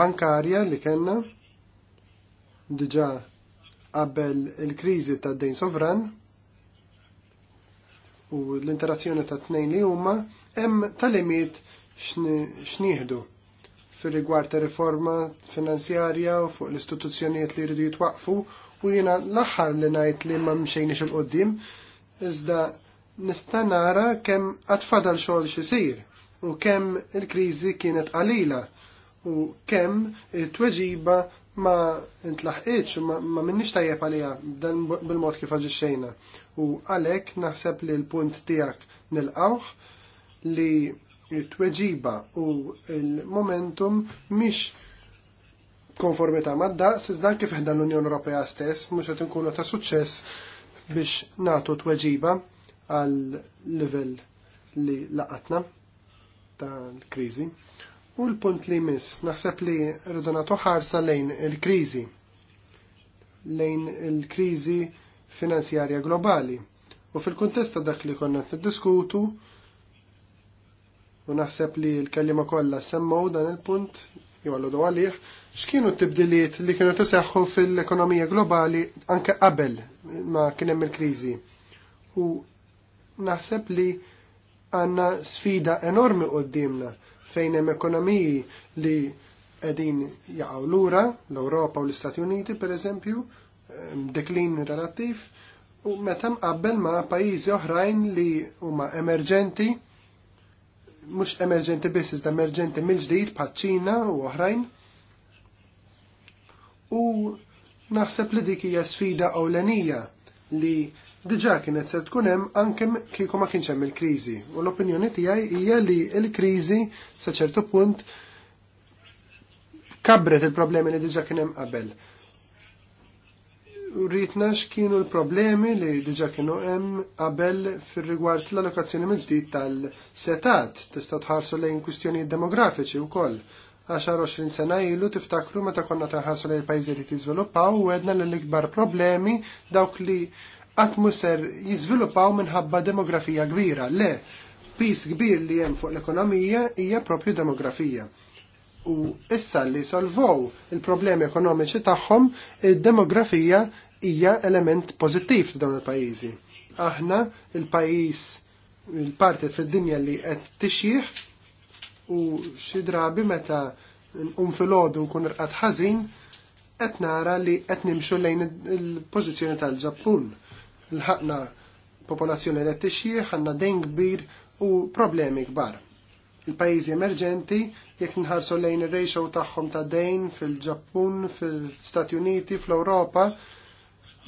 bankarja li kellna diġà qabel il-kriżi tad dejn sovran u l-interazzjoni ta' tnejn li huma hemm tal-limit x'nieħdu fil-rigward ta' riforma finanzjarja u fuq l-istituzzjonijiet li jridu jitwaqfu u jiena l-aħħar li ngħid li ma mxejniex il-qoddim iżda nista' nara kemm qatt fadal xogħol xisir u kemm il-kriżi kienet qalila u kemm it-tweġiba ma intlaħqitx u ma minnix tajjeb għalija dan bil-mod kif xejna. U għalhekk naħseb li l-punt tiegħek nilqawh li it-tweġiba u l-momentum mhix konformità mad s iżda kif ħdan l-Unjoni Ewropea stess mhux qed inkunu ta' suċċess biex nagħtu tweġiba għal livell li laqatna tal-kriżi. U l-punt li mis, naħseb li rridu nagħtu ħarsa lejn il-kriżi lejn il-kriżi finanzjarja globali. U fil-kontesta dak li konna niddiskutu, diskutu u naħseb li l-kellima kolla semmow dan il-punt jgħallu għalih, x'kienu t-tibdiliet li kienu t fil-ekonomija globali anke qabel ma kien hemm il-kriżi. U naħseb li għandna sfida enormi qudiemna fejn hemm ekonomiji li qegħdin jaqgħu lura l-Ewropa u l-Istati Uniti pereżempju, deklin relattiv, u meta qabel ma' pajjiżi oħrajn li huma emerġenti mhux emerġenti biss iżda emerġenti mill-ġdid bħaċ-Ċina u oħrajn. U naħseb li dik hija sfida ewlenija li diġà kienet se tkun hemm anke kieku ma kienx hemm il-kriżi. U l-opinjoni tiegħi hija li l-kriżi sa ċertu punt kabret il-problemi li diġà kien hemm qabel rritna x'kienu l-problemi li diġa kienu hemm qabel fir-rigward l-allokazzjoni mill-ġdid tal-setat tista' tħarsu lejn kwistjonijiet demografiċi wkoll. 10-20 sena ilu tiftakru meta konna taħarsu lejn pajjiżi li tiżviluppaw u għedna l ikbar problemi dawk li qatt muser jiżviluppaw minħabba demografija kbira. Le, pis kbir li hemm fuq l-ekonomija hija propju demografija u issa li solvow il-problemi ekonomiċi tagħhom id-demografija hija element pożittiv ta' dawn il-pajjiżi. Aħna il-pajjiż il-parti fid-dinja li qed tixjih u xi drabi meta nqum filgħodu nkun irqad ħażin qed nara li qed nimxu lejn il-pożizzjoni tal-Ġappun. Il-ħaqna popolazzjoni qed tixjih għandna dejn kbir u problemi kbar il pajjiżi emerġenti jekk nħarsu lejn ir-ratio tagħhom ta' dejn fil-Ġappun, fil-Stati Uniti, fl-Ewropa,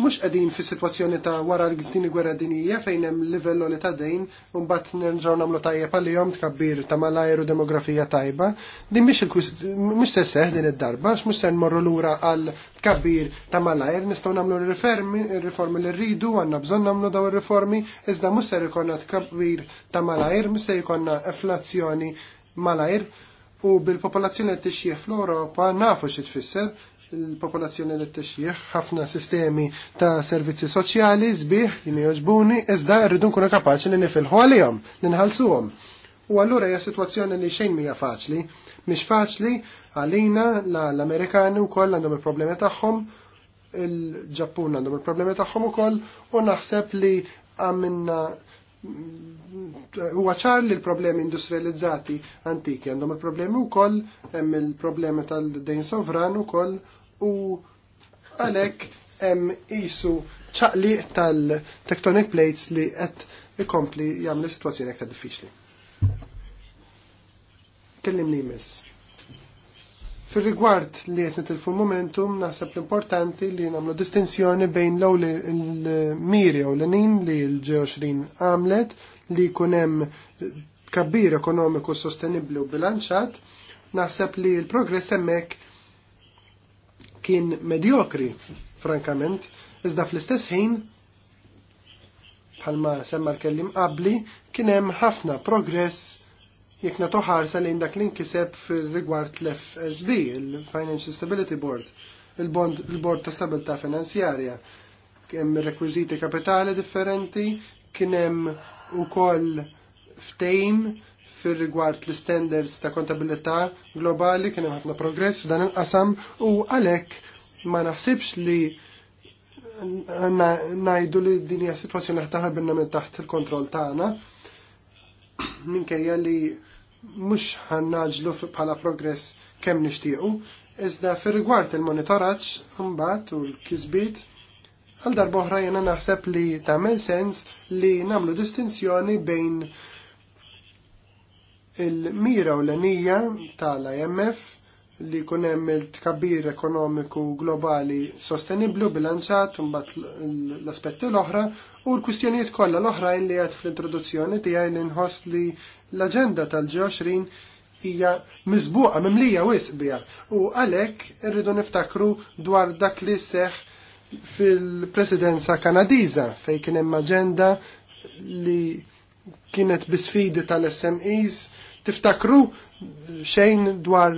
mhux qegħdin fis-sitwazzjoni ta' wara l-tieni gwerra dinija fejn hemm livell li ta' dejn u mbagħad nerġgħu nagħmlu tajjeb għalihom tkabbir ta' malajru demografija tajba. Din mhix mhux se seħ din id-darba, mhux se nmorru lura għal tkabbir ta' malajr nistgħu nagħmlu r-riformi li rridu għandna bżonn nagħmlu daw ir-riformi iżda mhux se jkollna tkabbir ta' malajr, mhux se jkollna inflazzjoni malajr u bil-popolazzjoni li tixjih fl-Ewropa nafu xi tfisser il-popolazzjoni li t-tixjieħ, ħafna sistemi ta' servizzi soċjali, zbiħ, jini joġbuni, iżda rridu nkunu kapaċi li nifilħu għalihom, li nħallsuhom. U allura hija sitwazzjoni li xejn mija faċli, mhix faċli għalina l-Amerikani wkoll għandhom il-problemi tagħhom, il-Ġappun għandhom il-problemi tagħhom ukoll, u naħseb li għamilna huwa ċar li l-problemi industrializzati antiki għandhom il-problemi wkoll hemm il-problemi tal-dejn sovran ukoll u għalhekk hemm isu ċaqli tal-tectonic plates li qed ikompli jagħmel sitwazzjoni aktar diffiċli. Kellimni jmiss. Fil-rigward li qed nitilfu momentum, naħseb l-importanti li nagħmlu distinzjoni bejn l l-miri u l-nin li l-20 għamlet li jkun hemm kabbir ekonomiku sostenibbli u bilanċat, naħseb li l-progress hemmhekk kien medjokri, frankament, iżda fl-istess ħin bħalma semma l-kellim qabli kien hemm ħafna progress jekk toħarsa lejn dak li nkiseb fil rigward l-FSB, il-Financial Stability Board, il-Bond il-Bord ta' Stabilità Finanzjarja. Hemm rekwiżiti kapitali differenti, kien hemm ukoll ftejm fir rigward l-standards ta' kontabilità globali kien hemm ħafna progress f'dan il-qasam u għalhekk ma naħsibx li najdu li din hija sitwazzjoni ħtaħar binna minn taħt il-kontroll tagħna minkejja li mhux ħannaġlu bħala progress kemm nixtiequ, iżda fir rigward il-monitoraġġ imbagħad u l-kisbiet għal darba oħra jena naħseb li tagħmel sens li nagħmlu distinzjoni bejn il-mira u l-enija tal-IMF li kunem il-tkabbir ekonomiku globali sostenibli u bilanċat mbagħad l-aspetti l-oħra u l-kwistjonijiet kollha l-oħrajn li għed fl-introduzzjoni tiegħi li nħoss li l-aġenda tal-G20 hija miżbuqa mimlija wisq biha u għalhekk irridu niftakru dwar dak li seħ fil-presidenza kanadiza fej kien hemm aġenda li kienet bisfidi tal-SMEs Tiftakru xejn dwar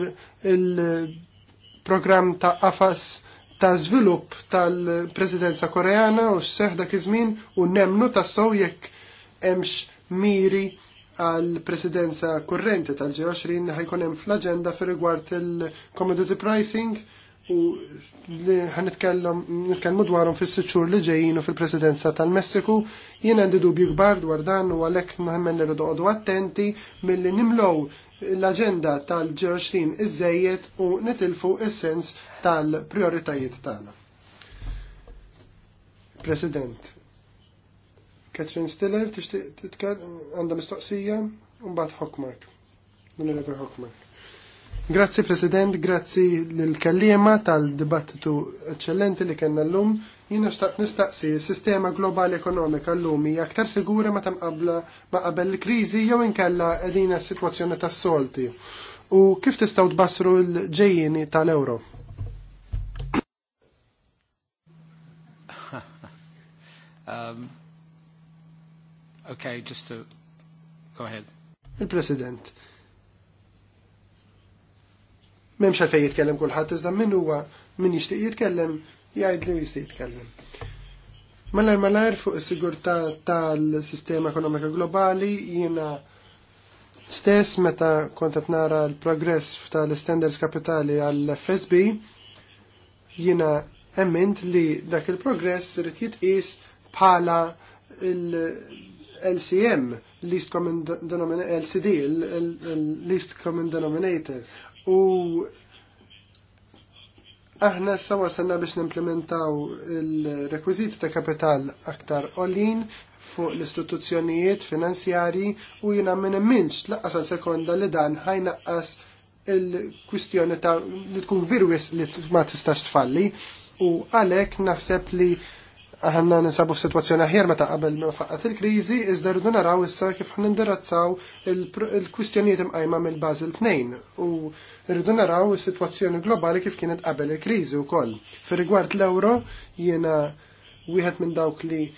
il-programm ta' AFAS ta' żvilupp tal-Presidenza Koreana u x'seħħ dak iż-żmien u nemnu tassew jekk hemmx miri għal-presidenza kurrenti tal-G20 ħajkun hemm fl-aġenda fir rigward il-commodity pricing u li nitkellmu dwarhom fis-sitt xhur li ġejjin u fil-Presidenza tal-Messiku, jien għandi dubju kbar dwar dan u għalhekk naħmen li rridu attenti milli nimlow l-aġenda tal-G20 iżejjed u nitilfu is-sens tal-prioritajiet tagħna. President, Catherine Stiller, tixtieq titkellem għandha mistoqsija u mbagħad Hockmark. Hockmark. Grazzi President, grazzi l kellima tal-dibattitu eccellenti li kena l-lum. Jina xtaq nistaqsi, sistema globali ekonomika l-lum hija aktar sigura ma tamqabla ma qabel l-krizi jew inkella edina situazzjoni tas-solti. U kif tistgħu tbassru l-ġejjini tal-euro? um, okay, just to go ahead. Il-President. Memx għalfej jitkellem kullħat iżda min huwa min jixtieq jitkellem jgħid li jista' jitkellem. Malar malar fuq is-sigurtà tal-sistema ekonomika globali jiena stess meta kont qed nara l-progress tal-standards kapitali għall-FSB jiena emmint li dak il-progress irid jitqis bħala l-LCM, least common denominator, LCD, least common denominator. U aħna sawa sanna biex nimplementaw il-rekwiziti ta' kapital aktar olin fuq l-istituzzjonijiet finanzjari u jina minn minx laqqas sekonda li dan ħajnaqqas il-kwistjoni ta' li tkun virwis li ma tistax tfalli u għalek naħseb li aħna nisabu f'sitwazzjoni aħjar meta qabel ma faqqat il-kriżi iżda rridu naraw issa kif nindirazzaw il-kwistjonijiet imqajma mill bazil 2 u rridu naraw is-sitwazzjoni globali kif kienet qabel il-kriżi wkoll. Fir-rigward l-euro jiena wieħed minn dawk li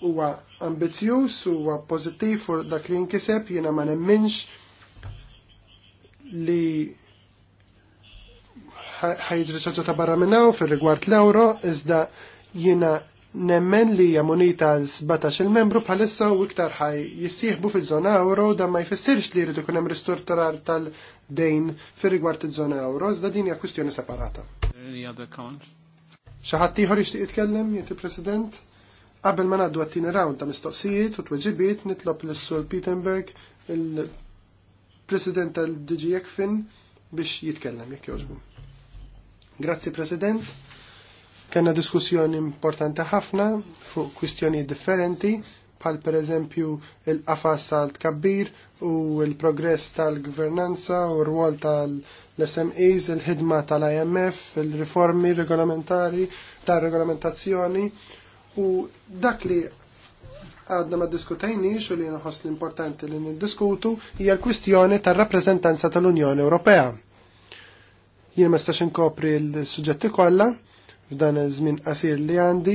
huwa ambizzjuż huwa pożittiv fuq dak li nkiseb jiena ma nemminx li ħajġri ċaċa ta' barra minnaw fil rigward l-euro, iżda Jiena nemmen li hija munita l il membru bħalissa u iktar ħaj jissieħbu fil-zona euro da ma jfissirx li jridu kunem hemm ristrutturar tal-dejn fir-rigward il żona euro, iżda din hija kwistjoni separata. Xaħat tiħor ieħor jitkellem, Jieti president Qabel ma ngħaddu għat-tieni round ta' mistoqsijiet u tweġibiet nitlob lis sur Pietenberg, il-President tal-DG Ekfin, biex jitkellem jekk jogħġbu. Grazzi President kena diskussjoni importanti ħafna fuq kwistjoni differenti, bħal per eżempju il-qafas tal-tkabbir u il-progress tal-gvernanza u r-rwol tal-SMEs, il-ħidma tal-IMF, il-riformi regolamentari, tal-regolamentazzjoni u dak li għadna ma diskutajni u li nħos l-importanti li niddiskutu hija l-kwistjoni tar-rappreżentanza tal-Unjoni Ewropea. Jien ma stax inkopri l-suġġetti kollha, f'dan iż-żmien qasir li għandi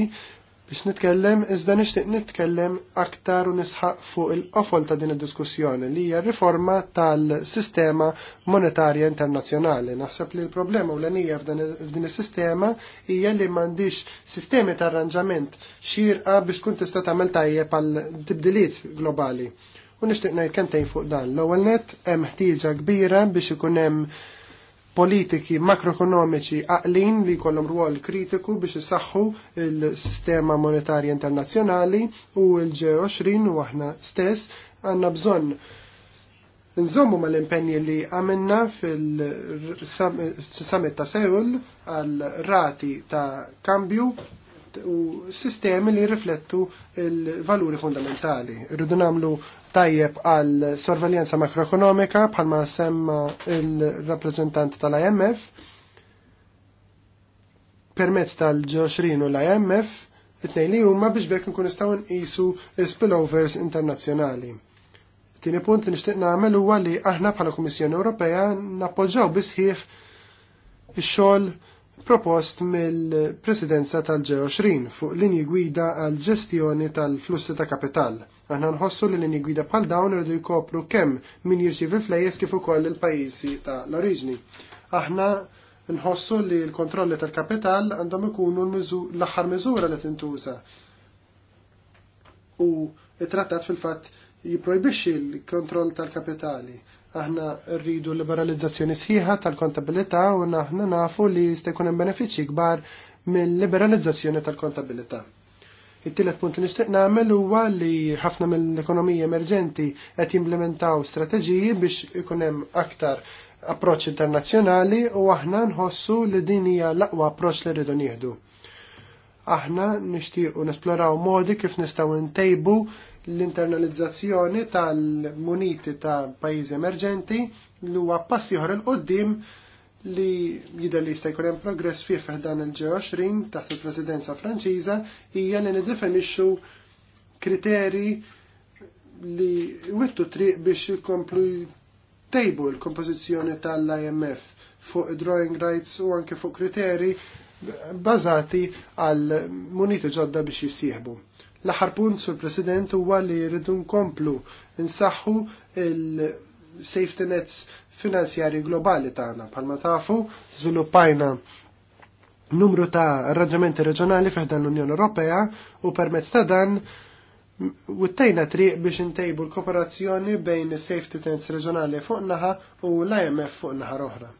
biex nitkellem, iżda nixtieq nitkellem aktar u nisħaq fuq il-qofol ta' din id-diskussjoni li hija riforma tal-sistema monetarja internazzjonali. Naħseb li l-problema u l-għanija f'din is-sistema hija li m'għandix sistemi ta' arranġament xirqa biex tkun tista' tagħmel tajjeb għal tibdiliet globali. U nixtieq ngħid kentejn fuq dan. L-ewwel nett hemm ħtieġa kbira biex ikun hemm politiki makroekonomiċi aqlin li kollom ruol kritiku biex isaħħu il-sistema monetarja internazzjonali u l-G20 u aħna stess għanna bżonn Nżommu ma l-impenji li għamilna fil-summit ta' Seul għal rati ta' kambju u sistemi li riflettu il-valuri fundamentali. Rridu namlu tajjeb għal sorveljanza makroekonomika bħalma semma il-rappresentant tal-IMF permezz tal-20 u l-IMF it nej li huma biex bekk nkun nistgħu nqisu spillovers internazzjonali. Tieni punt li nixtieq nagħmel huwa li aħna bħala Kummissjoni Ewropea nappoġġaw bisħiħ ix-xogħol propost mill-Presidenza tal-G20 fuq linji gwida għal ġestjoni tal-flussi ta' kapital Aħna nħossu li l gwida bħal dawn rridu jkopru kemm min fil flejjes kif ukoll il-pajjiżi ta' l-oriġni. Aħna nħossu li l-kontrolli tal-kapital għandhom ikunu l-aħħar miżura li tintuża. U it-trattat fil-fatt jipprojbixxi l-kontroll tal-kapitali. Aħna rridu liberalizzazzjoni sħiħa tal-kontabilità u aħna nafu li jista' jkun hemm benefiċċji kbar mill-liberalizzazzjoni tal-kontabilità. It-tielet punt li nixtieq nagħmel huwa li ħafna mill-ekonomija emerġenti qed jimplementaw strateġiji biex ikun hemm aktar approċċ internazzjonali u aħna nħossu li din hija l-aqwa approċċ li rridu nieħdu. Aħna nixtiequ nesploraw modi kif nistgħu ntejbu l-internalizzazzjoni tal-muniti ta' pajjiżi emerġenti li huwa passi il qoddim li jidher li jista' jkun hemm progress fih dan il-G20 taħt il-Presidenza Franċiża hija li nidefinixxu kriteri li wittu triq biex jikomplu tejbu l-kompożizzjoni tal-IMF fuq drawing rights u anke fuq kriteri bazati għal muniti ġodda biex jissieħbu. L-aħar punt sur President huwa li jridu nkomplu insaħħu il-safety nets finanzjari globali tagħna. Bħalma tafu, żviluppajna numru ta' arranġamenti reġjonali fiħdan l-Unjoni Ewropea u permezz ta' dan Wittejna triq biex intejbu l-kooperazzjoni bejn safety tents reġjonali fuq naħa u l-IMF fuq naħa oħra.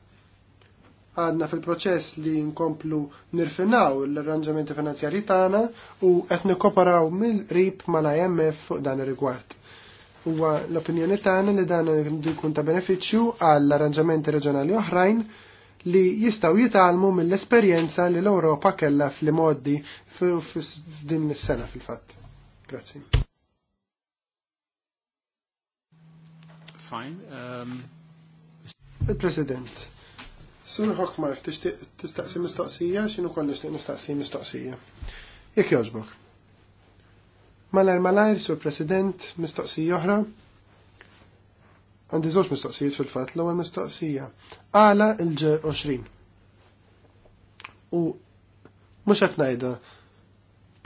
Għadna fil-proċess li nkomplu nirfinaw l-arranġamenti finanzjari tagħna u qed nikkoperaw mill-qrib mal-IMF fuq dan ir-rigward huwa l-opinjoni tagħna li dan jkun ta' benefiċċju għall arranġamenti reġjonali oħrajn li jistgħu jitalmu mill-esperjenza li l-Ewropa kellha fl-modi f'din is-sena fil-fatt. Grazzi. Fine. Um, Il-President, Sur Hockmark, tistaqsi mistoqsija, xinu kollu nistaqsi mistoqsija. Jek joġbok. Malajr malajr, sur President, mistoqsija oħra. Għandi zoċ mistoqsijiet fil-fatt, l-ewwel mistoqsija. Għala il-20. U mhux qed ngħidha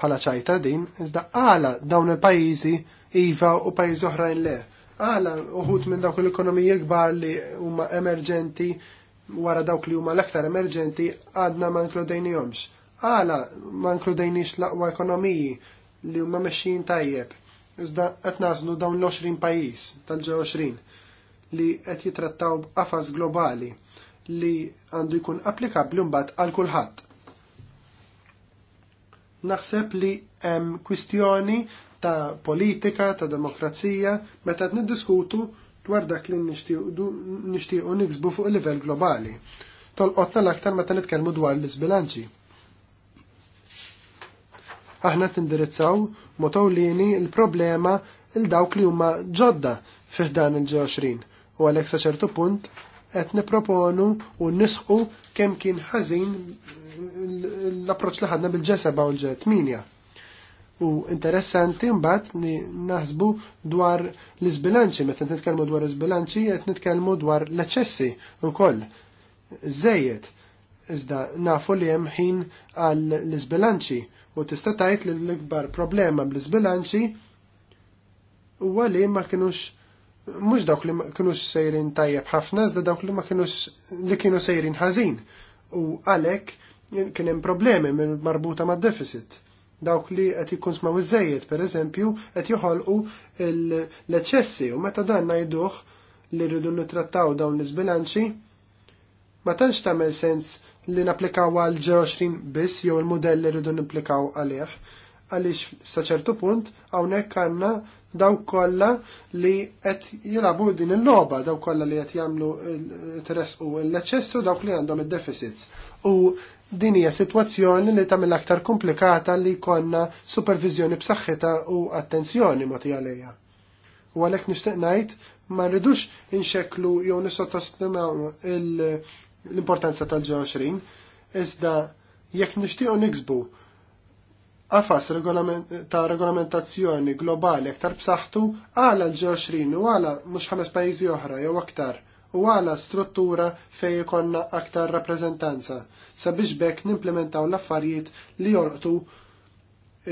bħala ċajta din, iżda għala dawn il-pajjiżi iva u pajjiżi oħrajn le. Għala uħud minn dawk l-ekonomija kbar li huma emerġenti wara dawk li huma l-aktar emerġenti għadna ma jomx. Għala ma nkludejniex l ekonomiji li huma mexxin tajjeb. Iżda qed naslu dawn l-20 pajjiż tal-20 li qed jitrattaw b'qafas globali li għandu jkun applikabbli mbagħad għal kulħadd. Naħseb li hemm kwistjoni ta' politika, ta' demokrazija, meta qed niddiskutu dwar dak li nixtiequ niksbu fuq il-livell globali. Tolqotna l-aktar meta nitkellmu dwar l-isbilanċi aħna tindirizzaw motawlini il-problema il-dawk li huma ġodda fiħdan il-20 u għalek ċertu punt qed niproponu u nisħu kemm kien ħażin l approċ li ħadna bil-ġeseba u l-ġetminja. U interessanti mbagħad naħsbu dwar l-iżbilanċi, meta nitkellmu dwar l iżbilanċi qed nitkellmu dwar l-eċċessi wkoll. Żejjed iżda nafu li hemm ħin għal l-iżbilanċi u tista' tgħid li l-ikbar problema bl-iżbilanċi huwa li ma kinux mhux dawk li ma kinux sejrin tajjeb ħafna iżda dawk li ma kinux li kienu sejrin ħażin u għalhekk kien hemm problemi marbuta mad-deficit. Dawk li qed ikun smaw iżejjed pereżempju qed joħolqu l-eċċessi u meta dan ngħiduh li rridu nittrattaw dawn l-iżbilanċi Ma tantx tagħmel sens li napplikaw għal G20 biss jew il-modell li rridu nipplikaw għalih, għaliex sa ċertu punt hawnhekk għandna daw kollha li qed jilabu din il-logħba, daw kollha li qed jagħmlu teresqu l eċessu u dawk li għandhom id-deficits. U din hija sitwazzjoni li tagħmel aktar komplikata li konna supervizjoni b'saħħitha u attenzjoni moti għalija. U għalhekk nixtieq ngħid ma rridux inxeklu jew nisottostimaw l-importanza 20 iżda jekk nixtiequ niksbu għafas ta' regolamentazzjoni globali aktar b'saħħtu għala l-G20 u għala mhux ħames pajjiżi oħra jew aktar u għala struttura fej ikonna aktar rappreżentanza sabiex bekk nimplementaw l-affarijiet li jorqtu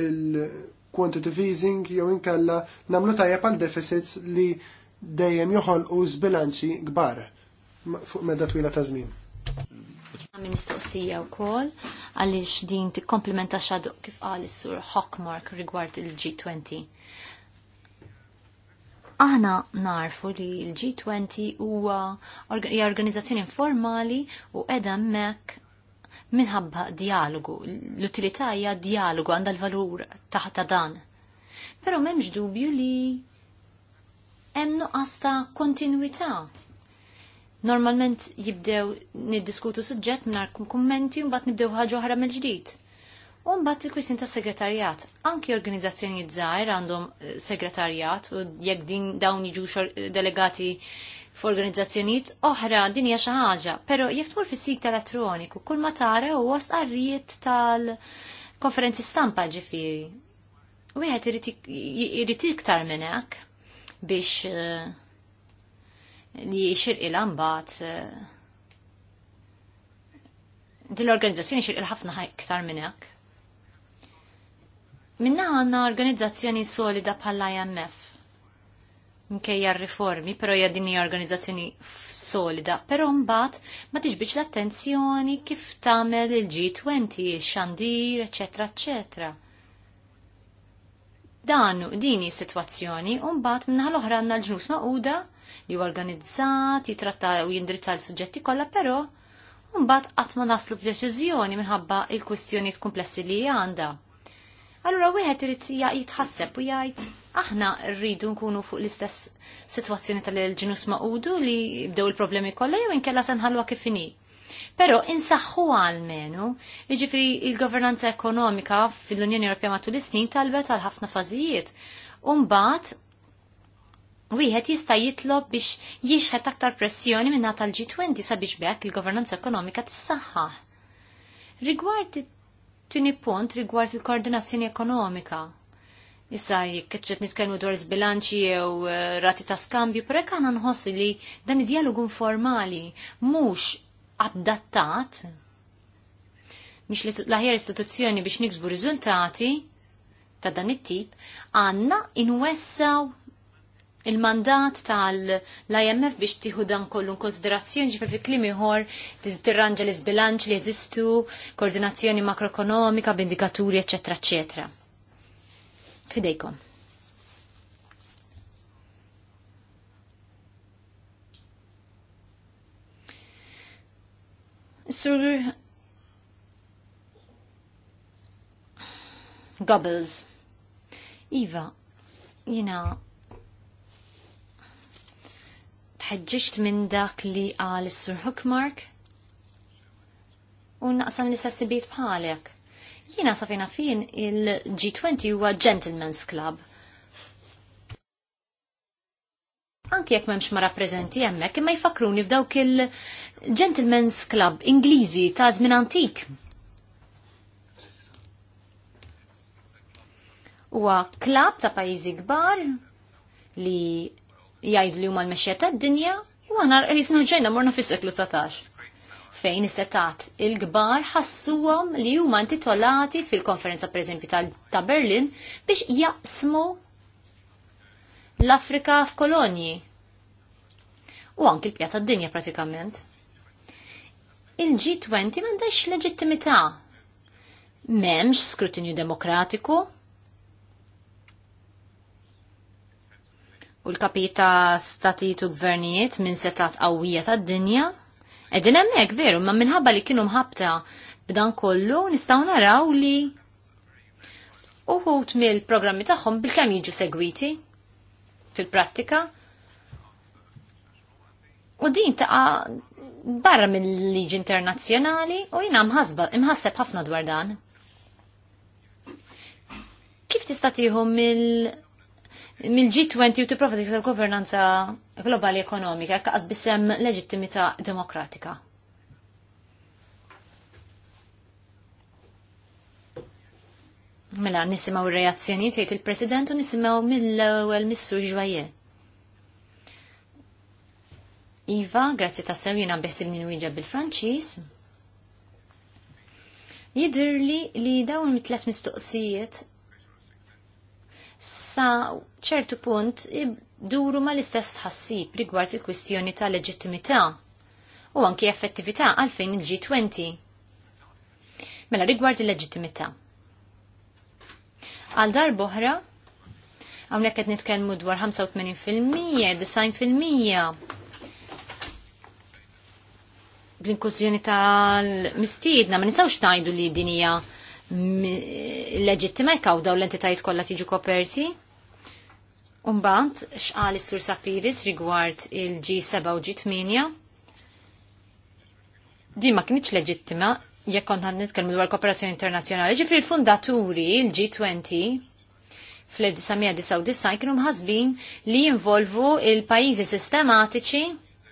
il-quantitative easing jew inkella namlu tajja għal deficits li dejjem joħolqu żbilanċi kbar fuq medda twila ta' żmien. Għamil mistoqsija u kol, għalix din ti komplementa xadu kif għal sur Hockmark rigward il-G20. Aħna narfu li il-G20 huwa organizzazzjoni informali u edha mek minħabba dialogu. L-utilità hija dialogu għandha l-valur taħt dan. Però m'hemmx dubju li hemm nuqas ta' kontinwità Normalment jibdew niddiskutu suġġett minar kummenti un bat nibdew ħagġu oħra mill-ġdid. Un bat il-kwistin ta' segretarjat. Anki organizazzjoni żgħar għandhom eh, segretarjat u jekk din dawn jiġu delegati f'organizzazzjonijiet oħra din hija xi ħaġa, però jekk tmur fis-sit elettroniku kull ma tara huwa stqarrijiet tal-konferenzi stampa ġifieri. Wieħed irid iktar minn hekk biex eh, li xirqila mbagħad eh, din l-organizzazzjoni xirqil ħafna ktar minn hekk. Minna għandna organizzazzjoni solida bħala IMF mkejja riformi, pero hija din hija organizzazzjoni solida, però mbagħad ma tiġbiċ l-attenzjoni kif tagħmel il-G20, il-xandir, eċetera, eċetera dan dini situazzjoni un bat minna l-oħra għanna l-ġnus maquda li organizzat, jitratta u jindrizza l-suġġetti kollha, però mbagħad qatt ma naslu f-deċizjoni minħabba il-kwistjonijiet komplessi li għandha. Allura wieħed irid jitħasseb u jgħid aħna rridu nkunu fuq l-istess sitwazzjoni tal-ġinus maqudu li bdew il-problemi kollha jew inkella se nħallwa kif inhi. Pero insaħħu għal-menu, iġifri il-governanza ekonomika fil-Unjoni Ewropea matul is-snin talbet għal ħafna fażijiet. Umbat, wieħed jista' jitlob biex jixħet aktar pressjoni minn tal-G20 sabiex bekk il-governanza ekonomika tissaħħaħ. Rigward it-tieni punt rigward il-koordinazzjoni ekonomika. Issa jekk qed nitkellmu dwar zbilanċi jew eh, rati ta' skambju, però hekk aħna nħossu li dan id-dialogu informali mhux adattat biex li l-aħjar istituzzjoni biex niksbu riżultati ta' dan it-tip, għandna inwessaw il-mandat tal-IMF biex tiħu dan kollu konsiderazzjoni ġifir fi klim ieħor tirranġa l-isbilanċ li jeżistu, koordinazzjoni makroekonomika, b'indikaturi, eċetera, eċetera. Fidejkom. Sur Goebbels. Iva, jina, you know, tħeġġiġt minn dak li għal sur Hookmark u naqsam li s-sibiet bħalek. Jina safina fin il-G20 huwa Gentleman's Club. Anki jekk memx ma rappreżenti hemmhekk, imma jfakruni f'dawk il-Gentleman's Club Ingliżi ta' żmien antik. Huwa klab ta' pajjiżi kbar li jgħid li huma l mexja tad-dinja u għana rrisna ġejna morna fis-seklu 19 fejn is-setat il-kbar ħassuhom li huma intitolati fil-konferenza preżempju ta' Berlin biex jaqsmu l-Afrika f'kolonji. U anki l-pjata d-dinja pratikament. Il-G20 m'għandhex leġittimità. M'hemmx skrutinju demokratiku, u l kapita ta' stati u gvernijiet minn setat qawwija tad dinja. Edin hemmhekk veru, ma minħabba li kienu mħabta b'dan kollu nistgħu naraw li uħut mill-programmi tagħhom bil kem jiġu segwiti fil-prattika. U din ta' barra mill-liġi internazzjonali u jina mħasseb ħafna dwar dan. Kif tista' tieħu mill- mill-G20 u tipprova tikseb governanza globali ekonomika, kaqas bissem leġittimità demokratika. Mela, nisimaw reazzjoni t il-President u nisimaw mill-ewwel Missur Ġwajje. Iva, grazzi ta' sew jiena beħsibni nwieġa bil-Franċiż. Jidirli li dawn mit-tlet mistoqsijiet sa ċertu punt duru ma l-istess tħassib rigward il-kwistjoni ta' leġittimità u anki effettività għalfejn il-G20. Mela rigward il-leġittimità. Għal dar boħra, għamlek qed nitkellmu dwar 85%, 90%, bl inkużjoni tal-mistiedna, ma nisawx tajdu li dinija leġittima jkaw daw l-entitajiet kollha tiġu koperti. Umbant, xqal is-Sur Safiris rigward il-G7 u G8. Din ma kienx leġittima jekk kont għan nitkellmu dwar kooperazzjoni internazzjonali, ġifri l-fundaturi, l-G20, fl-1999 kienu mħasbin li jinvolvu il pajjiżi sistematiċi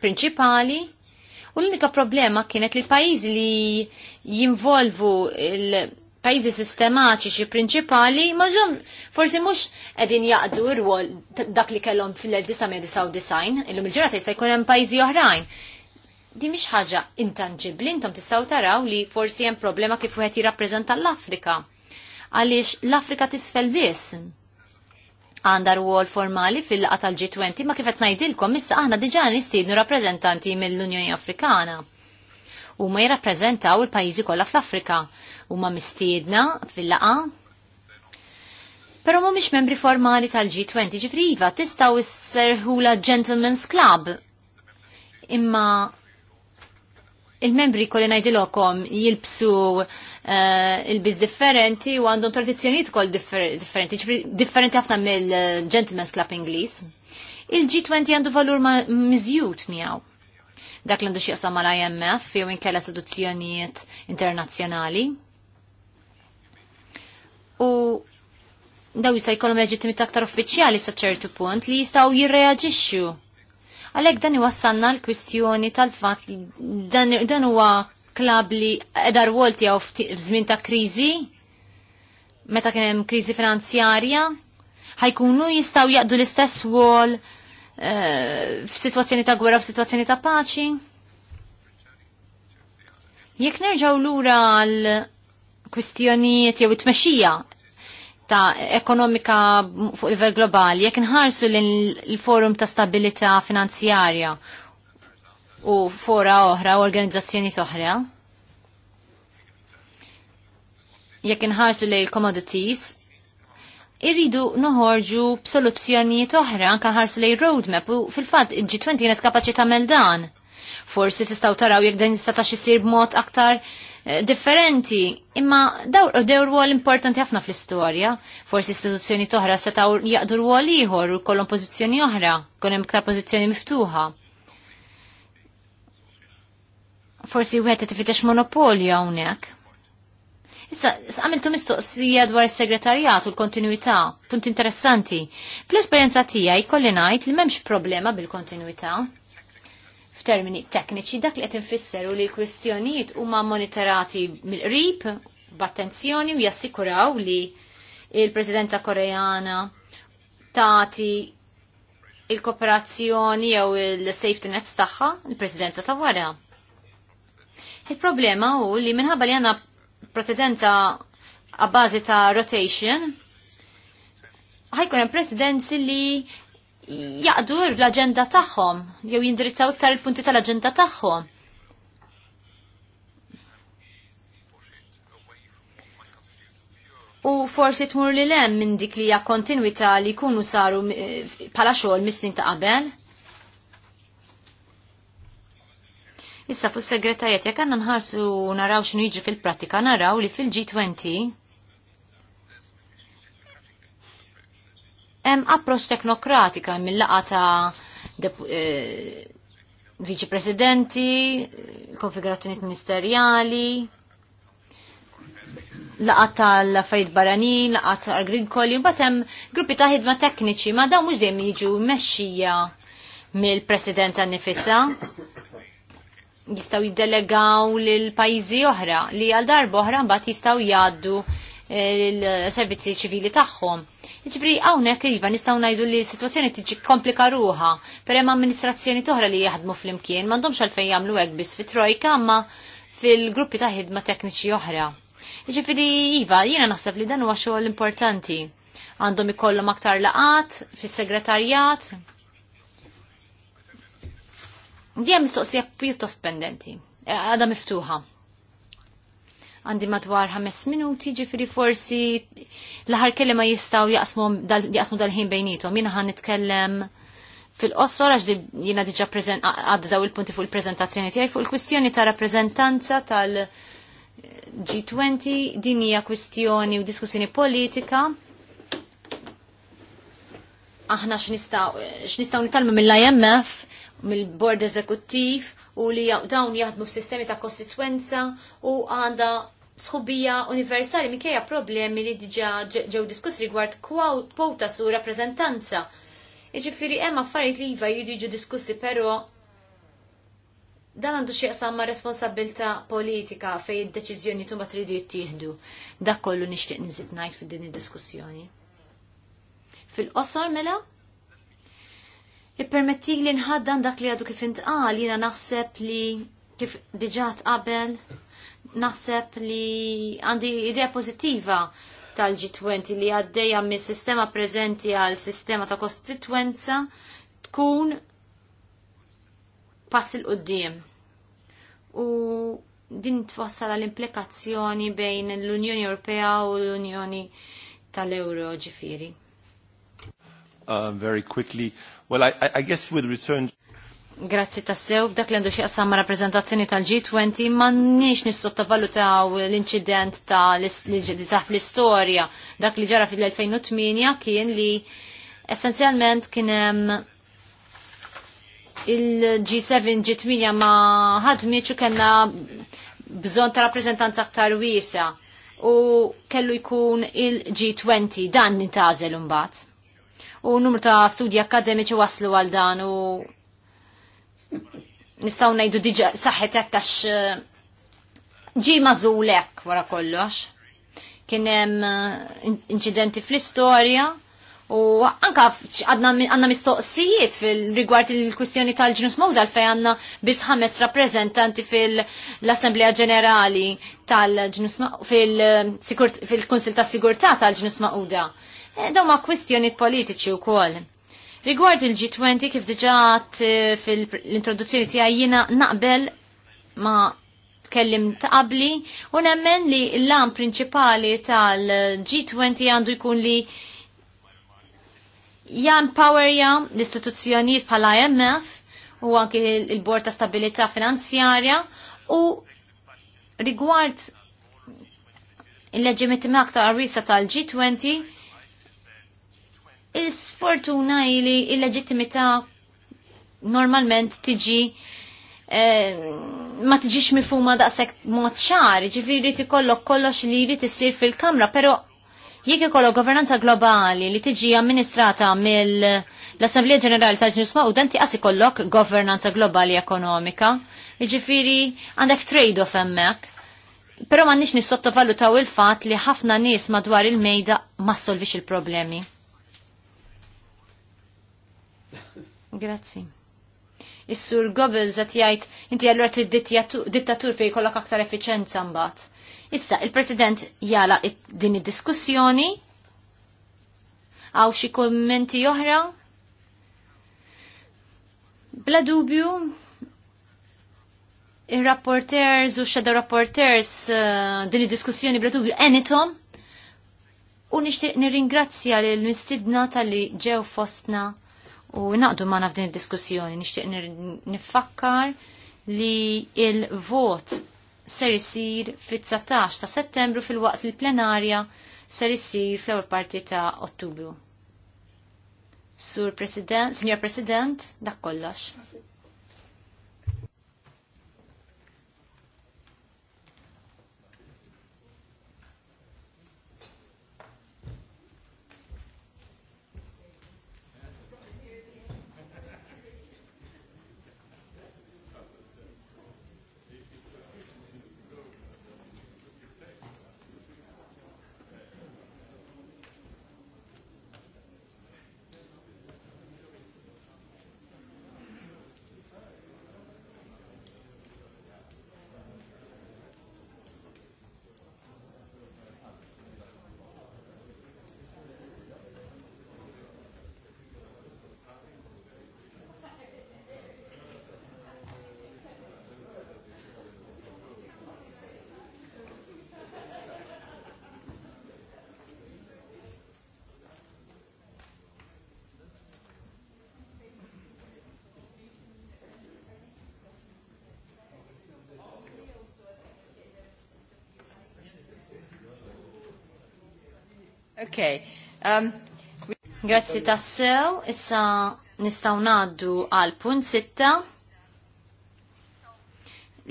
prinċipali u l-unika problema kienet li l pajjiżi li jinvolvu il- pajjiżi sistematiċi prinċipali mażum forsi mhux qegħdin jaqdu rwol dak li kellhom fil-1999 illum il ġurata jista' jkun hemm pajjiżi oħrajn. Di mhix ħaġa intangibbli intom tistgħu taraw li forsi hemm problema kif wieħed jirrappreżenta l-Afrika. Għaliex l-Afrika tisfel biss għandha rwol formali fil-laqa tal-G20 ma kif qed ngħidilkom issa aħna diġà nistiednu rappreżentanti mill-Unjoni Afrikana u ma jirrappreżentaw il-pajjiżi kollha fl-Afrika huma mistiedna fil-laqa Pero mhumiex membri formali tal-G20 ġifri iva tistgħu isserħula Gentlemen's Club. Imma il-membri kolli ngħidilhom jilbsu uh, il-biz differenti u għandhom tradizzjonijiet ukoll differ differenti, differenti ħafna mill-Gentlemen's Club Ingliż. Il-G20 għandu valur ma mizjut miegħu dak l-għandu xieqsam mal IMF jew inkella seduzzjonijiet internazzjonali. U daw jista' jkollhom leġittimità aktar uffiċjali sa ċertu punt li jistgħu jirreaġixxu. Għalhekk dan iwassalna l-kwistjoni tal-fatt li dan huwa klab li edar wolti għaw f'żmien ta' kriżi, meta kien hemm kriżi finanzjarja, ħajkunu jistgħu jaqdu l-istess wol Eh, f'sitwazzjoni ta' gwerra, f'sitwazzjoni ta' paċi. Jekk l lura għal kwistjonijiet jew it-tmexxija ta' ekonomika fuq livell globali, jekk nħarsu l-forum ta' stabilità finanzjarja u fora oħra u organizzazzjoni oħra, jekk inħarsu lejn commodities irridu noħorġu b'soluzzjonijiet oħra anke ħars lej roadmap u fil-fatt il-G20 kienet kapaċi tagħmel dan. Forsi tistgħu taraw jekk dan jista' tax isir b'mod aktar eh, differenti, imma daw dew rwol importanti ħafna fl-istorja. Forsi istituzzjoni toħra setaw jaqdu rwol ieħor u jkollhom pożizzjoni oħra, kun hemm iktar pożizzjoni miftuħa. Forsi wieħed tifitex monopolja hawnhekk Issa, għamiltu mistoqsija dwar il-segretarjat u l-kontinuità, punt interessanti. Fl-esperienza tija, jkolli najt li memx problema bil-kontinuità. F'termini tekniċi, dak li għetin fisseru li l-kwistjonijiet huma monitorati mill-qrib, b'attenzjoni u jassikuraw li il-presidenza koreana tati il-kooperazzjoni jew il-safety nets tagħha, il-presidenza ta' wara. Il-problema hu li minħabba li għandna presidenza għabbażi ta' rotation, ħajkun hemm presidenzi li jaqdu l-agenda tagħhom jew jindirizzaw iktar il-punti tal-agenda tagħhom. U forsi tmur li lem minn dik li hija kontinwità li jkunu saru bħala xogħol mis-snin ta' qabel. Issa fuq segretarjet jekk għandna nħarsu naraw x'nu jiġi fil-pratika naraw li fil-G20 hemm approċċ teknokratika mill-laqa ta' eh, viċi presidenti, konfigurazzjoni ministerjali, laqat tal-affarijiet barranin, laqgħa tal-agrikoli, u hemm gruppi ta' ħidma tekniċi, ma dawn mhux dejjem jiġu mexxija mill-president tan nifisa jistaw jiddelegaw lil pajjiżi oħra li għal darba oħra mbagħad jistaw jgħaddu eh, l-servizzi ċivili tagħhom. Ġifri, hawnhekk iva nistgħu ngħidu li s-sitwazzjoni tiġi komplika ruha, per hemm amministrazzjoni toħra li jaħdmu flimkien m'għandhomx għalfejn jagħmlu hekk biss fit-trojka imma fil-gruppi ta' ħidma tekniċi oħra. Ġifri, iva, jiena naħseb li dan huwa xogħol importanti. Għandhom ikollhom aktar laqat fis-segretarjat, Dija mistoqsija pjuttost pendenti, e, għada miftuħa. Għandi madwar ħames minuti ġifiri forsi l-ħar kelima jistaw jaqsmu dal-ħin bejnietom. Jina għan nitkellem fil-qossor għax jina diġa għadda daw il-punti fuq il-prezentazzjoni tiegħi fuq il-kwistjoni ta' rappreżentanza tal- G20 din hija kwistjoni u diskussjoni politika. Aħna x'nistgħu nitalmu mill-IMF mill-bord eżekuttiv u li dawn jaħdmu f'sistemi ta' kostitwenza u għanda sħubija universali minkejja problemi li diġa ġew diskuss rigward kwota su rappreżentanza. Iġifiri hemm affarijiet li iva jiġu diskussi però dan għandu xieqsam ma' responsabilta politika fej id-deċizjoni tu ma tridu jittieħdu. Dak kollu nixtieq nżid ngħid fid-din id-diskussjoni. Fil-qosor mela, ippermetti li nħaddan dak li għadu kif intqal, jina naħseb li kif diġat qabel, naħseb li għandi idea pozittiva tal-G20 li għaddeja mis sistema preżenti għal sistema ta' kostituenza tkun pass il qoddim U din twassal l-implikazzjoni bejn l-Unjoni Ewropea u l-Unjoni tal-Euro ġifiri. Uh, very quickly, Well, I, I guess with return... Grazzi tassew, dak li għandu xie ma' rappresentazzjoni tal-G20, ma' nix nissottovalutaw l-incident ta' l-ġaf l-istoria. Dak li ġara fil-2008 kien li essenzialment kien il-G7, G8 ma ħadmiċ u kena bżon ta' rappresentanza aktar wisa u kellu jkun il-G20 dan nintazel un-bat. mbagħad u numru ta' studji akademiċi waslu għal dan u nistaw najdu diġa saħħet hekk għax eh, ġi mażulek wara kollox. Kien hemm eh, inċidenti fl-istorja u anka għandna mistoqsijiet fil-rigward il-kwistjoni tal-ġnus mowda fejn għandna biss ħames rappreżentanti fil assemblea Ġenerali tal-ġnus fil-Kunsil tas-Sigurtà tal-ġnus mawda. Eh, Daw ma kwistjoni politiċi u kol. Rigward il-G20 kif diġat eh, fil-introduzzjoni tiegħi għajjina naqbel ma tkellim ta' qabli u nemmen li l-lam prinċipali tal-G20 għandu jkun li jan powerja l-istituzzjonijiet bħala IMF u anki il-Bord ta' Stabilità Finanzjarja u rigward il-leġimittima aktar għarrisa tal-G20 Is-fortuna li il-leġittimità normalment tiġi eh, ma tiġix mifuma daqshekk mod ċar, ġifieri tikollok kollox li jrid issir fil-kamra, però jekk ikollok governanza globali li tiġi amministrata mill-Assemblea Ġenerali tal-Ġnus u denti qas ikollok governanza globali ekonomika, jiġifieri għandek trade-off hemmhekk. Però ma nix nissottovalutaw il-fat li ħafna nies madwar il-mejda ma solvix il-problemi. Grazzi. Is-sur Goebbels għat jajt inti allura trid dittatur fejn jkollok aktar effiċenza mbagħad. Issa, il-President jala din id-diskussjoni għaw xi kommenti oħra. Bla dubju, il-rapporters u xedda rapporters uh, din id-diskussjoni bla dubju enitom u nixtieq nirringrazzja l mistidna tal-li ġew fostna u naqdu ma nafdin id-diskussjoni nixtieq nifakkar li il-vot ser isir fit-19 ta' settembru fil-waqt il-plenarja ser jisir fl-ewwel parti ta' Ottubru. Sur President, Signor President, dak kollox. Okay. Um, Grazzi tassew, issa nistaw naddu għal punt sitta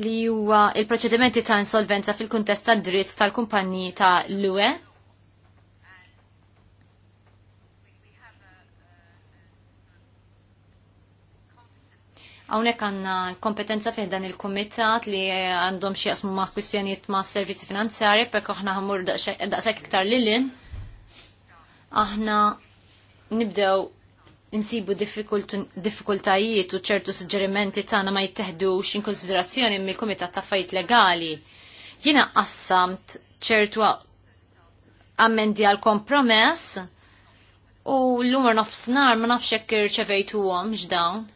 li huwa il-proċedimenti ta' insolvenza fil-kuntest ta' dritt tal-kumpanji ta' l-UE. Hawnhekk għandna kompetenza fih dan il-kumitat li għandhom xi jaqsmu ma' kwistjonijiet ma' servizzi finanzjari, perk aħna ħammur daqshekk iktar lilin aħna nibdew insibu diffikultajiet u ċertu suġġerimenti tagħna ma jitteħdux in konsiderazzjoni mill kumitat ta' Fajt Legali. Jiena qassamt ċertu ammendi għal kompromess u l-lumar nofsnar ma nafx hekk irċevejtuhom x'dawn.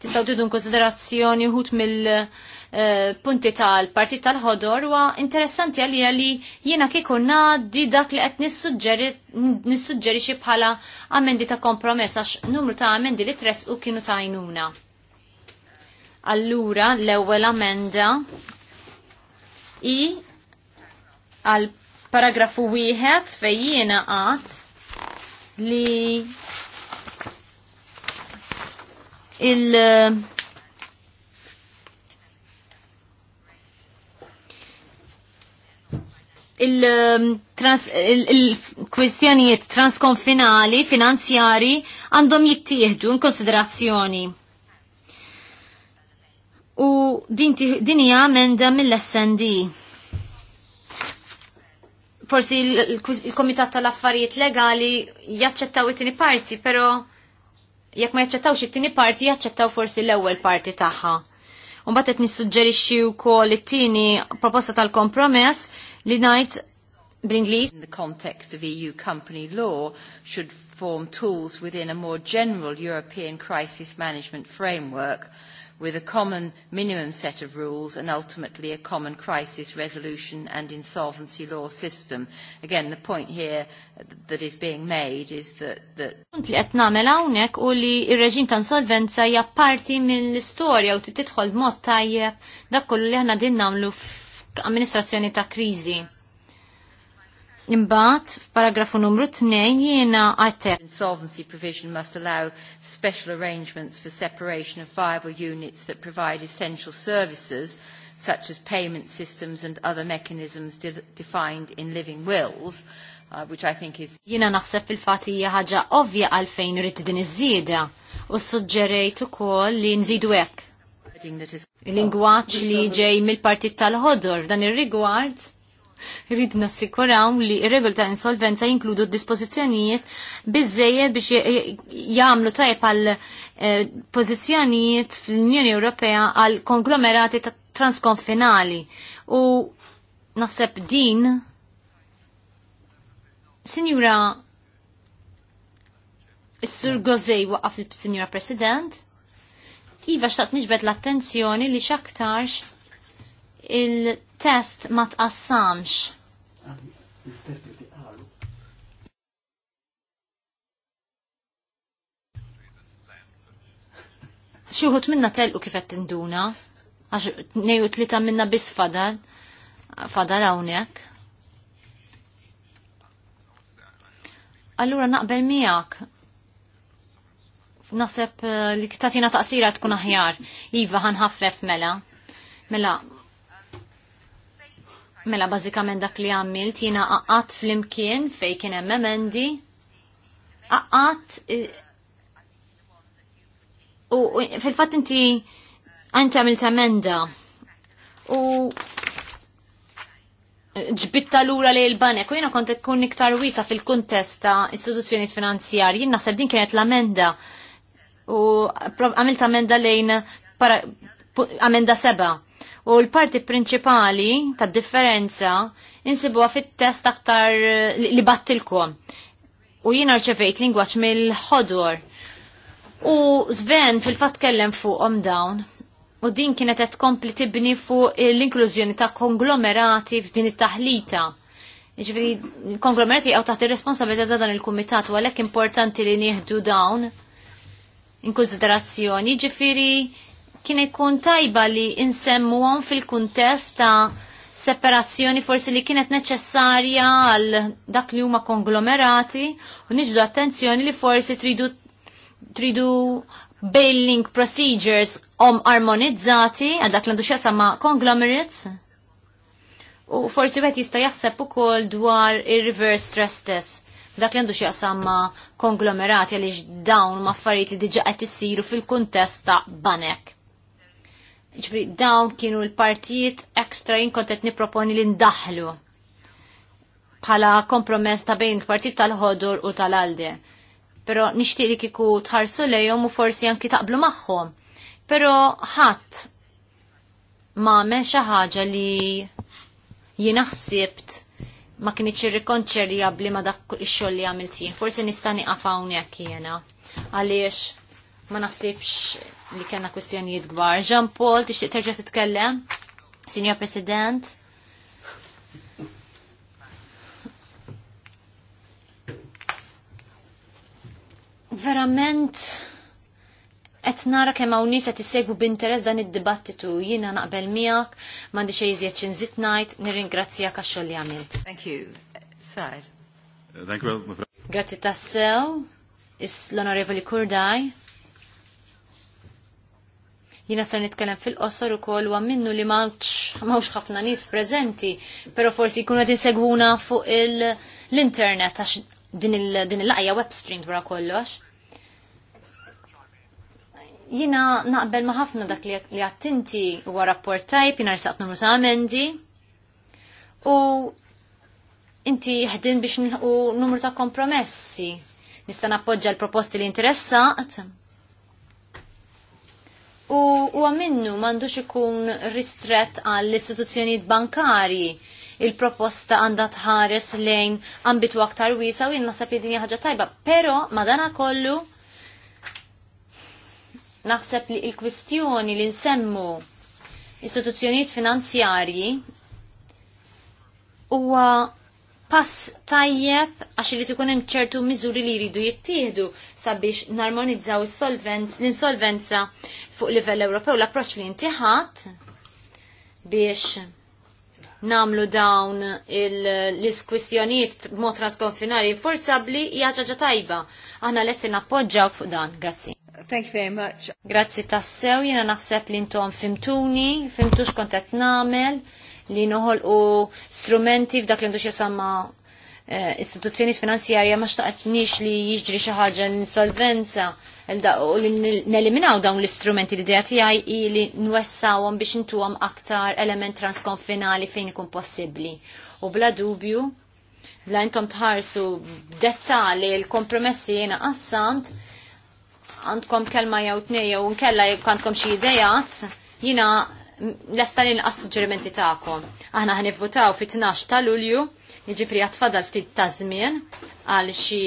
Tistgħu tiddu konsiderazzjoni wħud mill- Eh, punti tal-partit tal-ħodor wa interessanti għalli li jiena kieku di dak li qed nissuġġeri xie bħala amendi ta' kompromess għax numru ta' amendi li tres u kienu ta' jnuna. Allura l-ewwel amenda i għal paragrafu wieħed jiena għat li il- il-kwistjonijiet um, transkonfinali finanzjari għandhom jittieħdu in konsiderazzjoni. U din hija emenda mill-SND. Forsi il-Komitat tal-Affarijiet Legali jaċċettaw it-tieni parti, però jekk ma jaċċettawx it-tieni parti, jaċċettaw forsi l-ewwel parti tagħha un Umbat qed u kol it tini proposta tal-kompromess li najt bl inglis In the context of EU company law should form tools within a more general European crisis management framework with a common minimum set of rules and ultimately a common crisis resolution and insolvency law system. Again, the point here that is being made is that... that Punt li qed nagħmel hawnhekk u li r-reġim ta' insolvenza hija parti mill-istorja u titħol b'mod tajjeb dak kollu li aħna din nagħmlu f'amministrazzjoni ta' kriżi. Imbat, paragrafu numru 2 jiena għattek. Insolvency provision must allow special arrangements for separation of viable units that provide essential services such as payment systems and other mechanisms de defined in living wills, uh, which I think is... Jina naħseb il-fat hija ħaġa ovvja għalfejn rrid din iż-żieda u suġġerejt ukoll li nżidu hekk. Il-lingwaġġ li ġej mill-partit tal ħodur dan ir-rigward Rrid nassikuraw li regol ta' insolvenza jinkludu dispożizzjonijiet biżejjed biex jagħmlu tajb għal eh, pożizzjonijiet fl-Unjoni Ewropea għal konglomerati ta' transkonfinali. U naħseb din Sinjura Is-Sur Gozej waqaf il-Sinjura President. Iva xtaqt niġbet l-attenzjoni li xaktarx il- test ma tqassamx. Xuħut minna telqu kifet tinduna, għax neju tlita minna bis fadal, fadal għawnek. Allura naqbel miegħek. Naseb eh, li ktatina taqsira tkun aħjar. Iva ħanħaffef mela. Mela, Mela bażikament dak li għamilt jiena qaqqat fl-imkien fej kien hemm emendi. Qaqqat eh, u fil-fatt inti għanti għamilt emenda u ġbitta l-ura li l-banek u jena kont ikun iktar wisa fil-kontesta istituzzjoni finanzjarji, naħseb din kienet l-amenda u għamilt amenda lejn amenda seba U l-parti prinċipali tad differenza insibuha fit-test aktar li battilkom. U jina rċevejt lingwaġġ mill-ħodor. U Sven fil-fatt kellem fuqhom dawn. U din kienet qed tkompli tibni fuq l-inklużjoni ta' konglomerati f'din it-taħlita. Iġveri, konglomerati għaw taħt ir-responsabilità ta' dan il-kumitat u għalhekk importanti li nieħdu dawn in konsiderazzjoni. Jiġifieri, kien ikun tajba li insemmuhom fil-kuntest ta' separazzjoni forsi li kienet neċessarja għal dak li huma konglomerati u niġdu attenzjoni li forsi tridu tridu bailing procedures om armonizzati għal dak l-għandu ma' conglomerates u forsi għet jista jaħseb ukoll dwar il-reverse stress test dak li għandu xieqsam ma' konglomerati għaliex dawn ma' affarijiet li diġa qed issiru fil-kuntest ta' banek ġifri dawn kienu l-partijiet ekstra jinkontet niproponi li ndaħlu bħala kompromess ta' bejn partit tal-ħodur u tal-alde. Pero nishti li kiku tħarsu lejhom u forsi anki taqblu magħhom. Pero ħadd ma' xi ħaġa li jien ħsibt ma kienx għabli ma dak ix-xogħol li għamilt jien. Forsi nista' nieqaf hawnhekk jiena għaliex ma naħsibx li kena kwestjonijiet gbar. Jean Paul, tixtieq terġa' titkellem? Signor President? Verament, Et nara kemm hawn nies qed issegwu b'interess dan id-dibattitu jiena naqbel miegħek m'għandi xejn iżjed xinżit ngħid nirringrazzjak għax-xogħol li għamilt. Thank you. Sar. Thank you. Grazzi tassew. Is l-Onorevoli Kurdaj. Jina sar nitkellem fil-qosor ukoll u għamminnu li mawx ħafna nis prezenti, pero forsi jkunu qed insegwuna fuq l-internet għax din il-laqja webstream stream wara kollox. Jina naqbel ma ħafna dak li għattinti u rapport tajb, jina risaqt numru ta' amendi. U inti ħdin biex nħu numru ta' kompromessi. Nista' nappoġġa l-proposti li interessat, u huwa minnu m'għandux ikun ristret għall-istituzzjonijiet bankari. il-proposta għandha tħares lejn ambitu aktar wiesa u naħseb li din ħaġa tajba. Però madana kollu naħseb li il-kwistjoni li nsemmu istituzzjonijiet finanzjarji huwa pass tajjeb għax irid ikun hemm ċertu miżuri li jridu jittieħdu sabiex narmonizzaw l-insolvenza fuq livell Ewropew l-approċċ li intiħat biex namlu dawn l-iskwistjonijiet b'mod transkonfinari forzabli hija ġaġa tajba. Aħna lesti nappoġġaw fuq dan. Grazzi. Thank you very much. Grazzi tassew, jena naħseb li intom fimtuni, fimtux kontet namel li noħolqu strumenti f'dak li għandu xiesamma eh, istituzzjoni finanzjarja ma xtaqtniex li jiġri xi ħaġa l-insolvenza u li neliminaw dawn l-istrumenti li dejja tiegħi li nwessawhom biex intuhom aktar element transkonfinali fejn ikun possibbli. U bla dubju, bla intom tħarsu dettali l-kompromessi jena għassant, għandkom kelma jew tnej u nkella jekk għandkom xi idejat, jina lesta li nqas suġġerimenti tagħkom. Aħna ħanivvutaw fit-12 ta' Lulju, jiġifieri għatfadal ftit ta' żmien għal xi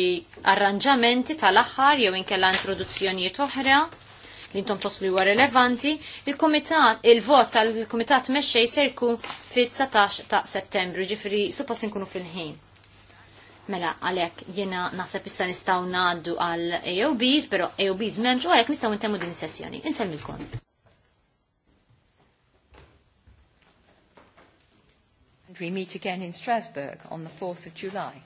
arranġamenti tal-aħħar jew inkella introduzzjonijiet oħra li intom toslu huwa relevanti, il-komitat, il-vot tal-komitat mexxej serku fit-19 ta' settembru, ġifri suppost inkunu fil-ħin. Mela, għalek jena nasab issa nistaw naddu għal AOBs, pero AOBs memġu għalek nistaw intemmu din sessjoni. Insemmilkom. we meet again in Strasbourg on the 4th of July.